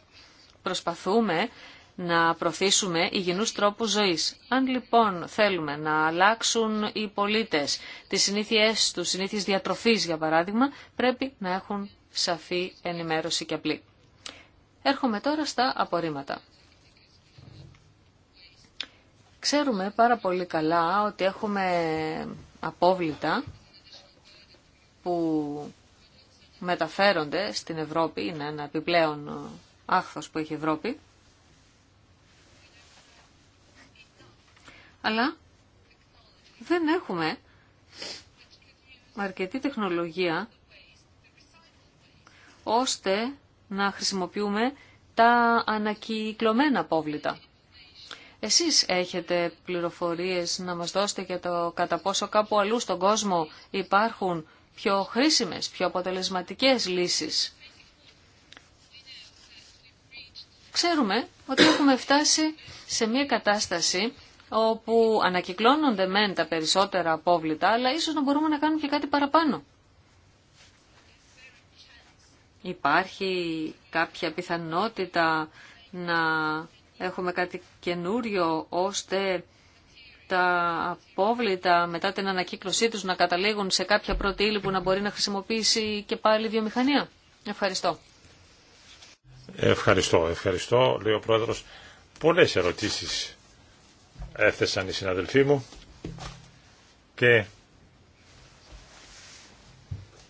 Προσπαθούμε να προωθήσουμε υγιεινούς τρόπους ζωής. Αν λοιπόν θέλουμε να αλλάξουν οι πολίτες τις συνήθειές τους, συνήθειες διατροφής για παράδειγμα, πρέπει να έχουν σαφή ενημέρωση και απλή. Έρχομαι τώρα στα απορρίμματα. Ξέρουμε πάρα πολύ καλά ότι έχουμε απόβλητα που μεταφέρονται στην Ευρώπη, είναι ένα επιπλέον ε, άχθος που έχει η Ευρώπη. Αλλά δεν έχουμε αρκετή τεχνολογία ώστε να χρησιμοποιούμε τα ανακυκλωμένα απόβλητα. Εσείς έχετε πληροφορίες να μας δώσετε για το κατά πόσο κάπου αλλού στον κόσμο υπάρχουν πιο χρήσιμες, πιο αποτελεσματικές λύσεις. Ξέρουμε ότι έχουμε φτάσει σε μια κατάσταση όπου ανακυκλώνονται μεν τα περισσότερα απόβλητα, αλλά ίσως να μπορούμε να κάνουμε και κάτι παραπάνω. Υπάρχει κάποια πιθανότητα να έχουμε κάτι καινούριο ώστε τα απόβλητα μετά την ανακύκλωσή τους να καταλήγουν σε κάποια πρώτη ύλη που να μπορεί να χρησιμοποιήσει και πάλι η βιομηχανία. Ευχαριστώ. Ευχαριστώ, ευχαριστώ, λέει ο Πρόεδρος. Πολλές ερωτήσεις έθεσαν οι συναδελφοί μου και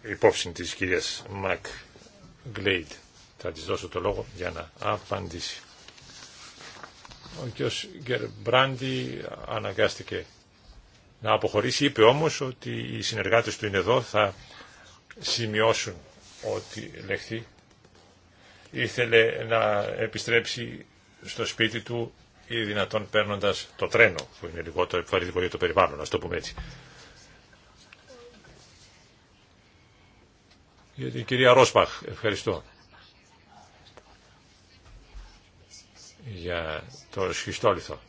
υπόψη της κυρίας Μακ Γκλέιτ. Θα της δώσω το λόγο για να απαντήσει. Ο κ. Γκερμπράντι αναγκάστηκε να αποχωρήσει. Είπε όμως ότι οι συνεργάτες του είναι εδώ, θα σημειώσουν ότι λεχθεί. Ήθελε να επιστρέψει στο σπίτι του ή δυνατόν παίρνοντα το τρένο, που είναι λιγότερο επιβαρυντικό για το περιβάλλον, να το πούμε έτσι. Για την κυρία Ρόσπαχ, ευχαριστώ. για το σχιστόλιθο.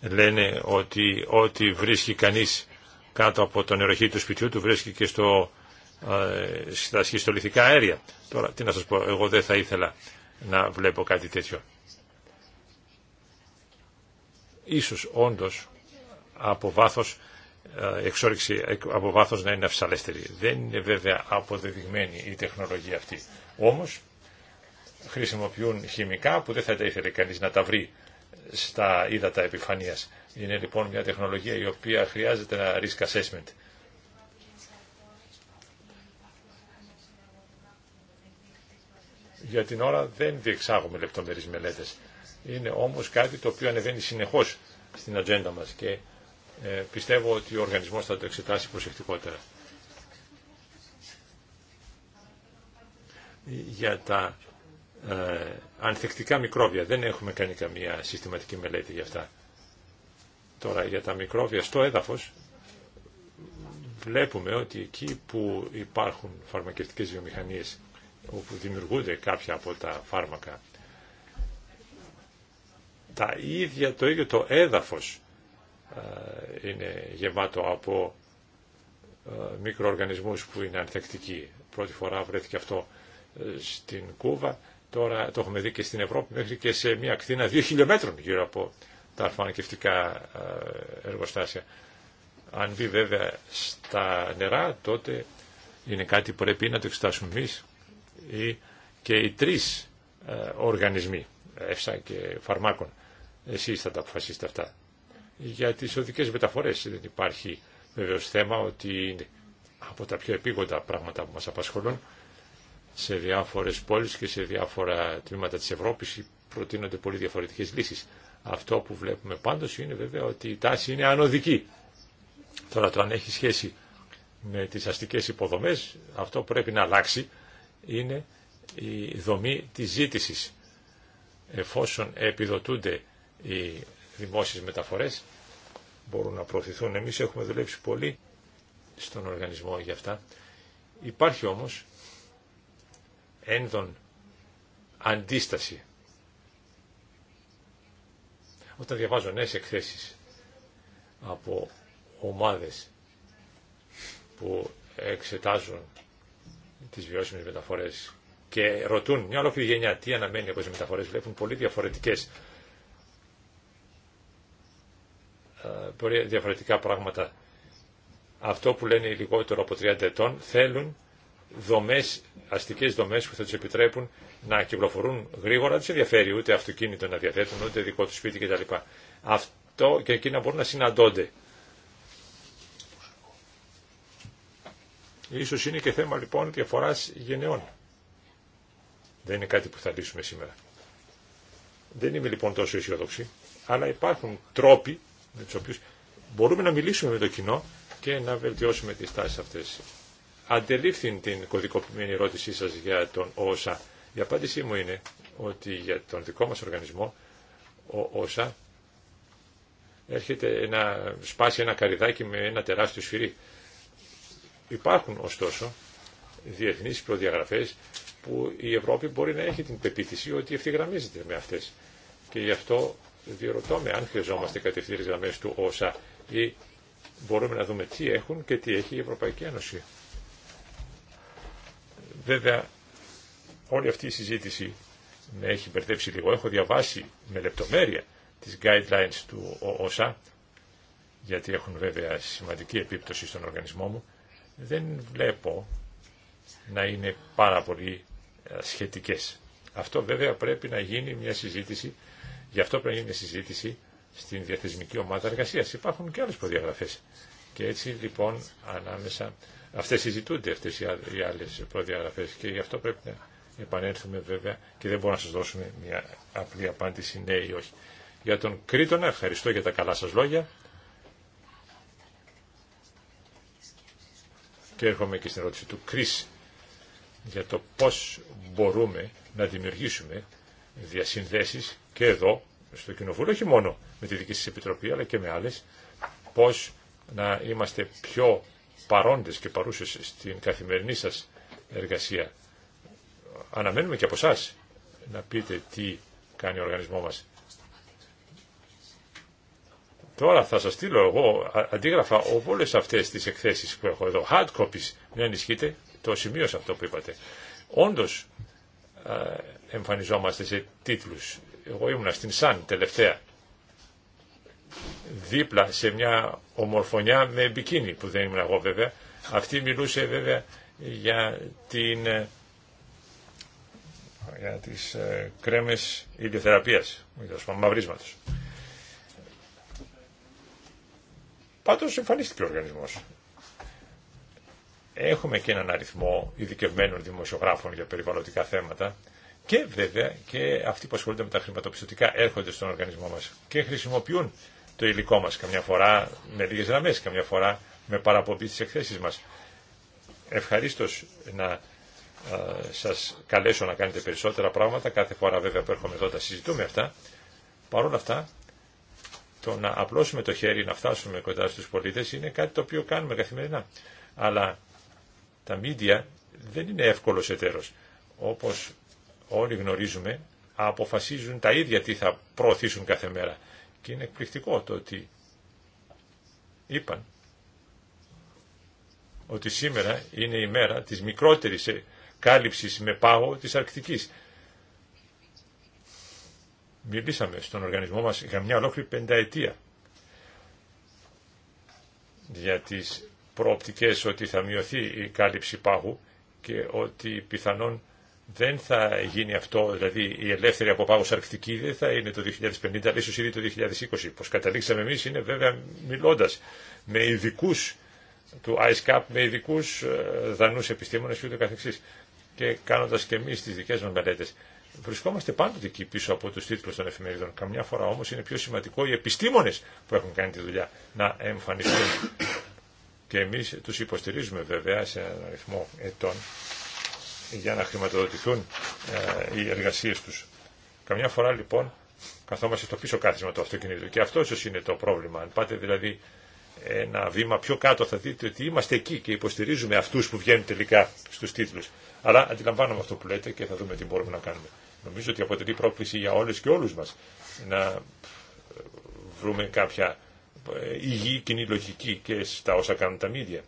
Λένε ότι ό,τι βρίσκει κανείς κάτω από τον νεροχή του σπιτιού του βρίσκει και στο, ε, στα σχιστολιθικά αέρια. Τώρα, τι να σας πω, εγώ δεν θα ήθελα να βλέπω κάτι τέτοιο. Ίσως όντως από βάθος, ε, από βάθος να είναι αυσαλέστερη. Δεν είναι βέβαια αποδεδειγμένη η τεχνολογία αυτή. Όμως χρησιμοποιούν χημικά που δεν θα τα ήθελε κανείς να τα βρει στα ύδατα επιφανείας. Είναι λοιπόν μια τεχνολογία η οποία χρειάζεται ένα risk assessment. Για την ώρα δεν διεξάγουμε λεπτομερείς μελέτες. Είναι όμως κάτι το οποίο ανεβαίνει συνεχώς στην ατζέντα μας και ε, πιστεύω ότι ο οργανισμός θα το εξετάσει προσεκτικότερα. Για τα ε, ανθεκτικά μικρόβια δεν έχουμε κάνει καμία συστηματική μελέτη για αυτά. Τώρα για τα μικρόβια στο έδαφος βλέπουμε ότι εκεί που υπάρχουν φαρμακευτικές βιομηχανίες όπου δημιουργούνται κάποια από τα φάρμακα τα ίδια, το ίδιο το έδαφος ε, είναι γεμάτο από ε, μικροοργανισμούς που είναι ανθεκτικοί. Πρώτη φορά βρέθηκε αυτό ε, στην Κούβα, τώρα το έχουμε δει και στην Ευρώπη μέχρι και σε μια ακτίνα δύο χιλιόμετρων γύρω από τα αρφανακευτικά εργοστάσια. Αν μπει βέβαια στα νερά τότε είναι κάτι που πρέπει να το εξετάσουμε εμείς ή και οι τρεις οργανισμοί, ΕΦΣΑ και φαρμάκων. Εσείς θα τα αποφασίσετε αυτά για τις οδικές μεταφορές. Δεν υπάρχει βεβαίως θέμα ότι είναι από τα πιο επίγοντα πράγματα που μας απασχολούν σε διάφορες πόλεις και σε διάφορα τμήματα της Ευρώπης προτείνονται πολύ διαφορετικές λύσεις. Αυτό που βλέπουμε πάντως είναι βέβαια ότι η τάση είναι ανωδική. Τώρα το αν έχει σχέση με τις αστικές υποδομές, αυτό πρέπει να αλλάξει είναι η δομή της ζήτησης. Εφόσον επιδοτούνται οι δημόσιες μεταφορές μπορούν να προωθηθούν. Εμείς έχουμε δουλέψει πολύ στον οργανισμό για αυτά. Υπάρχει όμως ένδον αντίσταση. Όταν διαβάζω νέες εκθέσεις από ομάδες που εξετάζουν τις βιώσιμες μεταφορές και ρωτούν μια ολόκληρη γενιά τι αναμένει από τις μεταφορές, βλέπουν πολύ διαφορετικές Ε, διαφορετικά πράγματα. Αυτό που λένε οι λιγότερο από 30 ετών θέλουν δομές, αστικές δομές που θα τους επιτρέπουν να κυκλοφορούν γρήγορα, δεν ενδιαφέρει ούτε αυτοκίνητο να διαθέτουν, ούτε δικό του σπίτι κτλ. Αυτό και εκείνα μπορούν να συναντώνται. Ίσως είναι και θέμα λοιπόν διαφοράς γενεών. Δεν είναι κάτι που θα λύσουμε σήμερα. Δεν είμαι λοιπόν τόσο αισιοδόξη, αλλά υπάρχουν τρόποι με τους οποίους μπορούμε να μιλήσουμε με το κοινό και να βελτιώσουμε τις τάσεις αυτές. Αντελήφθη την κωδικοποιημένη ερώτησή σας για τον ΩΣΑ. Η απάντησή μου είναι ότι για τον δικό μας οργανισμό ο ΩΣΑ έρχεται να σπάσει ένα καριδάκι με ένα τεράστιο σφυρί. Υπάρχουν ωστόσο διεθνείς προδιαγραφές που η Ευρώπη μπορεί να έχει την πεποίθηση ότι ευθυγραμμίζεται με αυτές. Και γι' αυτό διερωτώ με αν χρειαζόμαστε κατευθύνες γραμμέ του όσα ή μπορούμε να δούμε τι έχουν και τι έχει η Ευρωπαϊκή Ένωση. Βέβαια, όλη αυτή η συζήτηση με έχει μπερδέψει λίγο. Έχω διαβάσει με λεπτομέρεια τις guidelines του ΩΣΑ γιατί έχουν βέβαια σημαντική επίπτωση στον οργανισμό μου. Δεν βλέπω να είναι πάρα πολύ ε, σχετικές. Αυτό βέβαια πρέπει να γίνει μια συζήτηση Γι' αυτό πρέπει να γίνει συζήτηση στην διαθεσμική ομάδα εργασία. Υπάρχουν και άλλε προδιαγραφέ. Και έτσι λοιπόν ανάμεσα αυτέ συζητούνται αυτέ οι άλλε προδιαγραφέ και γι' αυτό πρέπει να επανέλθουμε βέβαια και δεν μπορούμε να σα δώσουμε μια απλή απάντηση ναι ή όχι. Για τον Κρήτονα, ευχαριστώ για τα καλά σα λόγια. Και έρχομαι και στην ερώτηση του Κρίς για το πώς μπορούμε να δημιουργήσουμε διασυνδέσει και εδώ στο Κοινοβούλιο, όχι μόνο με τη δική σα Επιτροπή αλλά και με άλλες, πώς να είμαστε πιο παρόντες και παρούσες στην καθημερινή σας εργασία. Αναμένουμε και από εσά να πείτε τι κάνει ο οργανισμό μας. Τώρα θα σας στείλω εγώ αντίγραφα όλες αυτές τις εκθέσεις που έχω εδώ. Hard copies, μην ανησυχείτε, το σημείο σε αυτό που είπατε. Όντως, εμφανιζόμαστε σε τίτλους. Εγώ ήμουνα στην Σαν τελευταία, δίπλα σε μια ομορφωνιά με μπικίνι που δεν ήμουν εγώ βέβαια. Αυτή μιλούσε βέβαια για, την, ε, για τις ε, κρέμες ηλιοθεραπείας, μαυρίσματος. Πάντως εμφανίστηκε ο οργανισμός. Έχουμε και έναν αριθμό ειδικευμένων δημοσιογράφων για περιβαλλοντικά θέματα και βέβαια και αυτοί που ασχολούνται με τα χρηματοπιστωτικά έρχονται στον οργανισμό μας και χρησιμοποιούν το υλικό μας καμιά φορά με λίγες γραμμές, καμιά φορά με παραπομπή στις εκθέσεις μας. Ευχαρίστως να σας καλέσω να κάνετε περισσότερα πράγματα. Κάθε φορά βέβαια που έρχομαι εδώ τα συζητούμε αυτά. Παρ' όλα αυτά, το να απλώσουμε το χέρι, να φτάσουμε κοντά στους πολίτες είναι κάτι το οποίο κάνουμε καθημερινά. Αλλά τα μίντια δεν είναι εύκολος εταίρος. Όπως όλοι γνωρίζουμε, αποφασίζουν τα ίδια τι θα προωθήσουν κάθε μέρα. Και είναι εκπληκτικό το ότι είπαν ότι σήμερα είναι η μέρα της μικρότερης κάλυψης με πάγο της Αρκτικής. Μιλήσαμε στον οργανισμό μας για μια ολόκληρη πενταετία για τις προοπτικές ότι θα μειωθεί η κάλυψη πάγου και ότι πιθανόν δεν θα γίνει αυτό, δηλαδή η ελεύθερη από πάγος αρκτική δεν θα είναι το 2050, αλλά ίσως ήδη το 2020. Πώς καταλήξαμε εμείς είναι βέβαια μιλώντας με ειδικού του ISCAP, με ειδικού ε, δανούς επιστήμονες και ούτε καθεξής. Και κάνοντας και εμείς τις δικές μας μελέτες. Βρισκόμαστε πάντοτε εκεί πίσω από τους τίτλους των εφημερίδων. Καμιά φορά όμως είναι πιο σημαντικό οι επιστήμονες που έχουν κάνει τη δουλειά να εμφανιστούν. Και εμεί τους υποστηρίζουμε βέβαια σε έναν αριθμό ετών για να χρηματοδοτηθούν ε, οι εργασίες τους. Καμιά φορά λοιπόν καθόμαστε στο πίσω κάθισμα του αυτοκινήτου και αυτό ίσως είναι το πρόβλημα. Αν πάτε δηλαδή ένα βήμα πιο κάτω θα δείτε ότι είμαστε εκεί και υποστηρίζουμε αυτούς που βγαίνουν τελικά στους τίτλους. Αλλά αντιλαμβάνομαι αυτό που λέτε και θα δούμε τι μπορούμε να κάνουμε. Νομίζω ότι αποτελεί πρόκληση για όλες και όλους μας να βρούμε κάποια ε, υγιή κοινή λογική και στα όσα κάνουν τα μίδια.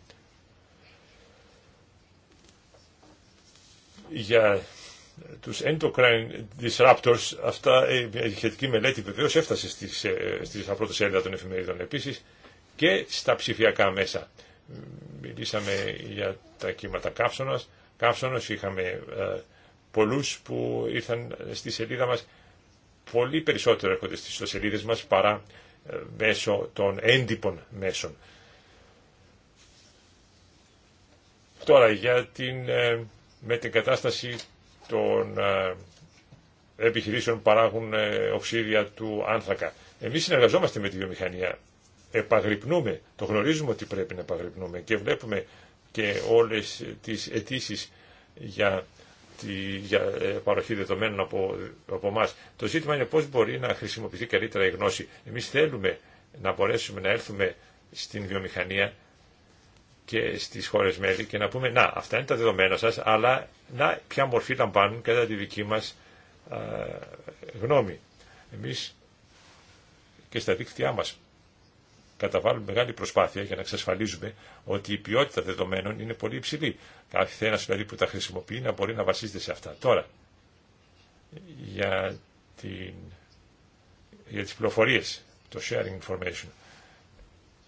για τους endocrine disruptors, αυτά ε, η σχετική μελέτη βεβαίως έφτασε στις, ε, στις σελίδα των εφημερίδων επίσης και στα ψηφιακά μέσα. Μιλήσαμε για τα κύματα καύσωνας, είχαμε ε, πολλούς που ήρθαν στη σελίδα μας, πολύ περισσότερο έρχονται στις ιστοσελίδες μας παρά ε, μέσω των έντυπων μέσων. Τώρα για την με την κατάσταση των ε, επιχειρήσεων που παράγουν ε, οξύδια του άνθρακα. Εμείς συνεργαζόμαστε με τη βιομηχανία, επαγρυπνούμε, το γνωρίζουμε ότι πρέπει να επαγρυπνούμε και βλέπουμε και όλες τις αιτήσει για τη για ε, παροχή δεδομένων από, από εμά. Το ζήτημα είναι πώς μπορεί να χρησιμοποιηθεί καλύτερα η γνώση. Εμείς θέλουμε να μπορέσουμε να έρθουμε στην βιομηχανία και στις χώρες μέλη και να πούμε να αυτά είναι τα δεδομένα σας αλλά να ποια μορφή λαμβάνουν κατά τη δική μας γνώμη. Εμείς και στα δίκτυά μας καταβάλουμε μεγάλη προσπάθεια για να εξασφαλίζουμε ότι η ποιότητα δεδομένων είναι πολύ υψηλή. Κάθε ένα δηλαδή που τα χρησιμοποιεί να μπορεί να βασίζεται σε αυτά. Τώρα, για, την, για τις πληροφορίες, το sharing information,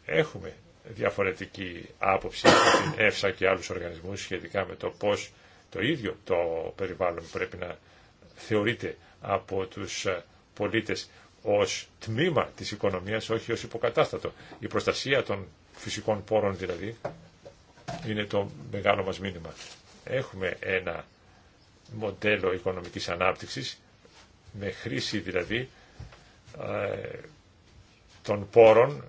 έχουμε διαφορετική άποψη από την ΕΦΣΑ και άλλους οργανισμούς σχετικά με το πώς το ίδιο το περιβάλλον πρέπει να θεωρείται από τους ε, πολίτες ως τμήμα της οικονομίας, όχι ως υποκατάστατο. Η προστασία των φυσικών πόρων δηλαδή είναι το μεγάλο μας μήνυμα. Έχουμε ένα μοντέλο οικονομικής ανάπτυξης με χρήση δηλαδή ε, των πόρων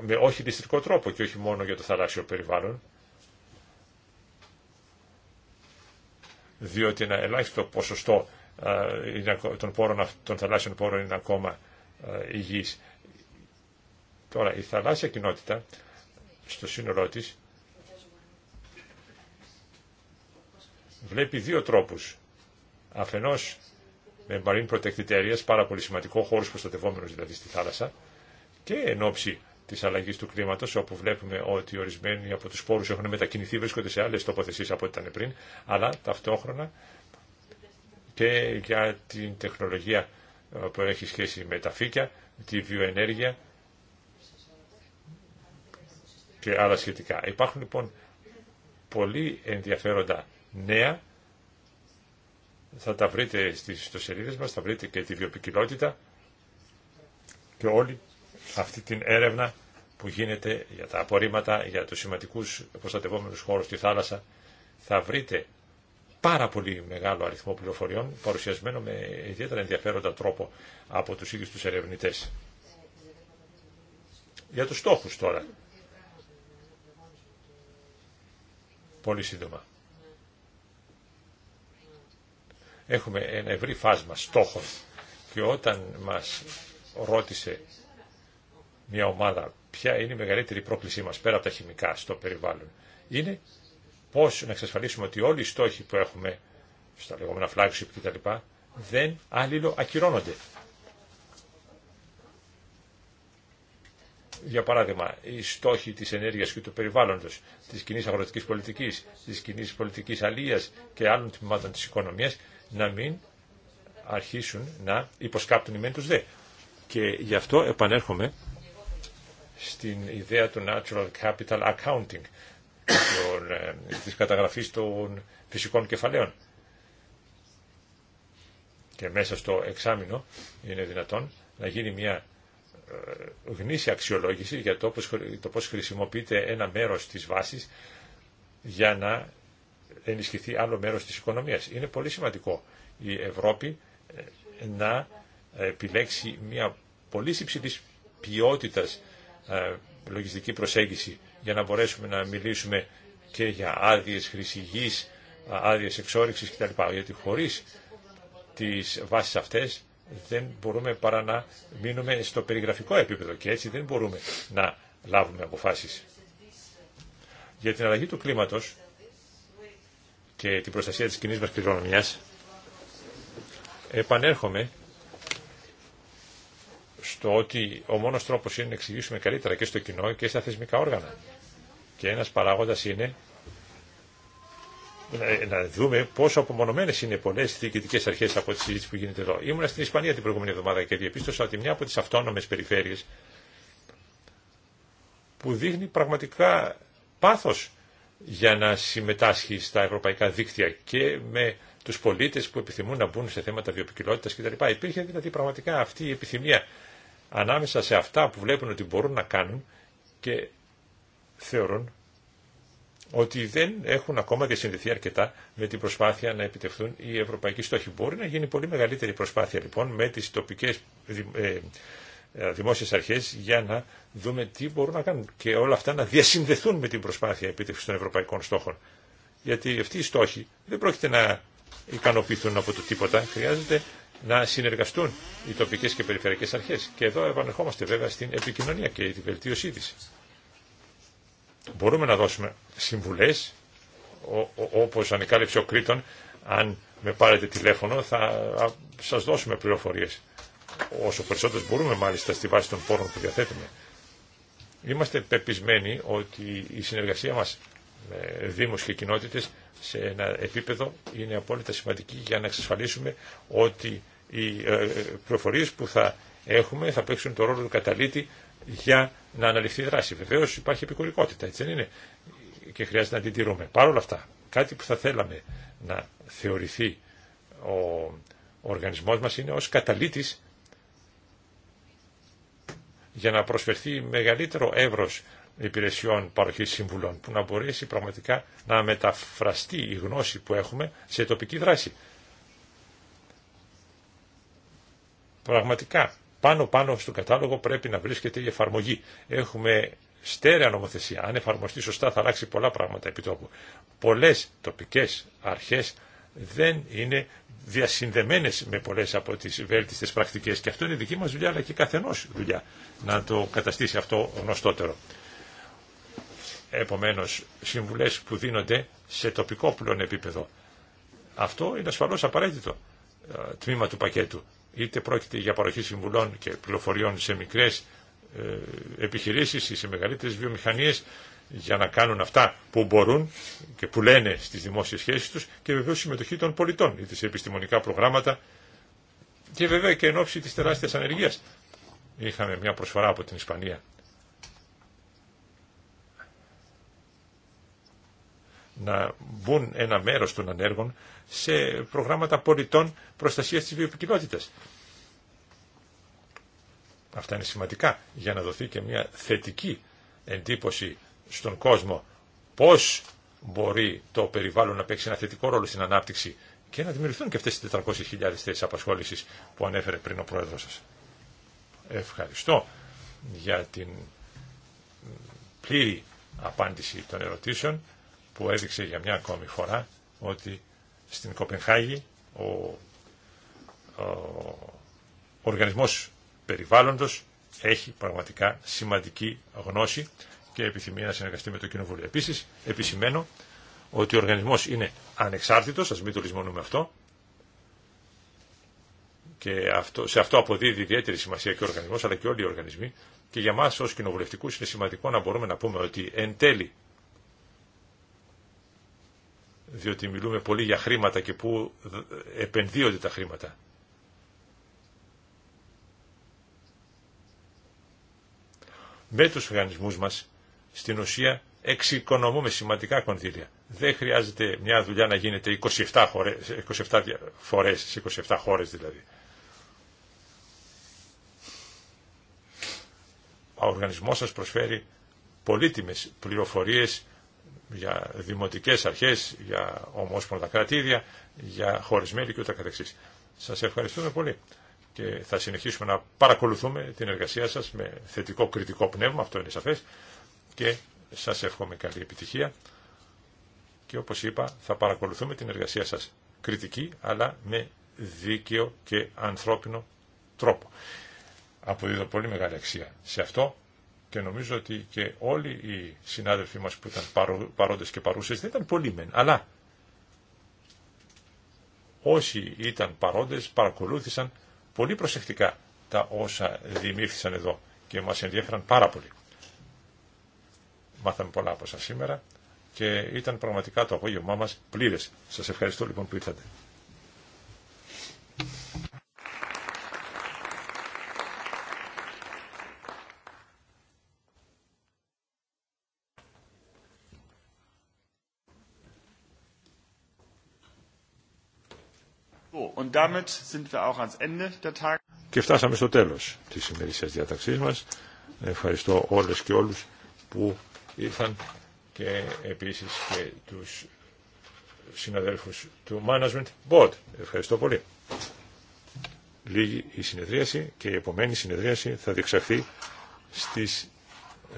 με όχι ληστρικό τρόπο και όχι μόνο για το θαλάσσιο περιβάλλον. Διότι ένα ελάχιστο ποσοστό των, πόρων, των θαλάσσιων πόρων είναι ακόμα υγιής. Τώρα, η θαλάσσια κοινότητα στο σύνολό της βλέπει δύο τρόπους. Αφενός με marine protected πάρα πολύ σημαντικό, χώρος προστατευόμενος δηλαδή στη θάλασσα και εν της αλλαγής του κλίματος, όπου βλέπουμε ότι ορισμένοι από τους σπόρους έχουν μετακινηθεί, βρίσκονται σε άλλες τοποθεσίες από ό,τι ήταν πριν, αλλά ταυτόχρονα και για την τεχνολογία ε, που έχει σχέση με τα φύκια, τη βιοενέργεια και άλλα σχετικά. Υπάρχουν λοιπόν πολύ ενδιαφέροντα νέα, θα τα βρείτε στις ιστοσελίδες μας, θα βρείτε και τη βιοπικιλότητα και όλοι αυτή την έρευνα που γίνεται για τα απορρίμματα, για τους σημαντικούς προστατευόμενους χώρους στη θάλασσα, θα βρείτε πάρα πολύ μεγάλο αριθμό πληροφοριών, παρουσιασμένο με ιδιαίτερα ενδιαφέροντα τρόπο από τους ίδιους τους ερευνητές. Για τους στόχους τώρα. Πολύ σύντομα. Έχουμε ένα ευρύ φάσμα στόχων και όταν μας ρώτησε μια ομάδα ποια είναι η μεγαλύτερη πρόκλησή μας πέρα από τα χημικά στο περιβάλλον είναι πώς να εξασφαλίσουμε ότι όλοι οι στόχοι που έχουμε στα λεγόμενα flagship κτλ δεν άλληλο ακυρώνονται. Για παράδειγμα, οι στόχοι της ενέργειας και του περιβάλλοντος, της κοινή αγροτικής πολιτικής, της κοινή πολιτικής αλίας και άλλων τμήματων της οικονομίας να μην αρχίσουν να υποσκάπτουν οι μεν του δε. Και γι' αυτό επανέρχομαι στην ιδέα του Natural Capital Accounting, τη καταγραφή ε, της καταγραφής των φυσικών κεφαλαίων. Και μέσα στο εξάμεινο είναι δυνατόν να γίνει μια ε, γνήσια αξιολόγηση για το πώς, το χρησιμοποιείται ένα μέρος της βάσης για να ενισχυθεί άλλο μέρος της οικονομίας. Είναι πολύ σημαντικό η Ευρώπη ε, να επιλέξει μια πολύ υψηλή ποιότητας ε, λογιστική προσέγγιση για να μπορέσουμε να μιλήσουμε και για άδειε χρυσή άδειε εξόριξη κτλ. Γιατί χωρίς τις βάσεις αυτές δεν μπορούμε παρά να μείνουμε στο περιγραφικό επίπεδο και έτσι δεν μπορούμε να λάβουμε αποφάσεις. Για την αλλαγή του κλίματος και την προστασία της κοινή μα κληρονομία, επανέρχομαι στο ότι ο μόνος τρόπος είναι να εξηγήσουμε καλύτερα και στο κοινό και στα θεσμικά όργανα. Και ένας παράγοντας είναι να δούμε πόσο απομονωμένες είναι πολλές διοικητικές αρχές από τη συζήτηση που γίνεται εδώ. Ήμουνα στην Ισπανία την προηγούμενη εβδομάδα και διαπίστωσα ότι μια από τις αυτόνομες περιφέρειες που δείχνει πραγματικά πάθος για να συμμετάσχει στα ευρωπαϊκά δίκτυα και με τους πολίτες που επιθυμούν να μπουν σε θέματα βιοπικιλότητα κτλ. Υπήρχε δηλαδή πραγματικά αυτή η επιθυμία ανάμεσα σε αυτά που βλέπουν ότι μπορούν να κάνουν και θεωρούν ότι δεν έχουν ακόμα διασυνδεθεί αρκετά με την προσπάθεια να επιτευχθούν οι ευρωπαϊκοί στόχοι. Μπορεί να γίνει πολύ μεγαλύτερη προσπάθεια λοιπόν με τις τοπικές ε, ε, δημόσιες αρχές για να δούμε τι μπορούν να κάνουν και όλα αυτά να διασυνδεθούν με την προσπάθεια επίτευξης των ευρωπαϊκών στόχων. Γιατί αυτοί οι στόχοι δεν πρόκειται να ικανοποιηθούν από το τίποτα. Χρειάζεται να συνεργαστούν οι τοπικές και περιφερειακές αρχές. Και εδώ επανερχόμαστε βέβαια στην επικοινωνία και τη βελτίωσή της. Μπορούμε να δώσουμε συμβουλές, όπως ανεκάλυψε ο Κρήτον, αν με πάρετε τηλέφωνο θα σας δώσουμε πληροφορίες. Όσο περισσότερες μπορούμε μάλιστα στη βάση των πόρων που διαθέτουμε. Είμαστε πεπισμένοι ότι η συνεργασία μας δήμους και κοινότητες σε ένα επίπεδο είναι απόλυτα σημαντική για να εξασφαλίσουμε ότι οι ε, ε, πληροφορίες που θα έχουμε θα παίξουν το ρόλο του καταλήτη για να αναλυφθεί δράση. Βεβαίως υπάρχει επικουρικότητα, έτσι δεν είναι, και χρειάζεται να την τηρούμε. Παρ' όλα αυτά, κάτι που θα θέλαμε να θεωρηθεί ο οργανισμός μας είναι ως καταλήτης για να προσφερθεί μεγαλύτερο εύρος υπηρεσιών παροχής συμβουλών που να μπορέσει πραγματικά να μεταφραστεί η γνώση που έχουμε σε τοπική δράση. Πραγματικά, πάνω-πάνω στο κατάλογο πρέπει να βρίσκεται η εφαρμογή. Έχουμε στέρεα νομοθεσία. Αν εφαρμοστεί σωστά θα αλλάξει πολλά πράγματα επί τόπου. Πολλές τοπικές αρχές δεν είναι διασυνδεμένες με πολλές από τις βέλτιστες πρακτικές και αυτό είναι δική μας δουλειά αλλά και καθενός δουλειά να το καταστήσει αυτό γνωστότερο. Επομένως, συμβουλές που δίνονται σε τοπικό πλέον επίπεδο. Αυτό είναι ασφαλώς απαραίτητο ε, τμήμα του πακέτου. Είτε πρόκειται για παροχή συμβουλών και πληροφοριών σε μικρές ε, επιχειρήσεις ή σε μεγαλύτερες βιομηχανίες για να κάνουν αυτά που μπορούν και που λένε στις δημόσιες σχέσεις τους και βεβαίως συμμετοχή των πολιτών είτε σε επιστημονικά προγράμματα και βέβαια και εν ώψη της τεράστιας ανεργίας. Είχαμε μια προσφορά από την Ισπανία να μπουν ένα μέρος των ανέργων σε προγράμματα πολιτών προστασίας της βιοποικιλότητας. Αυτά είναι σημαντικά για να δοθεί και μια θετική εντύπωση στον κόσμο πώς μπορεί το περιβάλλον να παίξει ένα θετικό ρόλο στην ανάπτυξη και να δημιουργηθούν και αυτές οι 400.000 θέσεις απασχόλησης που ανέφερε πριν ο Πρόεδρος σας. Ευχαριστώ για την πλήρη απάντηση των ερωτήσεων που έδειξε για μια ακόμη φορά ότι στην Κοπενχάγη ο, ο οργανισμός περιβάλλοντος έχει πραγματικά σημαντική γνώση και επιθυμία να συνεργαστεί με το Κοινοβούλιο. Επίσης, επισημαίνω ότι ο οργανισμός είναι ανεξάρτητος, ας μην το λησμονούμε αυτό, και αυτό, σε αυτό αποδίδει ιδιαίτερη σημασία και ο οργανισμός αλλά και όλοι οι οργανισμοί και για μας ως κοινοβουλευτικούς είναι σημαντικό να μπορούμε να πούμε ότι εν τέλει διότι μιλούμε πολύ για χρήματα και πού επενδύονται τα χρήματα. Με τους οργανισμούς μας, στην ουσία, εξοικονομούμε σημαντικά κονδύλια. Δεν χρειάζεται μια δουλειά να γίνεται 27, 27 φορές, σε 27 χώρες δηλαδή. Ο οργανισμός σας προσφέρει πολύτιμες πληροφορίες για δημοτικές αρχές, για ομόσπονδα κρατήδια, για χώρες μέλη και ούτε Σας ευχαριστούμε πολύ και θα συνεχίσουμε να παρακολουθούμε την εργασία σας με θετικό κριτικό πνεύμα, αυτό είναι σαφές, και σας εύχομαι καλή επιτυχία και όπως είπα θα παρακολουθούμε την εργασία σας κριτική αλλά με δίκαιο και ανθρώπινο τρόπο. Αποδίδω πολύ μεγάλη αξία σε αυτό και νομίζω ότι και όλοι οι συνάδελφοί μας που ήταν παρόντες και παρούσες δεν ήταν πολύ μεν, αλλά όσοι ήταν παρόντες παρακολούθησαν πολύ προσεκτικά τα όσα δημιούργησαν εδώ και μας ενδιέφεραν πάρα πολύ. Μάθαμε πολλά από σας σήμερα και ήταν πραγματικά το απόγευμά μας πλήρες. Σας ευχαριστώ λοιπόν που ήρθατε. Και φτάσαμε στο τέλος της σημερινής διάταξής μας. Ευχαριστώ όλες και όλους που ήρθαν και επίσης και τους συναδέλφους του Management Board. Ευχαριστώ πολύ. Λίγη η συνεδρίαση και η επομένη συνεδρίαση θα διεξαχθεί στις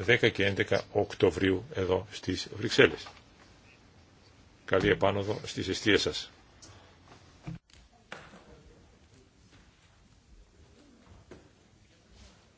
10 και 11 Οκτωβρίου εδώ στις Βρυξέλλες. Καλή επάνωδο στις αιστείες σας.